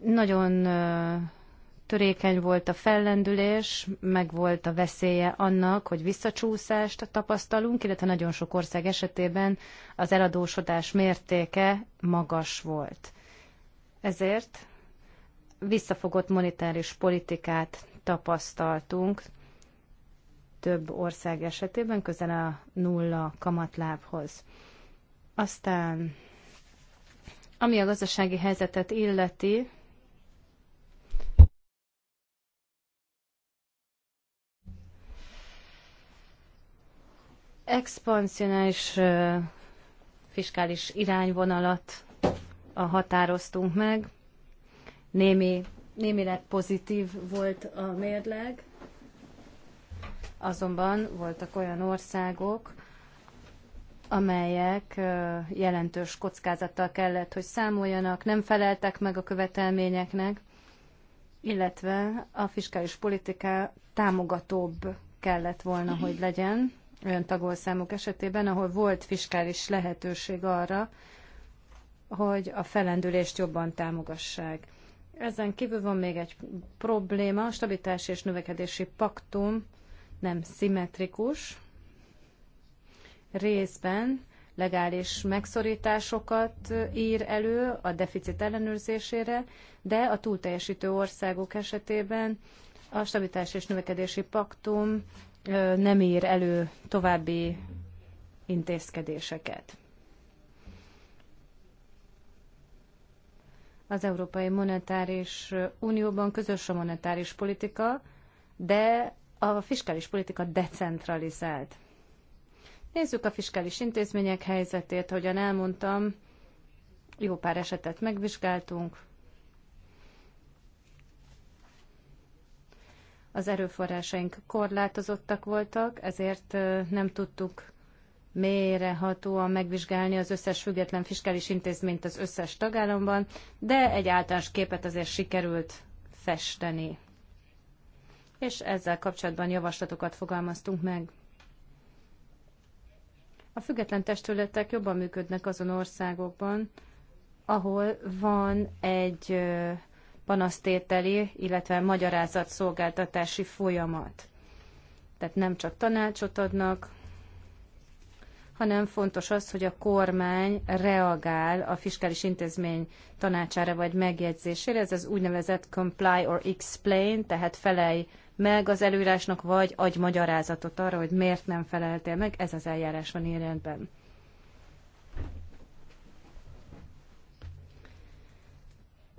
[SPEAKER 3] Nagyon törékeny volt a fellendülés, meg volt a veszélye annak, hogy visszacsúszást tapasztalunk, illetve nagyon sok ország esetében az eladósodás mértéke magas volt. Ezért visszafogott monetáris politikát tapasztaltunk több ország esetében, közel a nulla kamatlábhoz. Aztán, ami a gazdasági helyzetet illeti, Expansionális fiskális irányvonalat határoztunk meg. Némi, némileg pozitív volt a mérleg, azonban voltak olyan országok, amelyek jelentős kockázattal kellett, hogy számoljanak, nem feleltek meg a követelményeknek, illetve a fiskális politika támogatóbb kellett volna, hogy legyen olyan tagországok esetében, ahol volt fiskális lehetőség arra, hogy a felendülést jobban támogassák. Ezen kívül van még egy probléma, a stabilitási és növekedési paktum nem szimmetrikus. Részben legális megszorításokat ír elő a deficit ellenőrzésére, de a túlteljesítő országok esetében a stabilitási és növekedési paktum nem ír elő további intézkedéseket. Az Európai Monetáris Unióban közös a monetáris politika, de a fiskális politika decentralizált. Nézzük a fiskális intézmények helyzetét, ahogyan elmondtam, jó pár esetet megvizsgáltunk, Az erőforrásaink korlátozottak voltak, ezért nem tudtuk mélyrehatóan megvizsgálni az összes független fiskális intézményt az összes tagállamban, de egy általános képet azért sikerült festeni. És ezzel kapcsolatban javaslatokat fogalmaztunk meg. A független testületek jobban működnek azon országokban, ahol van egy panasztételi, illetve magyarázatszolgáltatási folyamat. Tehát nem csak tanácsot adnak, hanem fontos az, hogy a kormány reagál a fiskális intézmény tanácsára vagy megjegyzésére. Ez az úgynevezett comply or explain, tehát felej meg az előírásnak, vagy adj magyarázatot arra, hogy miért nem feleltél meg, ez az eljárás van érendben.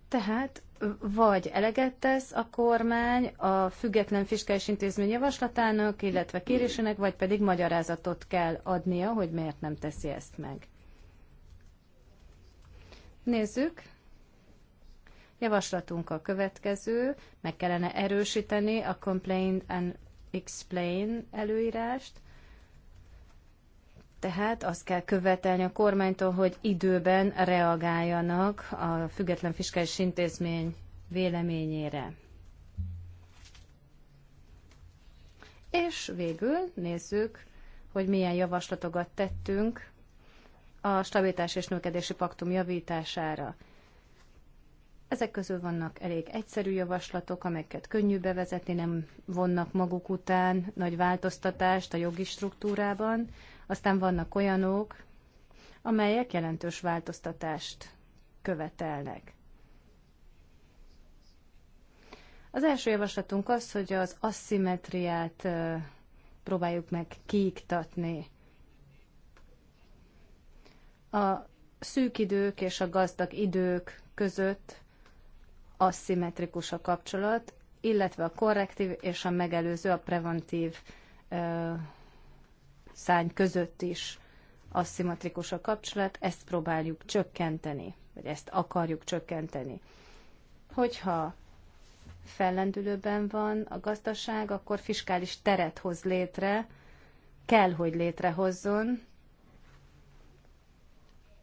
[SPEAKER 3] Tehát vagy eleget tesz a kormány a független fiskális intézmény javaslatának, illetve kérésének, vagy pedig magyarázatot kell adnia, hogy miért nem teszi ezt meg. Nézzük. Javaslatunk a következő. Meg kellene erősíteni a Complain and Explain előírást tehát azt kell követelni a kormánytól, hogy időben reagáljanak a független fiskális intézmény véleményére. És végül nézzük, hogy milyen javaslatokat tettünk a stabilitás és növekedési paktum javítására. Ezek közül vannak elég egyszerű javaslatok, amelyeket könnyű bevezetni, nem vonnak maguk után nagy változtatást a jogi struktúrában. Aztán vannak olyanok, amelyek jelentős változtatást követelnek. Az első javaslatunk az, hogy az asszimetriát próbáljuk meg kiiktatni. A szűk idők és a gazdag idők között asszimetrikus a kapcsolat, illetve a korrektív és a megelőző, a preventív szárny között is aszimmetrikus a kapcsolat, ezt próbáljuk csökkenteni, vagy ezt akarjuk csökkenteni. Hogyha fellendülőben van a gazdaság, akkor fiskális teret hoz létre, kell, hogy létrehozzon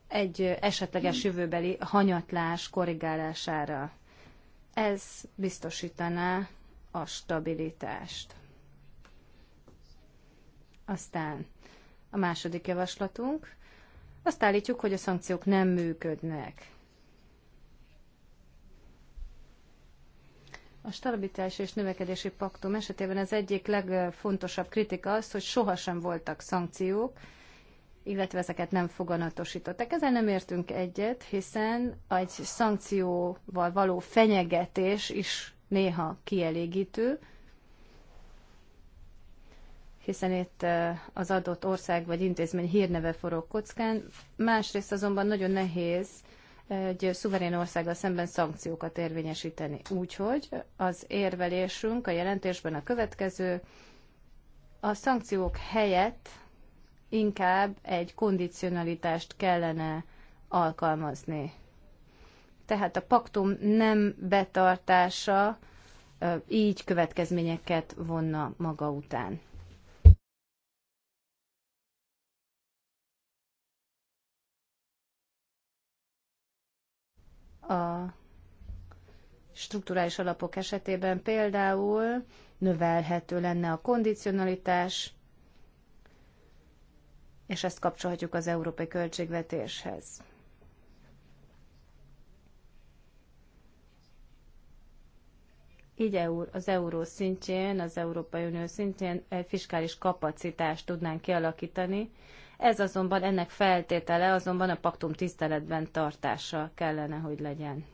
[SPEAKER 3] egy esetleges jövőbeli hanyatlás korrigálására. Ez biztosítaná a stabilitást. Aztán a második javaslatunk. Azt állítjuk, hogy a szankciók nem működnek. A stabilitás és növekedési paktum esetében az egyik legfontosabb kritika az, hogy sohasem voltak szankciók, illetve ezeket nem foganatosították. Ezzel nem értünk egyet, hiszen egy szankcióval való fenyegetés is néha kielégítő, hiszen itt az adott ország vagy intézmény hírneve forog kockán. Másrészt azonban nagyon nehéz egy szuverén országgal szemben szankciókat érvényesíteni. Úgyhogy az érvelésünk a jelentésben a következő, a szankciók helyett inkább egy kondicionalitást kellene alkalmazni. Tehát a paktum nem betartása így következményeket vonna maga után. a strukturális alapok esetében például növelhető lenne a kondicionalitás, és ezt kapcsolhatjuk az európai költségvetéshez. Így az euró szintjén, az Európai Unió szintjén egy fiskális kapacitást tudnánk kialakítani, ez azonban ennek feltétele, azonban a paktum tiszteletben tartása kellene, hogy legyen.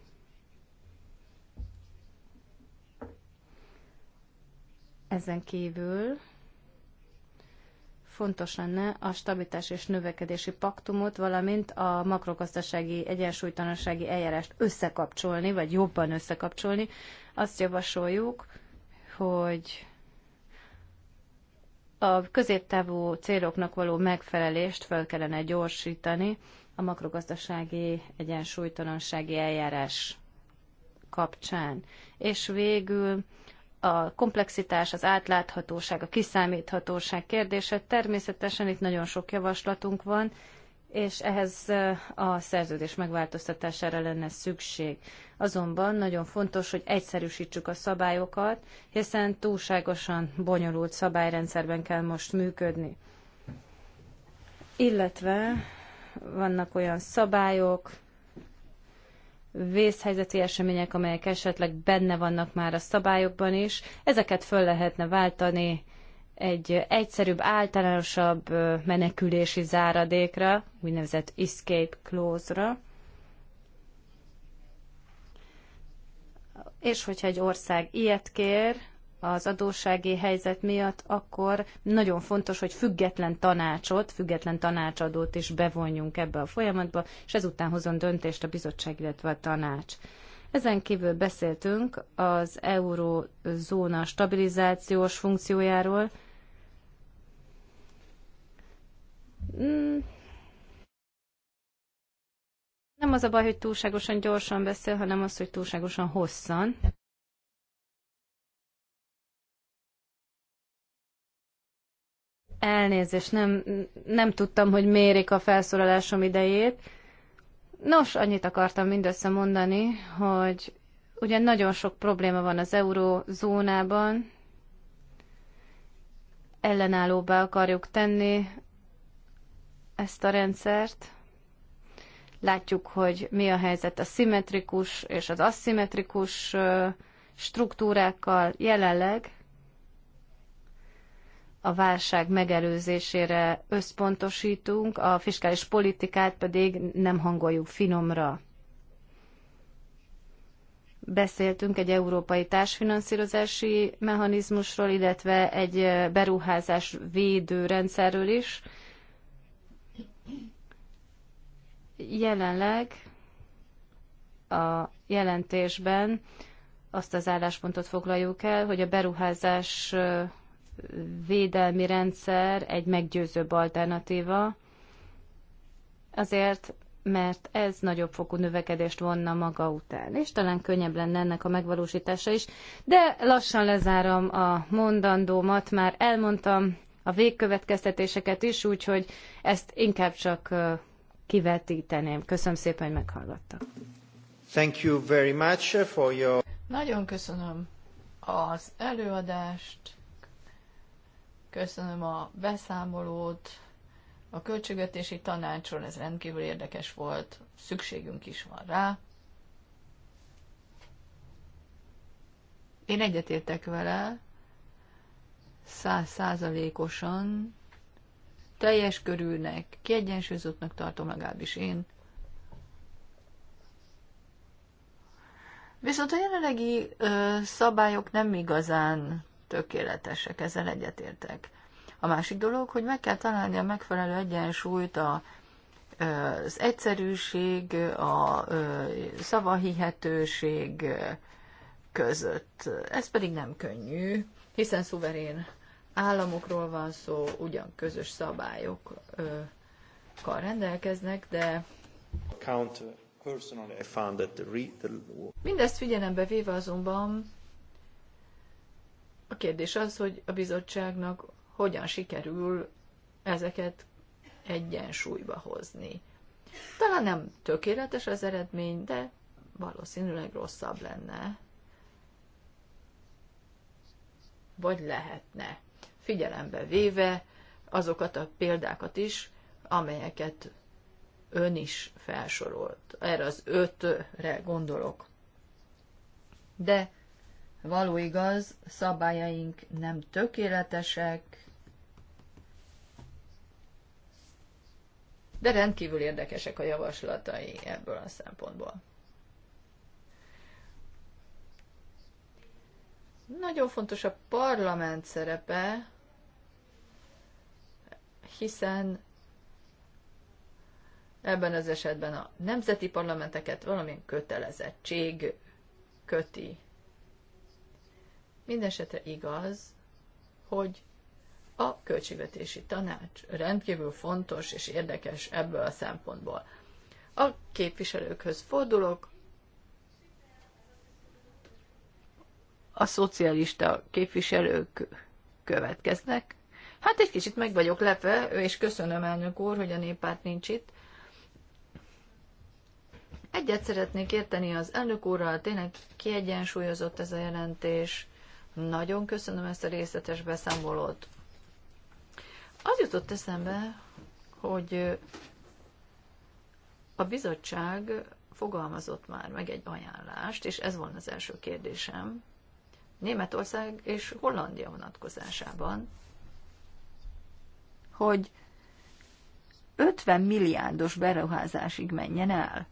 [SPEAKER 3] Ezen kívül fontos lenne a stabilitás és növekedési paktumot, valamint a makrogazdasági egyensúlytalansági eljárást összekapcsolni, vagy jobban összekapcsolni. Azt javasoljuk, hogy a középtávú céloknak való megfelelést fel kellene gyorsítani a makrogazdasági egyensúlytalansági eljárás kapcsán. És végül a komplexitás, az átláthatóság, a kiszámíthatóság kérdése. Természetesen itt nagyon sok javaslatunk van, és ehhez a szerződés megváltoztatására lenne szükség. Azonban nagyon fontos, hogy egyszerűsítsük a szabályokat, hiszen túlságosan bonyolult szabályrendszerben kell most működni. Illetve vannak olyan szabályok, vészhelyzeti események, amelyek esetleg benne vannak már a szabályokban is, ezeket föl lehetne váltani egy egyszerűbb, általánosabb menekülési záradékra, úgynevezett escape clause-ra. És hogyha egy ország ilyet kér az adóssági helyzet miatt, akkor nagyon fontos, hogy független tanácsot, független tanácsadót is bevonjunk ebbe a folyamatba, és ezután hozon döntést a bizottság, illetve a tanács. Ezen kívül beszéltünk az eurózóna stabilizációs funkciójáról, Mm. Nem az a baj, hogy túlságosan gyorsan beszél, hanem az, hogy túlságosan hosszan. Elnézést, nem, nem tudtam, hogy mérik a felszólalásom idejét. Nos, annyit akartam mindössze mondani, hogy ugye nagyon sok probléma van az eurózónában, ellenállóbbá akarjuk tenni ezt a rendszert. Látjuk, hogy mi a helyzet a szimmetrikus és az aszimmetrikus struktúrákkal jelenleg a válság megelőzésére összpontosítunk, a fiskális politikát pedig nem hangoljuk finomra. Beszéltünk egy európai társfinanszírozási mechanizmusról, illetve egy beruházás védő rendszerről is. Jelenleg a jelentésben azt az álláspontot foglaljuk el, hogy a beruházás védelmi rendszer egy meggyőzőbb alternatíva, azért, mert ez nagyobb fokú növekedést vonna maga után, és talán könnyebb lenne ennek a megvalósítása is. De lassan lezárom a mondandómat, már elmondtam a végkövetkeztetéseket is, úgyhogy ezt inkább csak kivetíteném. Köszönöm szépen, hogy
[SPEAKER 1] meghallgattak. Thank you very much for your...
[SPEAKER 4] Nagyon köszönöm az előadást, köszönöm a beszámolót, a költségvetési tanácsról, ez rendkívül érdekes volt, szükségünk is van rá. Én egyetértek vele, százszázalékosan teljes körülnek, kiegyensúlyozottnak tartom, legalábbis én. Viszont a jelenlegi ö, szabályok nem igazán tökéletesek, ezzel egyetértek. A másik dolog, hogy meg kell találni a megfelelő egyensúlyt a, az egyszerűség, a szavahihetőség között. Ez pedig nem könnyű, hiszen szuverén államokról van szó, ugyan közös szabályokkal rendelkeznek, de mindezt figyelembe véve azonban a kérdés az, hogy a bizottságnak hogyan sikerül ezeket egyensúlyba hozni. Talán nem tökéletes az eredmény, de valószínűleg rosszabb lenne. Vagy lehetne figyelembe véve azokat a példákat is, amelyeket ön is felsorolt. Erre az ötre gondolok. De való igaz, szabályaink nem tökéletesek, de rendkívül érdekesek a javaslatai ebből a szempontból. Nagyon fontos a parlament szerepe, hiszen ebben az esetben a nemzeti parlamenteket valamilyen kötelezettség köti. Mindenesetre igaz, hogy a költségvetési tanács rendkívül fontos és érdekes ebből a szempontból. A képviselőkhöz fordulok, a szocialista képviselők következnek. Hát egy kicsit meg vagyok lepve, és köszönöm elnök úr, hogy a néppárt nincs itt. Egyet szeretnék érteni az elnök úrral, tényleg kiegyensúlyozott ez a jelentés. Nagyon köszönöm ezt a részletes beszámolót. Az jutott eszembe, hogy a bizottság fogalmazott már meg egy ajánlást, és ez volna az első kérdésem. Németország és Hollandia vonatkozásában, hogy 50 milliárdos beruházásig menjen el.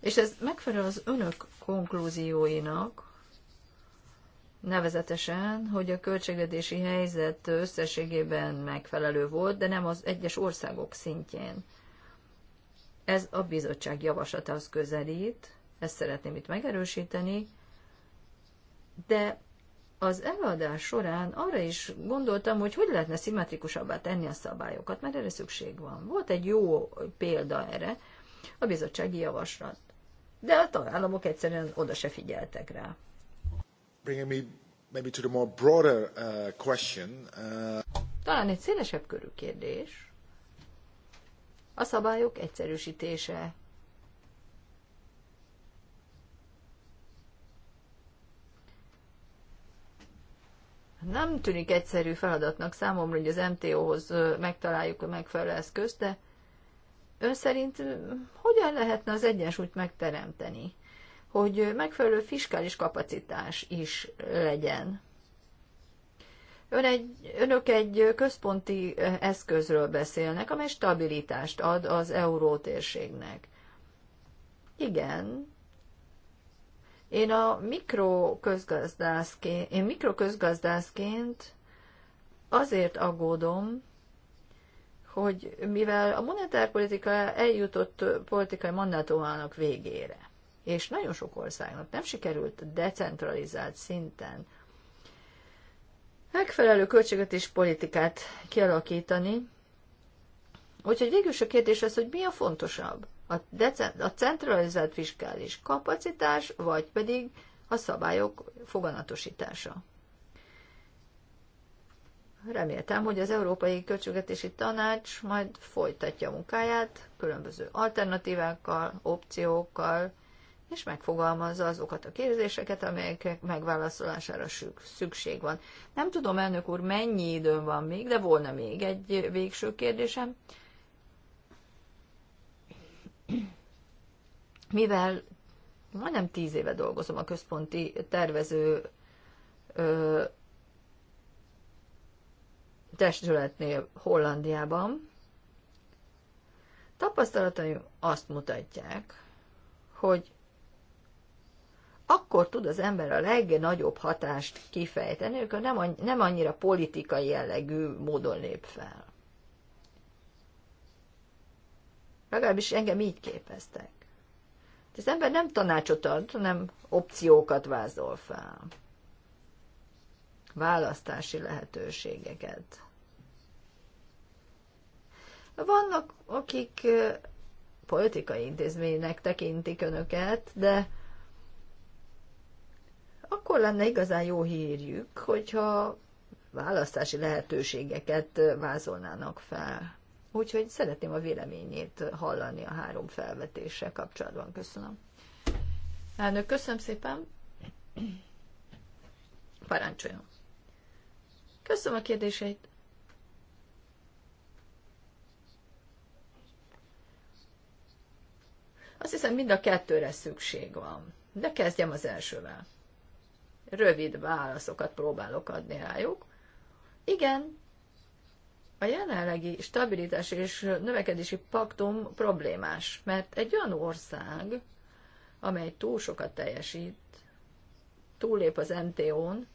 [SPEAKER 4] És ez megfelel az önök konklúzióinak, nevezetesen, hogy a költségvetési helyzet összességében megfelelő volt, de nem az egyes országok szintjén. Ez a bizottság javaslatához közelít, ezt szeretném itt megerősíteni, de az előadás során arra is gondoltam, hogy hogy lehetne szimmetrikusabbá tenni a szabályokat, mert erre szükség van. Volt egy jó példa erre, a bizottsági javaslat. De a tagállamok egyszerűen oda se figyeltek rá. Bringing me maybe to the more broader uh, question. Uh, Talán egy szélesebb körű kérdés. A szabályok egyszerűsítése Nem tűnik egyszerű feladatnak számomra, hogy az MTO-hoz megtaláljuk a megfelelő eszközt, de ön szerint hogyan lehetne az egyensúlyt megteremteni, hogy megfelelő fiskális kapacitás is legyen? Ön egy, önök egy központi eszközről beszélnek, amely stabilitást ad az eurótérségnek. Igen, én a mikroközgazdászként, én mikroközgazdászként azért aggódom, hogy mivel a monetárpolitika eljutott politikai mandátumának végére, és nagyon sok országnak nem sikerült decentralizált szinten megfelelő költségvetés politikát kialakítani, úgyhogy végül is a kérdés az, hogy mi a fontosabb a, decent, a centralizált fiskális kapacitás, vagy pedig a szabályok foganatosítása. Reméltem, hogy az Európai Költségvetési Tanács majd folytatja a munkáját különböző alternatívákkal, opciókkal, és megfogalmazza azokat a kérdéseket, amelyek megválaszolására szükség van. Nem tudom, elnök úr, mennyi időm van még, de volna még egy végső kérdésem mivel majdnem tíz éve dolgozom a központi tervező ö, testületnél Hollandiában, tapasztalataim azt mutatják, hogy akkor tud az ember a legnagyobb hatást kifejteni, amikor nem, nem annyira politikai jellegű módon lép fel. Legalábbis engem így képeztek. De az ember nem tanácsot ad, hanem opciókat vázol fel. Választási lehetőségeket. Vannak, akik politikai intézménynek tekintik önöket, de akkor lenne igazán jó hírjük, hogyha választási lehetőségeket vázolnának fel. Úgyhogy szeretném a véleményét hallani a három felvetéssel kapcsolatban. Köszönöm. Elnök, köszönöm szépen. Parancsoljon. Köszönöm a kérdéseit. Azt hiszem, mind a kettőre szükség van. De kezdjem az elsővel. Rövid válaszokat próbálok adni rájuk. Igen, a jelenlegi stabilitás és növekedési paktum problémás, mert egy olyan ország, amely túl sokat teljesít, túllép az MTO-n,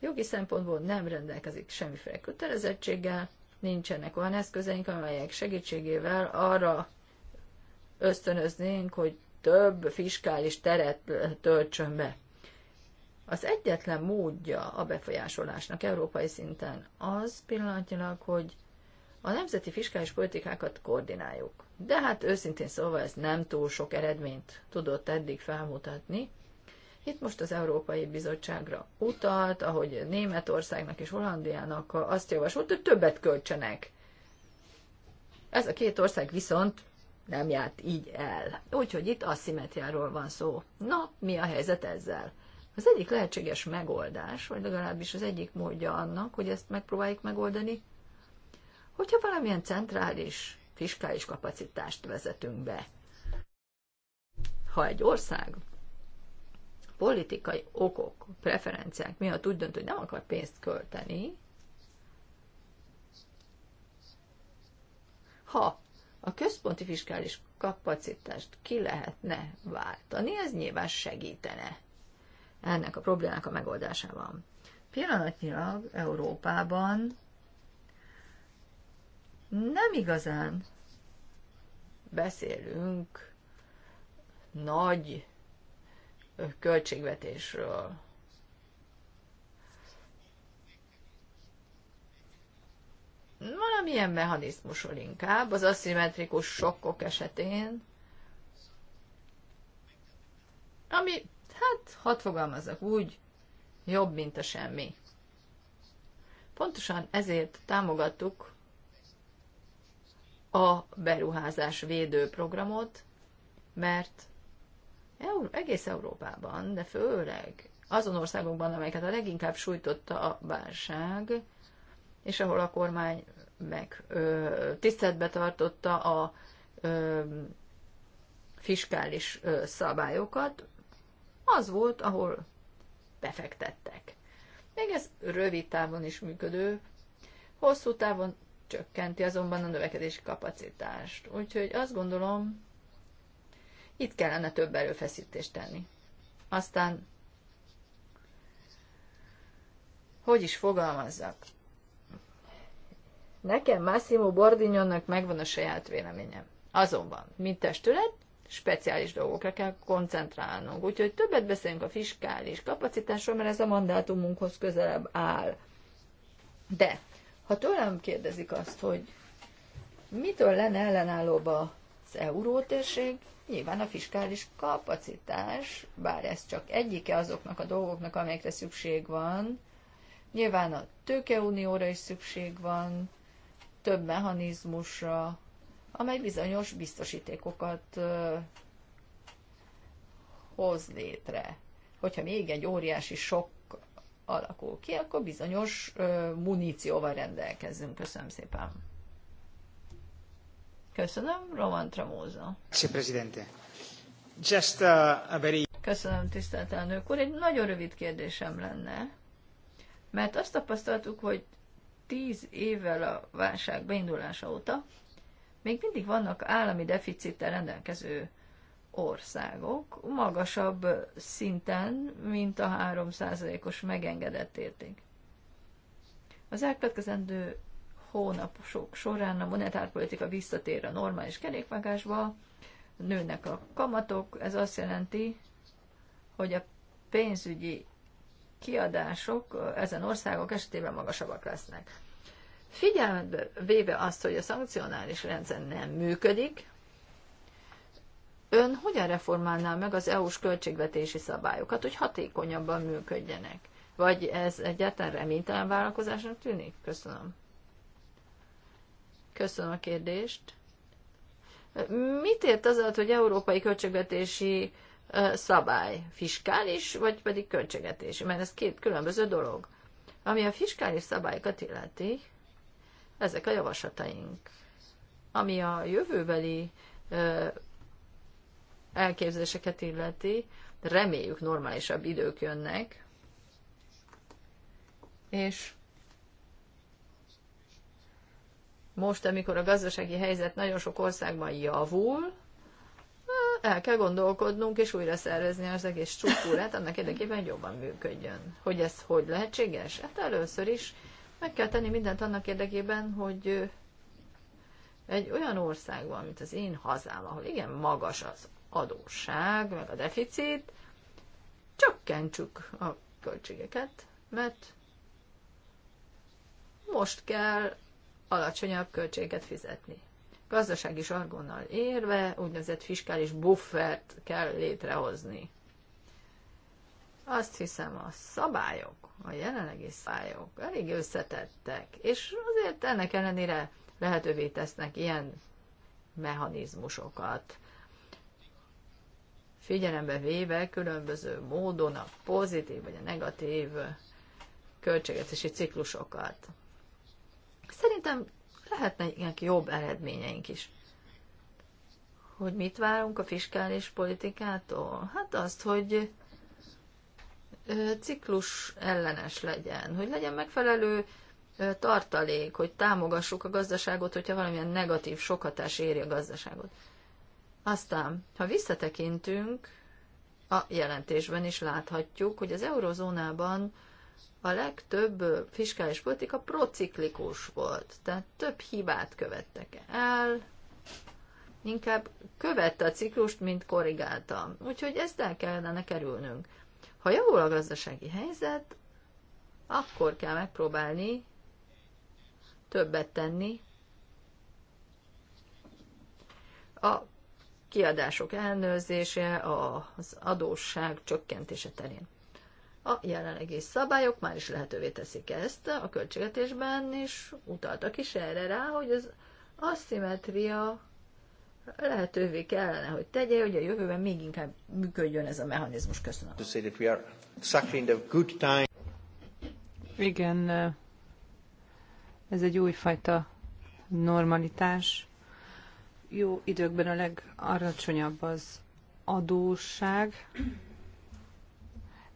[SPEAKER 4] jogi szempontból nem rendelkezik semmiféle kötelezettséggel, nincsenek olyan eszközeink, amelyek segítségével arra ösztönöznénk, hogy több fiskális teret töltsön be. Az egyetlen módja a befolyásolásnak európai szinten az pillanatnyilag, hogy a nemzeti fiskális politikákat koordináljuk. De hát őszintén szólva ez nem túl sok eredményt tudott eddig felmutatni. Itt most az Európai Bizottságra utalt, ahogy Németországnak és Hollandiának azt javasolt, hogy többet költsenek. Ez a két ország viszont nem járt így el. Úgyhogy itt asszimetriáról van szó. Na, mi a helyzet ezzel? Az egyik lehetséges megoldás, vagy legalábbis az egyik módja annak, hogy ezt megpróbáljuk megoldani, hogyha valamilyen centrális fiskális kapacitást vezetünk be. Ha egy ország politikai okok, preferenciák miatt úgy dönt, hogy nem akar pénzt költeni, ha a központi fiskális kapacitást ki lehetne váltani, ez nyilván segítene ennek a problémának a megoldásában. Pillanatnyilag Európában nem igazán beszélünk nagy költségvetésről. Valamilyen mechanizmusról inkább, az aszimmetrikus sokkok esetén, ami hát hadd fogalmazok úgy, jobb, mint a semmi. Pontosan ezért támogattuk a beruházás védő programot, mert egész Európában, de főleg azon országokban, amelyeket a leginkább sújtotta a válság, és ahol a kormány meg ö, tiszteletbe tartotta a ö, fiskális ö, szabályokat, az volt, ahol befektettek. Még ez rövid távon is működő, hosszú távon csökkenti azonban a növekedési kapacitást. Úgyhogy azt gondolom, itt kellene több erőfeszítést tenni. Aztán, hogy is fogalmazzak? Nekem Massimo Bordignonnak megvan a saját véleményem. Azonban, mint testület, speciális dolgokra kell koncentrálnunk. Úgyhogy többet beszélünk a fiskális kapacitásról, mert ez a mandátumunkhoz közelebb áll. De ha tőlem kérdezik azt, hogy mitől lenne ellenállóbb az eurótérség, nyilván a fiskális kapacitás, bár ez csak egyike azoknak a dolgoknak, amelyekre szükség van, nyilván a tőkeunióra is szükség van, több mechanizmusra, amely bizonyos biztosítékokat hoz létre. Hogyha még egy óriási sok alakul ki, akkor bizonyos munícióval rendelkezzünk. Köszönöm szépen. Köszönöm, Roman Tramóza.
[SPEAKER 6] Just a, very... Köszönöm,
[SPEAKER 4] tisztelt elnök úr. Egy nagyon rövid kérdésem lenne, mert azt tapasztaltuk, hogy tíz évvel a válság beindulása óta még mindig vannak állami deficittel rendelkező országok magasabb szinten, mint a 3%-os megengedett érték. Az elkövetkezendő hónap során a monetárpolitika visszatér a normális kerékvágásba, nőnek a kamatok, ez azt jelenti, hogy a pénzügyi kiadások ezen országok esetében magasabbak lesznek. Figyelembe véve azt, hogy a szankcionális rendszer nem működik, ön hogyan reformálná meg az EU-s költségvetési szabályokat, hogy hatékonyabban működjenek? Vagy ez egyáltalán reménytelen vállalkozásnak tűnik? Köszönöm. Köszönöm a kérdést. Mit ért az alatt, hogy európai költségvetési szabály? Fiskális, vagy pedig költségvetési? Mert ez két különböző dolog. Ami a fiskális szabályokat illeti, ezek a javaslataink. Ami a jövőbeli elképzeléseket illeti, reméljük normálisabb idők jönnek, és most, amikor a gazdasági helyzet nagyon sok országban javul, el kell gondolkodnunk és újra szervezni az egész struktúrát annak érdekében, hogy jobban működjön. Hogy ez hogy lehetséges? Hát először is meg kell tenni mindent annak érdekében, hogy egy olyan országban, mint az én hazám, ahol igen magas az adósság, meg a deficit, csökkentsük a költségeket, mert most kell alacsonyabb költséget fizetni. Gazdasági sargonnal érve úgynevezett fiskális buffert kell létrehozni. Azt hiszem a szabályok a jelenlegi szájok elég összetettek, és azért ennek ellenére lehetővé tesznek ilyen mechanizmusokat. Figyelembe véve különböző módon a pozitív vagy a negatív költségetési ciklusokat. Szerintem lehetnek jobb eredményeink is. Hogy mit várunk a fiskális politikától? Hát azt, hogy ciklus ellenes legyen, hogy legyen megfelelő tartalék, hogy támogassuk a gazdaságot, hogyha valamilyen negatív sokatás éri a gazdaságot. Aztán, ha visszatekintünk, a jelentésben is láthatjuk, hogy az eurozónában a legtöbb fiskális politika prociklikus volt, tehát több hibát követtek el, inkább követte a ciklust, mint korrigálta. Úgyhogy ezt el kellene kerülnünk. Ha javul a gazdasági helyzet, akkor kell megpróbálni többet tenni a kiadások ellenőrzése az adósság csökkentése terén. A jelenlegi szabályok már is lehetővé teszik ezt a költségvetésben, és utaltak is erre rá, hogy az asszimetria lehetővé kellene, hogy tegye, hogy a jövőben még inkább működjön ez a mechanizmus. Köszönöm.
[SPEAKER 2] Igen, ez egy újfajta normalitás. Jó időkben a legarracsonyabb az adósság,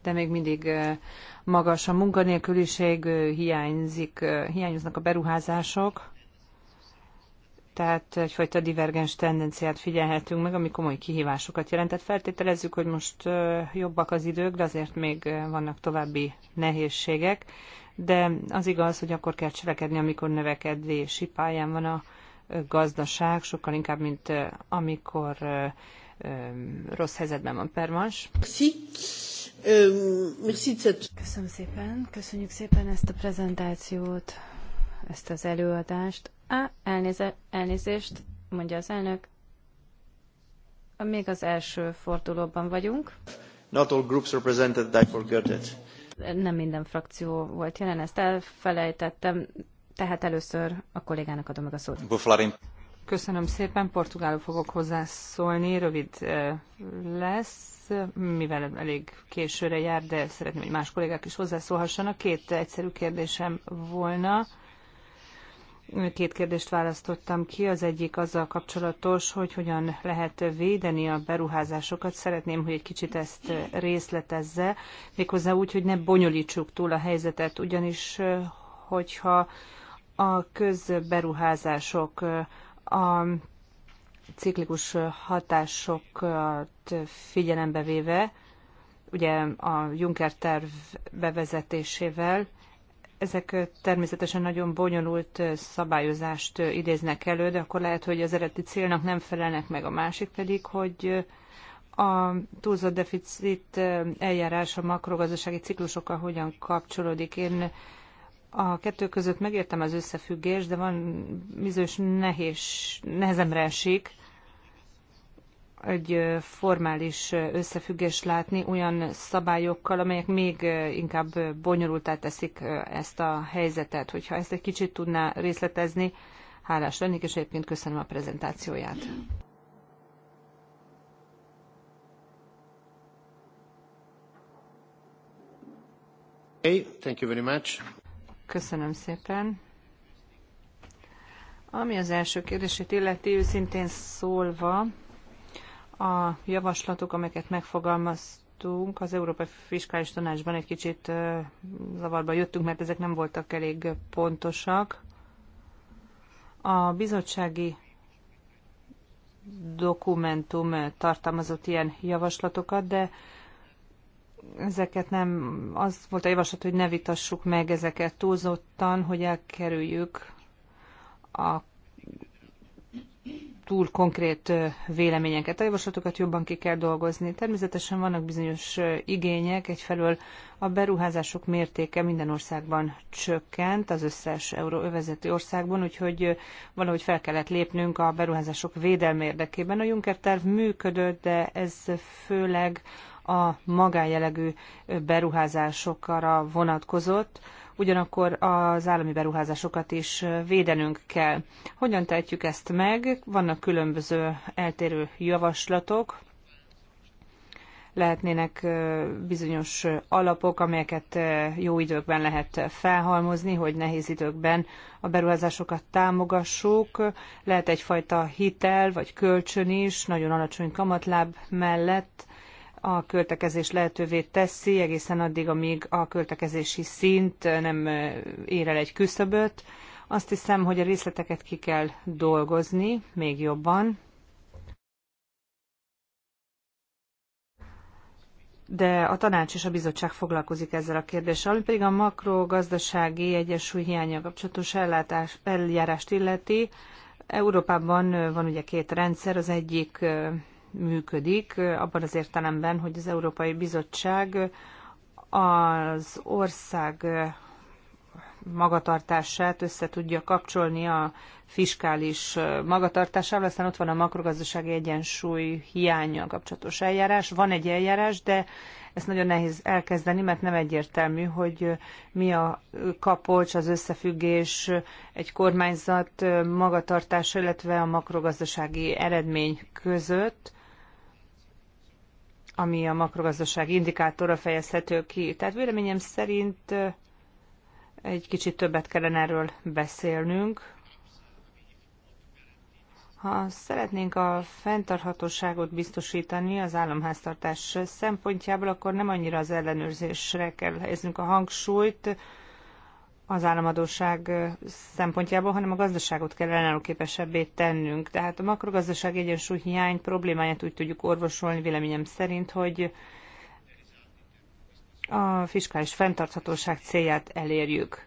[SPEAKER 2] de még mindig eh, magas a munkanélküliség, eh, hiányzik, eh, hiányoznak a beruházások tehát egyfajta divergens tendenciát figyelhetünk meg, ami komoly kihívásokat jelent. Tehát feltételezzük, hogy most jobbak az idők, de azért még vannak további nehézségek, de az igaz, hogy akkor kell cselekedni, amikor növekedési pályán van a gazdaság, sokkal inkább, mint amikor rossz helyzetben
[SPEAKER 3] van permans. Euh, Köszönöm szépen, köszönjük szépen ezt a prezentációt, ezt az előadást. Á, elnéze, elnézést, mondja az elnök. Még az első fordulóban vagyunk.
[SPEAKER 1] Not all groups represented, I forgot it.
[SPEAKER 3] Nem minden frakció volt jelen, ezt elfelejtettem, tehát először a kollégának adom meg a szót. Buflarin. Köszönöm szépen, portugálul fogok hozzászólni, rövid lesz,
[SPEAKER 2] mivel elég későre jár, de szeretném, hogy más kollégák is hozzászólhassanak. Két egyszerű kérdésem volna. Két kérdést választottam ki. Az egyik azzal kapcsolatos, hogy hogyan lehet védeni a beruházásokat. Szeretném, hogy egy kicsit ezt részletezze, méghozzá úgy, hogy ne bonyolítsuk túl a helyzetet, ugyanis hogyha a közberuházások a ciklikus hatásokat figyelembe véve, ugye a Juncker terv bevezetésével ezek természetesen nagyon bonyolult szabályozást idéznek elő, de akkor lehet, hogy az eredeti célnak nem felelnek meg a másik pedig, hogy a túlzott deficit eljárás a makrogazdasági ciklusokkal hogyan kapcsolódik. Én a kettő között megértem az összefüggés, de van bizonyos nehéz, nehezemre esik, egy formális összefüggés látni olyan szabályokkal, amelyek még inkább bonyolultá teszik ezt a helyzetet. Hogyha ezt egy kicsit tudná részletezni, hálás lennék, és egyébként köszönöm a prezentációját.
[SPEAKER 5] Hey, thank you very much.
[SPEAKER 2] Köszönöm szépen. Ami az első kérdését illeti, őszintén szólva, a javaslatok, amelyeket megfogalmaztunk, az Európai Fiskális Tanácsban egy kicsit zavarba jöttünk, mert ezek nem voltak elég pontosak. A bizottsági dokumentum tartalmazott ilyen javaslatokat, de ezeket nem, az volt a javaslat, hogy ne vitassuk meg ezeket túlzottan, hogy elkerüljük a túl konkrét véleményeket. A javaslatokat jobban ki kell dolgozni. Természetesen vannak bizonyos igények, egyfelől a beruházások mértéke minden országban csökkent, az összes euróövezeti országban, úgyhogy valahogy fel kellett lépnünk a beruházások védelme érdekében. A Juncker terv működött, de ez főleg a magánjelegű beruházásokra vonatkozott, ugyanakkor az állami beruházásokat is védenünk kell. Hogyan tehetjük ezt meg? Vannak különböző eltérő javaslatok, lehetnének bizonyos alapok, amelyeket jó időkben lehet felhalmozni, hogy nehéz időkben a beruházásokat támogassuk. Lehet egyfajta hitel vagy kölcsön is, nagyon alacsony kamatláb mellett, a költekezés lehetővé teszi egészen addig, amíg a költekezési szint nem ér el egy küszöböt. Azt hiszem, hogy a részleteket ki kell dolgozni még jobban, de a tanács és a bizottság foglalkozik ezzel a kérdéssel, ami pedig a makrogazdasági egyensúly hiánya kapcsolatos ellátás, eljárást illeti. Európában van ugye két rendszer, az egyik működik, abban az értelemben, hogy az Európai Bizottság az ország magatartását össze tudja kapcsolni a fiskális magatartásával, aztán ott van a makrogazdasági egyensúly hiánya kapcsolatos eljárás. Van egy eljárás, de ezt nagyon nehéz elkezdeni, mert nem egyértelmű, hogy mi a kapolcs, az összefüggés egy kormányzat magatartása, illetve a makrogazdasági eredmény között ami a makrogazdasági indikátorra fejezhető ki. Tehát véleményem szerint egy kicsit többet kellene erről beszélnünk. Ha szeretnénk a fenntarthatóságot biztosítani az államháztartás szempontjából, akkor nem annyira az ellenőrzésre kell helyeznünk a hangsúlyt, az államadóság szempontjából, hanem a gazdaságot kell ellenállóképesebbé tennünk. Tehát a makrogazdaság egyensúly hiány problémáját úgy tudjuk orvosolni véleményem szerint, hogy a fiskális fenntarthatóság célját elérjük.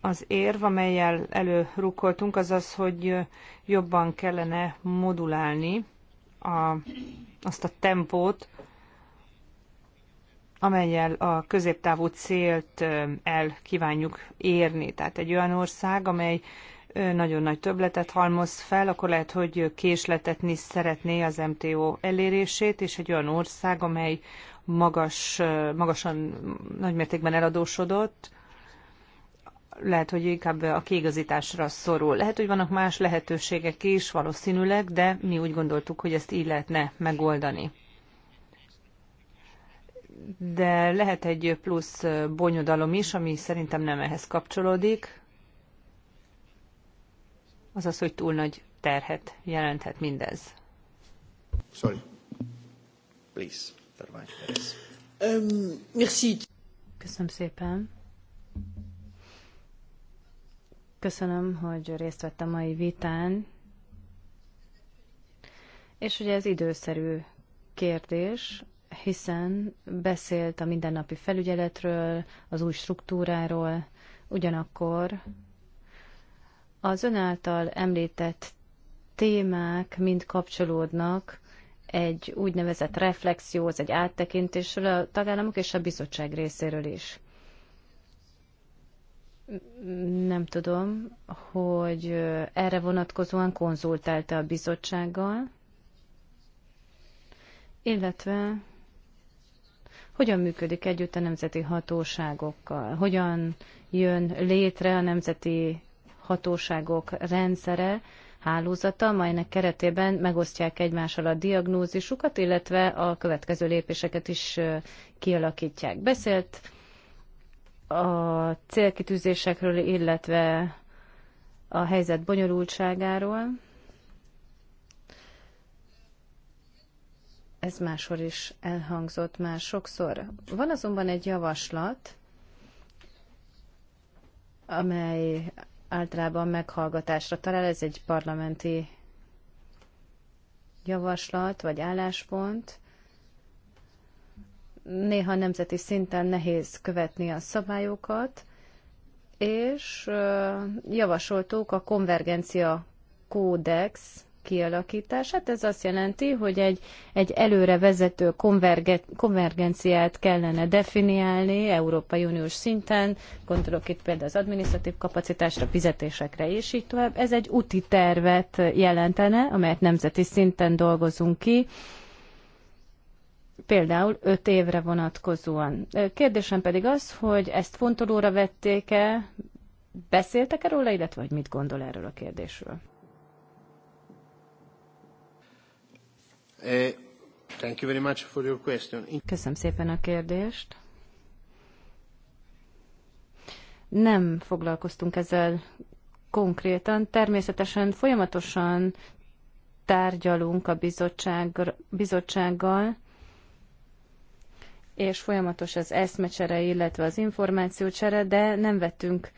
[SPEAKER 2] Az érv, amelyel előrukkoltunk, az az, hogy jobban kellene modulálni a, azt a tempót, amelyel a középtávú célt el kívánjuk érni. Tehát egy olyan ország, amely nagyon nagy többletet halmoz fel, akkor lehet, hogy késletetni szeretné az MTO elérését, és egy olyan ország, amely magas, magasan nagymértékben eladósodott, lehet, hogy inkább a kiigazításra szorul. Lehet, hogy vannak más lehetőségek is valószínűleg, de mi úgy gondoltuk, hogy ezt így lehetne megoldani de lehet egy plusz bonyodalom is, ami szerintem nem ehhez kapcsolódik. Azaz, hogy túl nagy terhet jelenthet mindez.
[SPEAKER 4] Sorry.
[SPEAKER 1] Please, Tervány
[SPEAKER 3] um, Merci. Köszönöm szépen. Köszönöm, hogy részt vettem a mai vitán. És ugye ez időszerű kérdés, hiszen beszélt a mindennapi felügyeletről, az új struktúráról, ugyanakkor az ön által említett témák mind kapcsolódnak egy úgynevezett reflexióhoz, egy áttekintésről a tagállamok és a bizottság részéről is. Nem tudom, hogy erre vonatkozóan konzultálta a bizottsággal, illetve hogyan működik együtt a nemzeti hatóságokkal, hogyan jön létre a nemzeti hatóságok rendszere, hálózata, melynek keretében megosztják egymással a diagnózisukat, illetve a következő lépéseket is kialakítják. Beszélt a célkitűzésekről, illetve a helyzet bonyolultságáról. ez máshol is elhangzott már sokszor. Van azonban egy javaslat, amely általában meghallgatásra talál, ez egy parlamenti javaslat vagy álláspont. Néha nemzeti szinten nehéz követni a szabályokat, és javasoltuk a konvergencia kódex kialakítását. Ez azt jelenti, hogy egy, egy előre vezető konvergenciát kellene definiálni Európai Uniós szinten, gondolok itt például az adminisztratív kapacitásra, fizetésekre és így tovább. Ez egy úti tervet jelentene, amelyet nemzeti szinten dolgozunk ki, például öt évre vonatkozóan. Kérdésem pedig az, hogy ezt fontolóra vették-e, beszéltek erről, illetve hogy mit gondol erről a kérdésről?
[SPEAKER 5] Eh, thank
[SPEAKER 1] you very much for your question.
[SPEAKER 3] Köszönöm szépen a kérdést. Nem foglalkoztunk ezzel konkrétan. Természetesen folyamatosan tárgyalunk a bizottság, bizottsággal, és folyamatos az eszmecsere, illetve az információcsere, de nem vettünk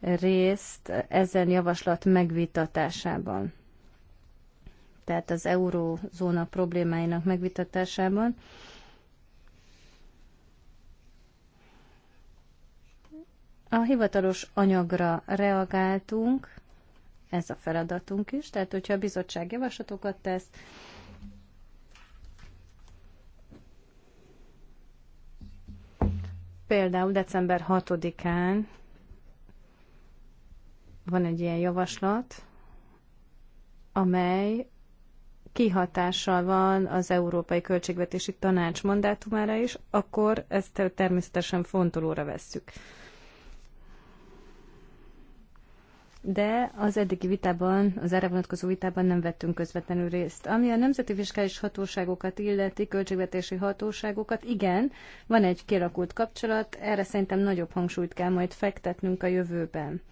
[SPEAKER 3] részt ezen javaslat megvitatásában tehát az eurózóna problémáinak megvitatásában. A hivatalos anyagra reagáltunk, ez a feladatunk is, tehát hogyha a bizottság javaslatokat tesz, például december 6-án van egy ilyen javaslat, amely kihatással van az Európai Költségvetési Tanács mandátumára is, akkor ezt természetesen fontolóra vesszük. de az eddigi vitában, az erre vonatkozó vitában nem vettünk közvetlenül részt. Ami a nemzeti fiskális hatóságokat illeti, költségvetési hatóságokat, igen, van egy kialakult kapcsolat, erre szerintem nagyobb hangsúlyt kell majd fektetnünk a jövőben.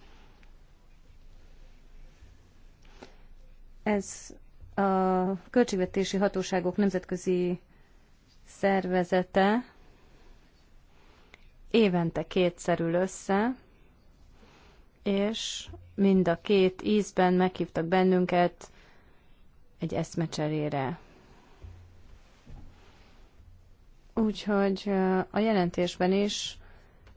[SPEAKER 3] Ez a költségvetési hatóságok nemzetközi szervezete évente kétszerül össze, és mind a két ízben meghívtak bennünket egy eszmecserére. Úgyhogy a jelentésben is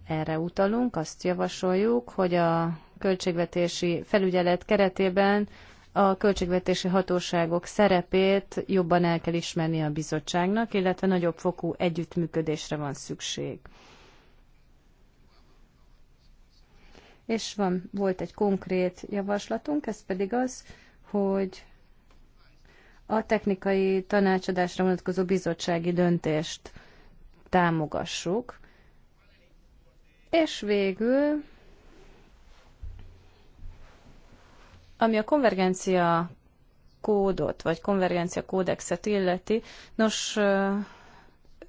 [SPEAKER 3] erre utalunk, azt javasoljuk, hogy a költségvetési felügyelet keretében a költségvetési hatóságok szerepét jobban el kell ismerni a bizottságnak, illetve nagyobb fokú együttműködésre van szükség. És van, volt egy konkrét javaslatunk, ez pedig az, hogy a technikai tanácsadásra vonatkozó bizottsági döntést támogassuk. És végül Ami a konvergencia kódot, vagy konvergencia kódexet illeti, nos,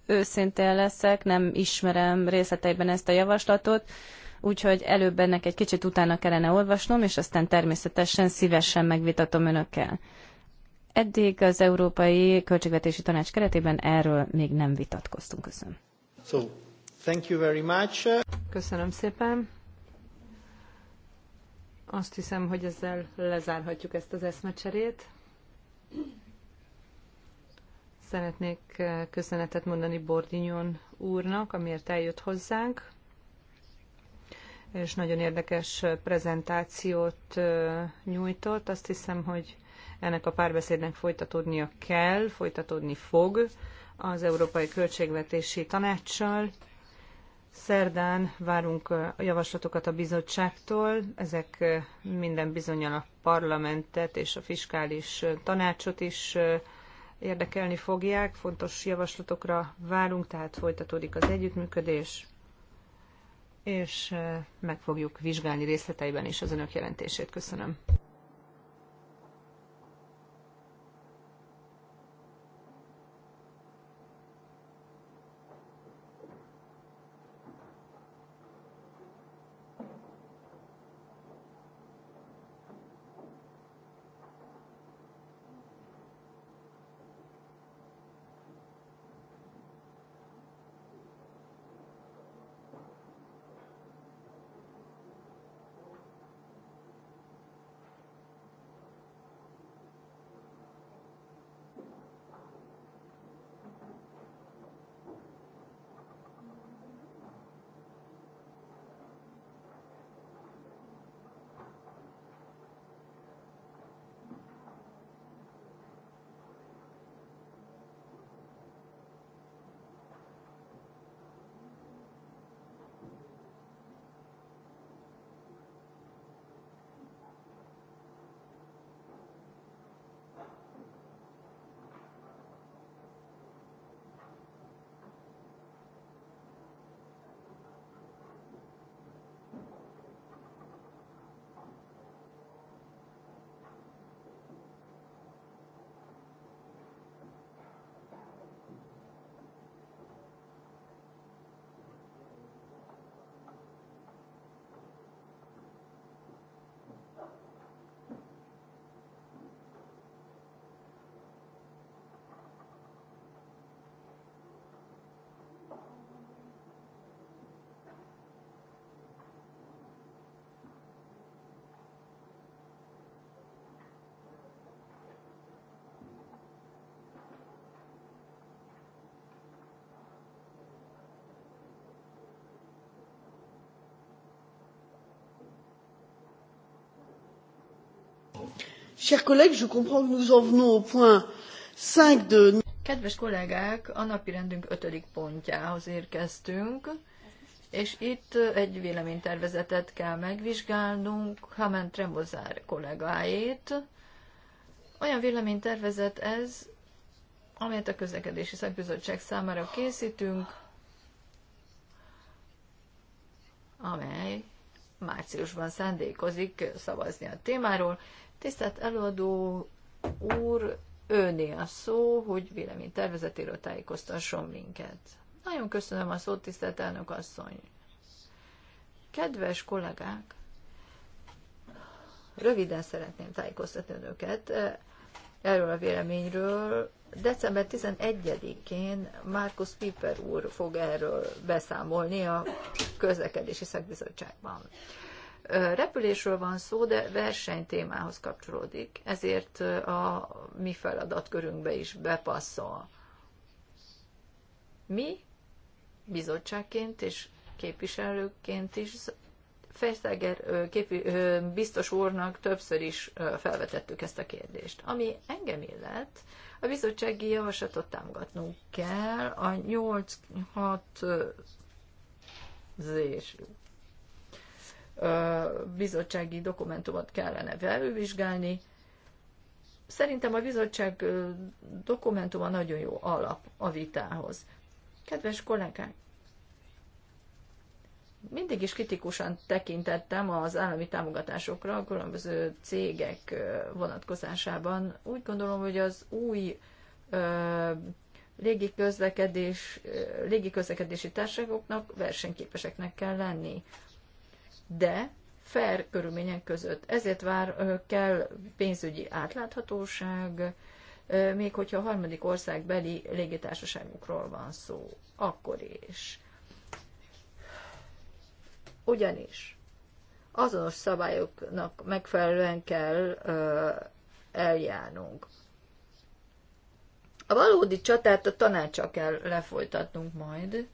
[SPEAKER 3] őszintén leszek, nem ismerem részleteiben ezt a javaslatot, úgyhogy előbb ennek egy kicsit utána kellene olvasnom, és aztán természetesen szívesen megvitatom önökkel. Eddig az Európai Költségvetési Tanács keretében erről még nem vitatkoztunk. Köszönöm.
[SPEAKER 1] So, thank you very much. Köszönöm szépen.
[SPEAKER 2] Azt hiszem, hogy ezzel lezárhatjuk ezt az eszmecserét. Szeretnék eh, köszönetet mondani Bordignon úrnak, amiért eljött hozzánk, és nagyon érdekes eh, prezentációt eh, nyújtott. Azt hiszem, hogy ennek a párbeszédnek folytatódnia kell, folytatódni fog az Európai Költségvetési Tanácssal, Szerdán várunk a javaslatokat a bizottságtól, ezek minden bizonyal a parlamentet és a fiskális tanácsot is érdekelni fogják, fontos javaslatokra várunk, tehát folytatódik az együttműködés, és meg fogjuk vizsgálni részleteiben is az önök jelentését. Köszönöm.
[SPEAKER 4] Kedves kollégák, a napi rendünk ötödik pontjához érkeztünk, és itt egy véleménytervezetet kell megvizsgálnunk, Hamen Trembozár kollégáét. Olyan véleménytervezet ez, amelyet a közlekedési szakbizottság számára készítünk, amely márciusban szándékozik szavazni a témáról, Tisztelt előadó úr, őné a szó, hogy vélemény tervezetéről tájékoztasson minket. Nagyon köszönöm a szót, tisztelt elnök asszony. Kedves kollégák, röviden szeretném tájékoztatni önöket eh, erről a véleményről. December 11-én Markus Piper úr fog erről beszámolni a közlekedési szakbizottságban. Repülésről van szó, de versenytémához kapcsolódik, ezért a mi feladatkörünkbe is bepasszol. Mi bizottságként és képviselőként is Fejszeger képi, biztos úrnak többször is felvetettük ezt a kérdést. Ami engem illet, a bizottsági javaslatot támogatnunk kell a 8 6 zésük bizottsági dokumentumot kellene felülvizsgálni. Szerintem a bizottság dokumentuma nagyon jó alap a vitához. Kedves kollégák, mindig is kritikusan tekintettem az állami támogatásokra a különböző cégek vonatkozásában. Úgy gondolom, hogy az új légiközlekedés, légiközlekedési társaságoknak versenyképeseknek kell lenni de fair körülmények között. Ezért vár, kell pénzügyi átláthatóság, még hogyha a harmadik ország beli légitársaságokról van szó, akkor is. Ugyanis azonos szabályoknak megfelelően kell ö, eljárnunk. A valódi csatát a tanácsa kell lefolytatnunk majd,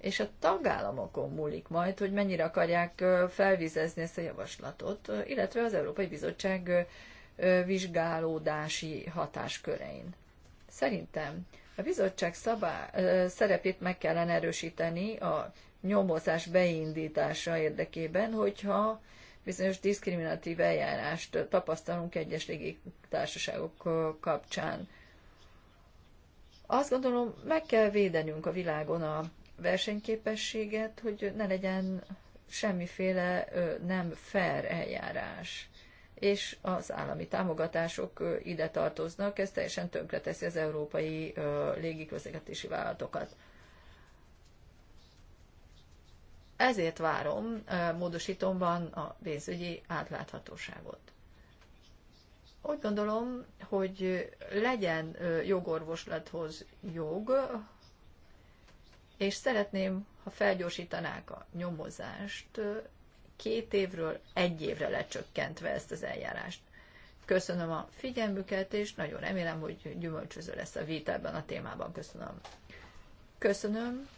[SPEAKER 4] és a tagállamokon múlik majd, hogy mennyire akarják felvizezni ezt a javaslatot, illetve az Európai Bizottság vizsgálódási hatáskörein. Szerintem a bizottság szabá- szerepét meg kellene erősíteni a nyomozás beindítása érdekében, hogyha bizonyos diszkriminatív eljárást tapasztalunk egyes társaságok kapcsán. Azt gondolom, meg kell védenünk a világon a versenyképességet, hogy ne legyen semmiféle nem fair eljárás. És az állami támogatások ide tartoznak, ez teljesen tönkreteszi az európai légiközlekedési vállalatokat. Ezért várom módosítomban a pénzügyi átláthatóságot. Úgy gondolom, hogy legyen jogorvoslathoz jog, és szeretném, ha felgyorsítanák a nyomozást, két évről egy évre lecsökkentve ezt az eljárást. Köszönöm a figyelmüket, és nagyon remélem, hogy gyümölcsöző lesz a vita ebben a témában. Köszönöm. Köszönöm.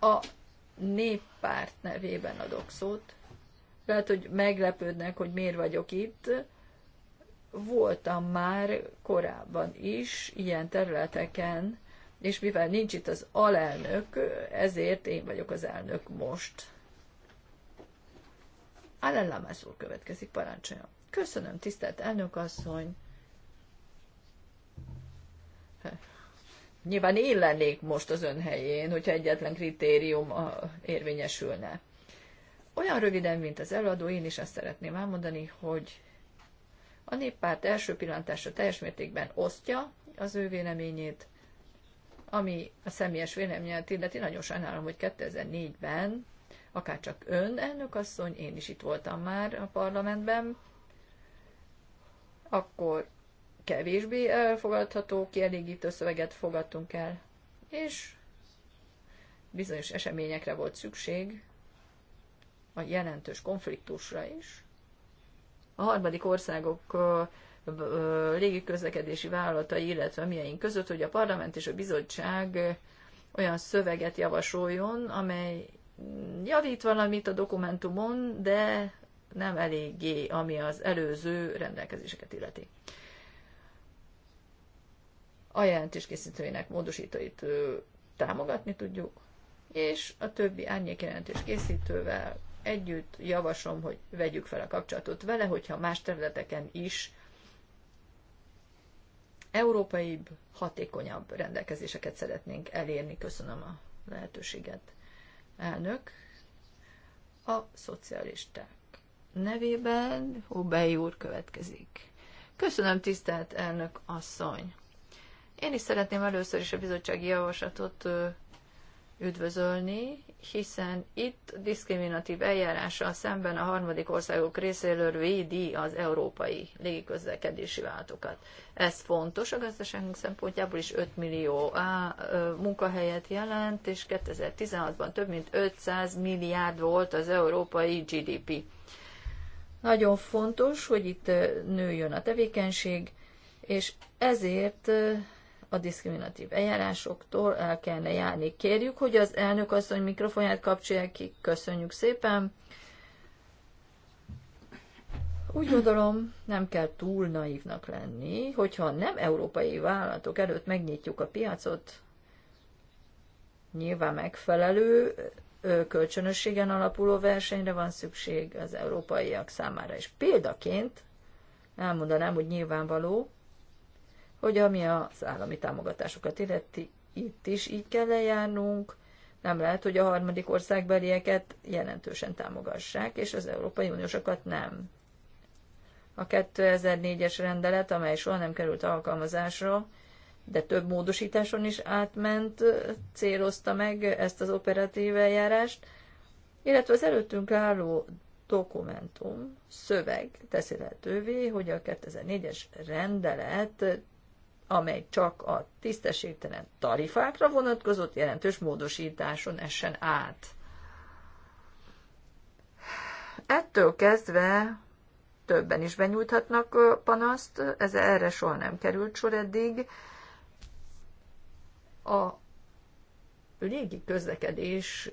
[SPEAKER 4] A néppárt nevében adok szót. Lehet, hogy meglepődnek, hogy miért vagyok itt. Voltam már korábban is ilyen területeken, és mivel nincs itt az alelnök, ezért én vagyok az elnök most. Allen Lamász úr következik, parancsolja. Köszönöm, tisztelt elnök asszony. Nyilván én lennék most az ön helyén, hogyha egyetlen kritérium érvényesülne. Olyan röviden, mint az előadó, én is azt szeretném elmondani, hogy a néppárt első pillantásra teljes mértékben osztja az ő véleményét, ami a személyes véleményet illeti, nagyon sajnálom, hogy 2004-ben, akár csak ön, asszony, én is itt voltam már a parlamentben, akkor kevésbé elfogadható, kielégítő szöveget fogadtunk el, és bizonyos eseményekre volt szükség, a jelentős konfliktusra is. A harmadik országok légiközlekedési vállalatai, illetve miénk között, hogy a parlament és a bizottság olyan szöveget javasoljon, amely javít valamit a dokumentumon, de nem eléggé, ami az előző rendelkezéseket illeti. A készítőinek módosítóit támogatni tudjuk, és a többi jelentés készítővel együtt javaslom, hogy vegyük fel a kapcsolatot vele, hogyha más területeken is európaibb, hatékonyabb rendelkezéseket szeretnénk elérni. Köszönöm a lehetőséget, elnök. A szocialisták nevében Hubei úr következik. Köszönöm, tisztelt elnök asszony! Én is szeretném először is a bizottsági javaslatot üdvözölni, hiszen itt diszkriminatív eljárással szemben a harmadik országok részéről védi az európai légiközlekedési váltokat. Ez fontos a gazdaságunk szempontjából is 5 millió á, munkahelyet jelent, és 2016-ban több mint 500 milliárd volt az európai GDP. Nagyon fontos, hogy itt nőjön a tevékenység, és ezért a diszkriminatív eljárásoktól el kellene járni. Kérjük, hogy az elnök asszony mikrofonját kapcsolják ki. Köszönjük szépen. Úgy gondolom, nem kell túl naívnak lenni, hogyha nem európai vállalatok előtt megnyitjuk a piacot, nyilván megfelelő kölcsönösségen alapuló versenyre van szükség az európaiak számára. És példaként elmondanám, hogy nyilvánvaló, hogy ami az állami támogatásokat illeti, itt is így kell lejárnunk, nem lehet, hogy a harmadik országbelieket jelentősen támogassák, és az Európai Uniósokat nem. A 2004-es rendelet, amely soha nem került alkalmazásra, de több módosításon is átment, célozta meg ezt az operatív eljárást, illetve az előttünk álló dokumentum, szöveg teszi lehetővé, hogy a 2004-es rendelet amely csak a tisztességtelen tarifákra vonatkozott, jelentős módosításon essen át. Ettől kezdve többen is benyújthatnak panaszt, ez erre soha nem került sor eddig. A régi közlekedés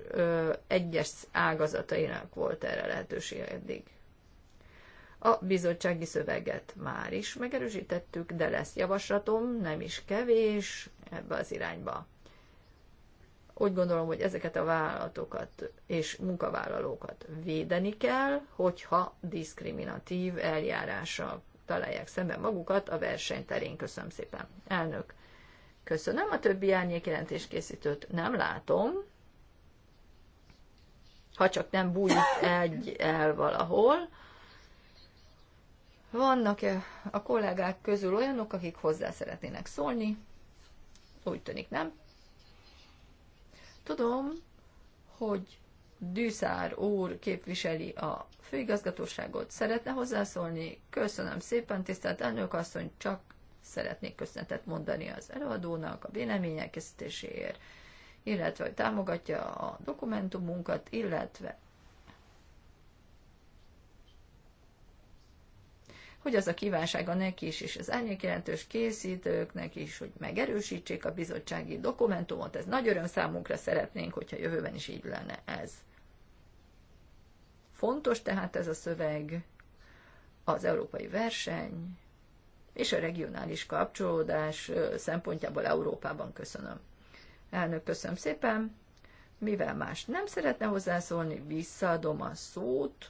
[SPEAKER 4] egyes ágazatainak volt erre lehetőség eddig. A bizottsági szöveget már is megerősítettük, de lesz javaslatom, nem is kevés ebbe az irányba. Úgy gondolom, hogy ezeket a vállalatokat és munkavállalókat védeni kell, hogyha diszkriminatív eljárással találják szemben magukat a versenyterén. Köszönöm szépen. Elnök, köszönöm. A többi árnyék jelentéskészítőt nem látom. Ha csak nem bújik egy el valahol. Vannak -e a kollégák közül olyanok, akik hozzá szeretnének szólni? Úgy tűnik, nem? Tudom, hogy Dűszár úr képviseli a főigazgatóságot. Szeretne hozzászólni? Köszönöm szépen, tisztelt elnök asszony, csak szeretnék köszönetet mondani az előadónak a vélemények készítéséért, illetve hogy támogatja a dokumentumunkat, illetve hogy az a kívánsága neki is, és az jelentős készítőknek is, hogy megerősítsék a bizottsági dokumentumot. Ez nagy öröm számunkra szeretnénk, hogyha jövőben is így lenne ez. Fontos tehát ez a szöveg, az európai verseny és a regionális kapcsolódás szempontjából Európában köszönöm. Elnök, köszönöm szépen. Mivel más nem szeretne hozzászólni, visszaadom a szót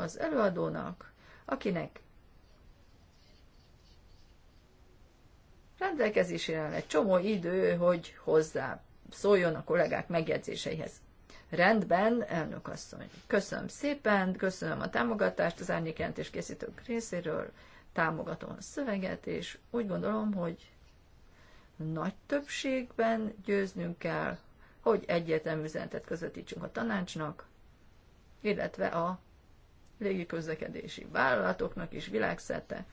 [SPEAKER 4] az előadónak, akinek rendelkezésére egy csomó idő, hogy hozzá szóljon a kollégák megjegyzéseihez. Rendben, elnök asszony. Köszönöm szépen, köszönöm a támogatást az árnyékjelentés készítők részéről, támogatom a szöveget, és úgy gondolom, hogy nagy többségben győznünk kell, hogy egyetem üzenetet közvetítsünk a tanácsnak, illetve a légi közlekedési vállalatoknak is világszerte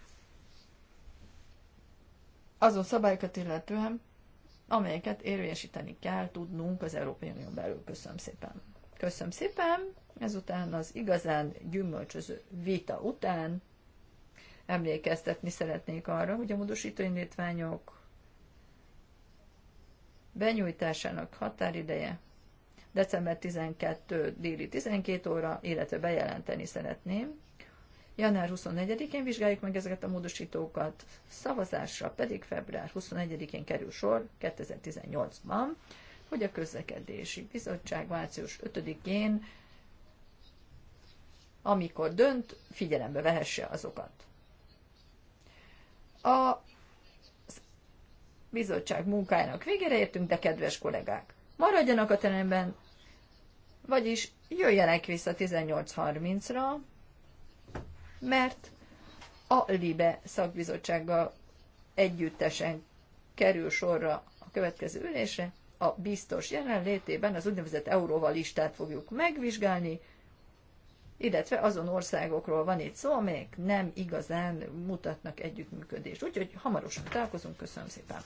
[SPEAKER 4] azon szabályokat illetően, amelyeket érvényesíteni kell tudnunk az Európai Unión belül. Köszönöm szépen. Köszönöm szépen. Ezután az igazán gyümölcsöző vita után emlékeztetni szeretnék arra, hogy a indítványok benyújtásának határideje december 12 déli 12 óra, illetve bejelenteni szeretném. Január 24-én vizsgáljuk meg ezeket a módosítókat, szavazásra pedig február 21-én kerül sor 2018-ban, hogy a közlekedési bizottság március 5-én, amikor dönt, figyelembe vehesse azokat. A bizottság munkájának végére értünk, de kedves kollégák, maradjanak a teremben, vagyis jöjjenek vissza 18.30-ra, mert a LIBE szakbizottsággal együttesen kerül sorra a következő ülésre, a biztos jelenlétében az úgynevezett euróval listát fogjuk megvizsgálni, illetve azon országokról van itt szó, amelyek nem igazán mutatnak együttműködést. Úgyhogy hamarosan találkozunk, köszönöm szépen!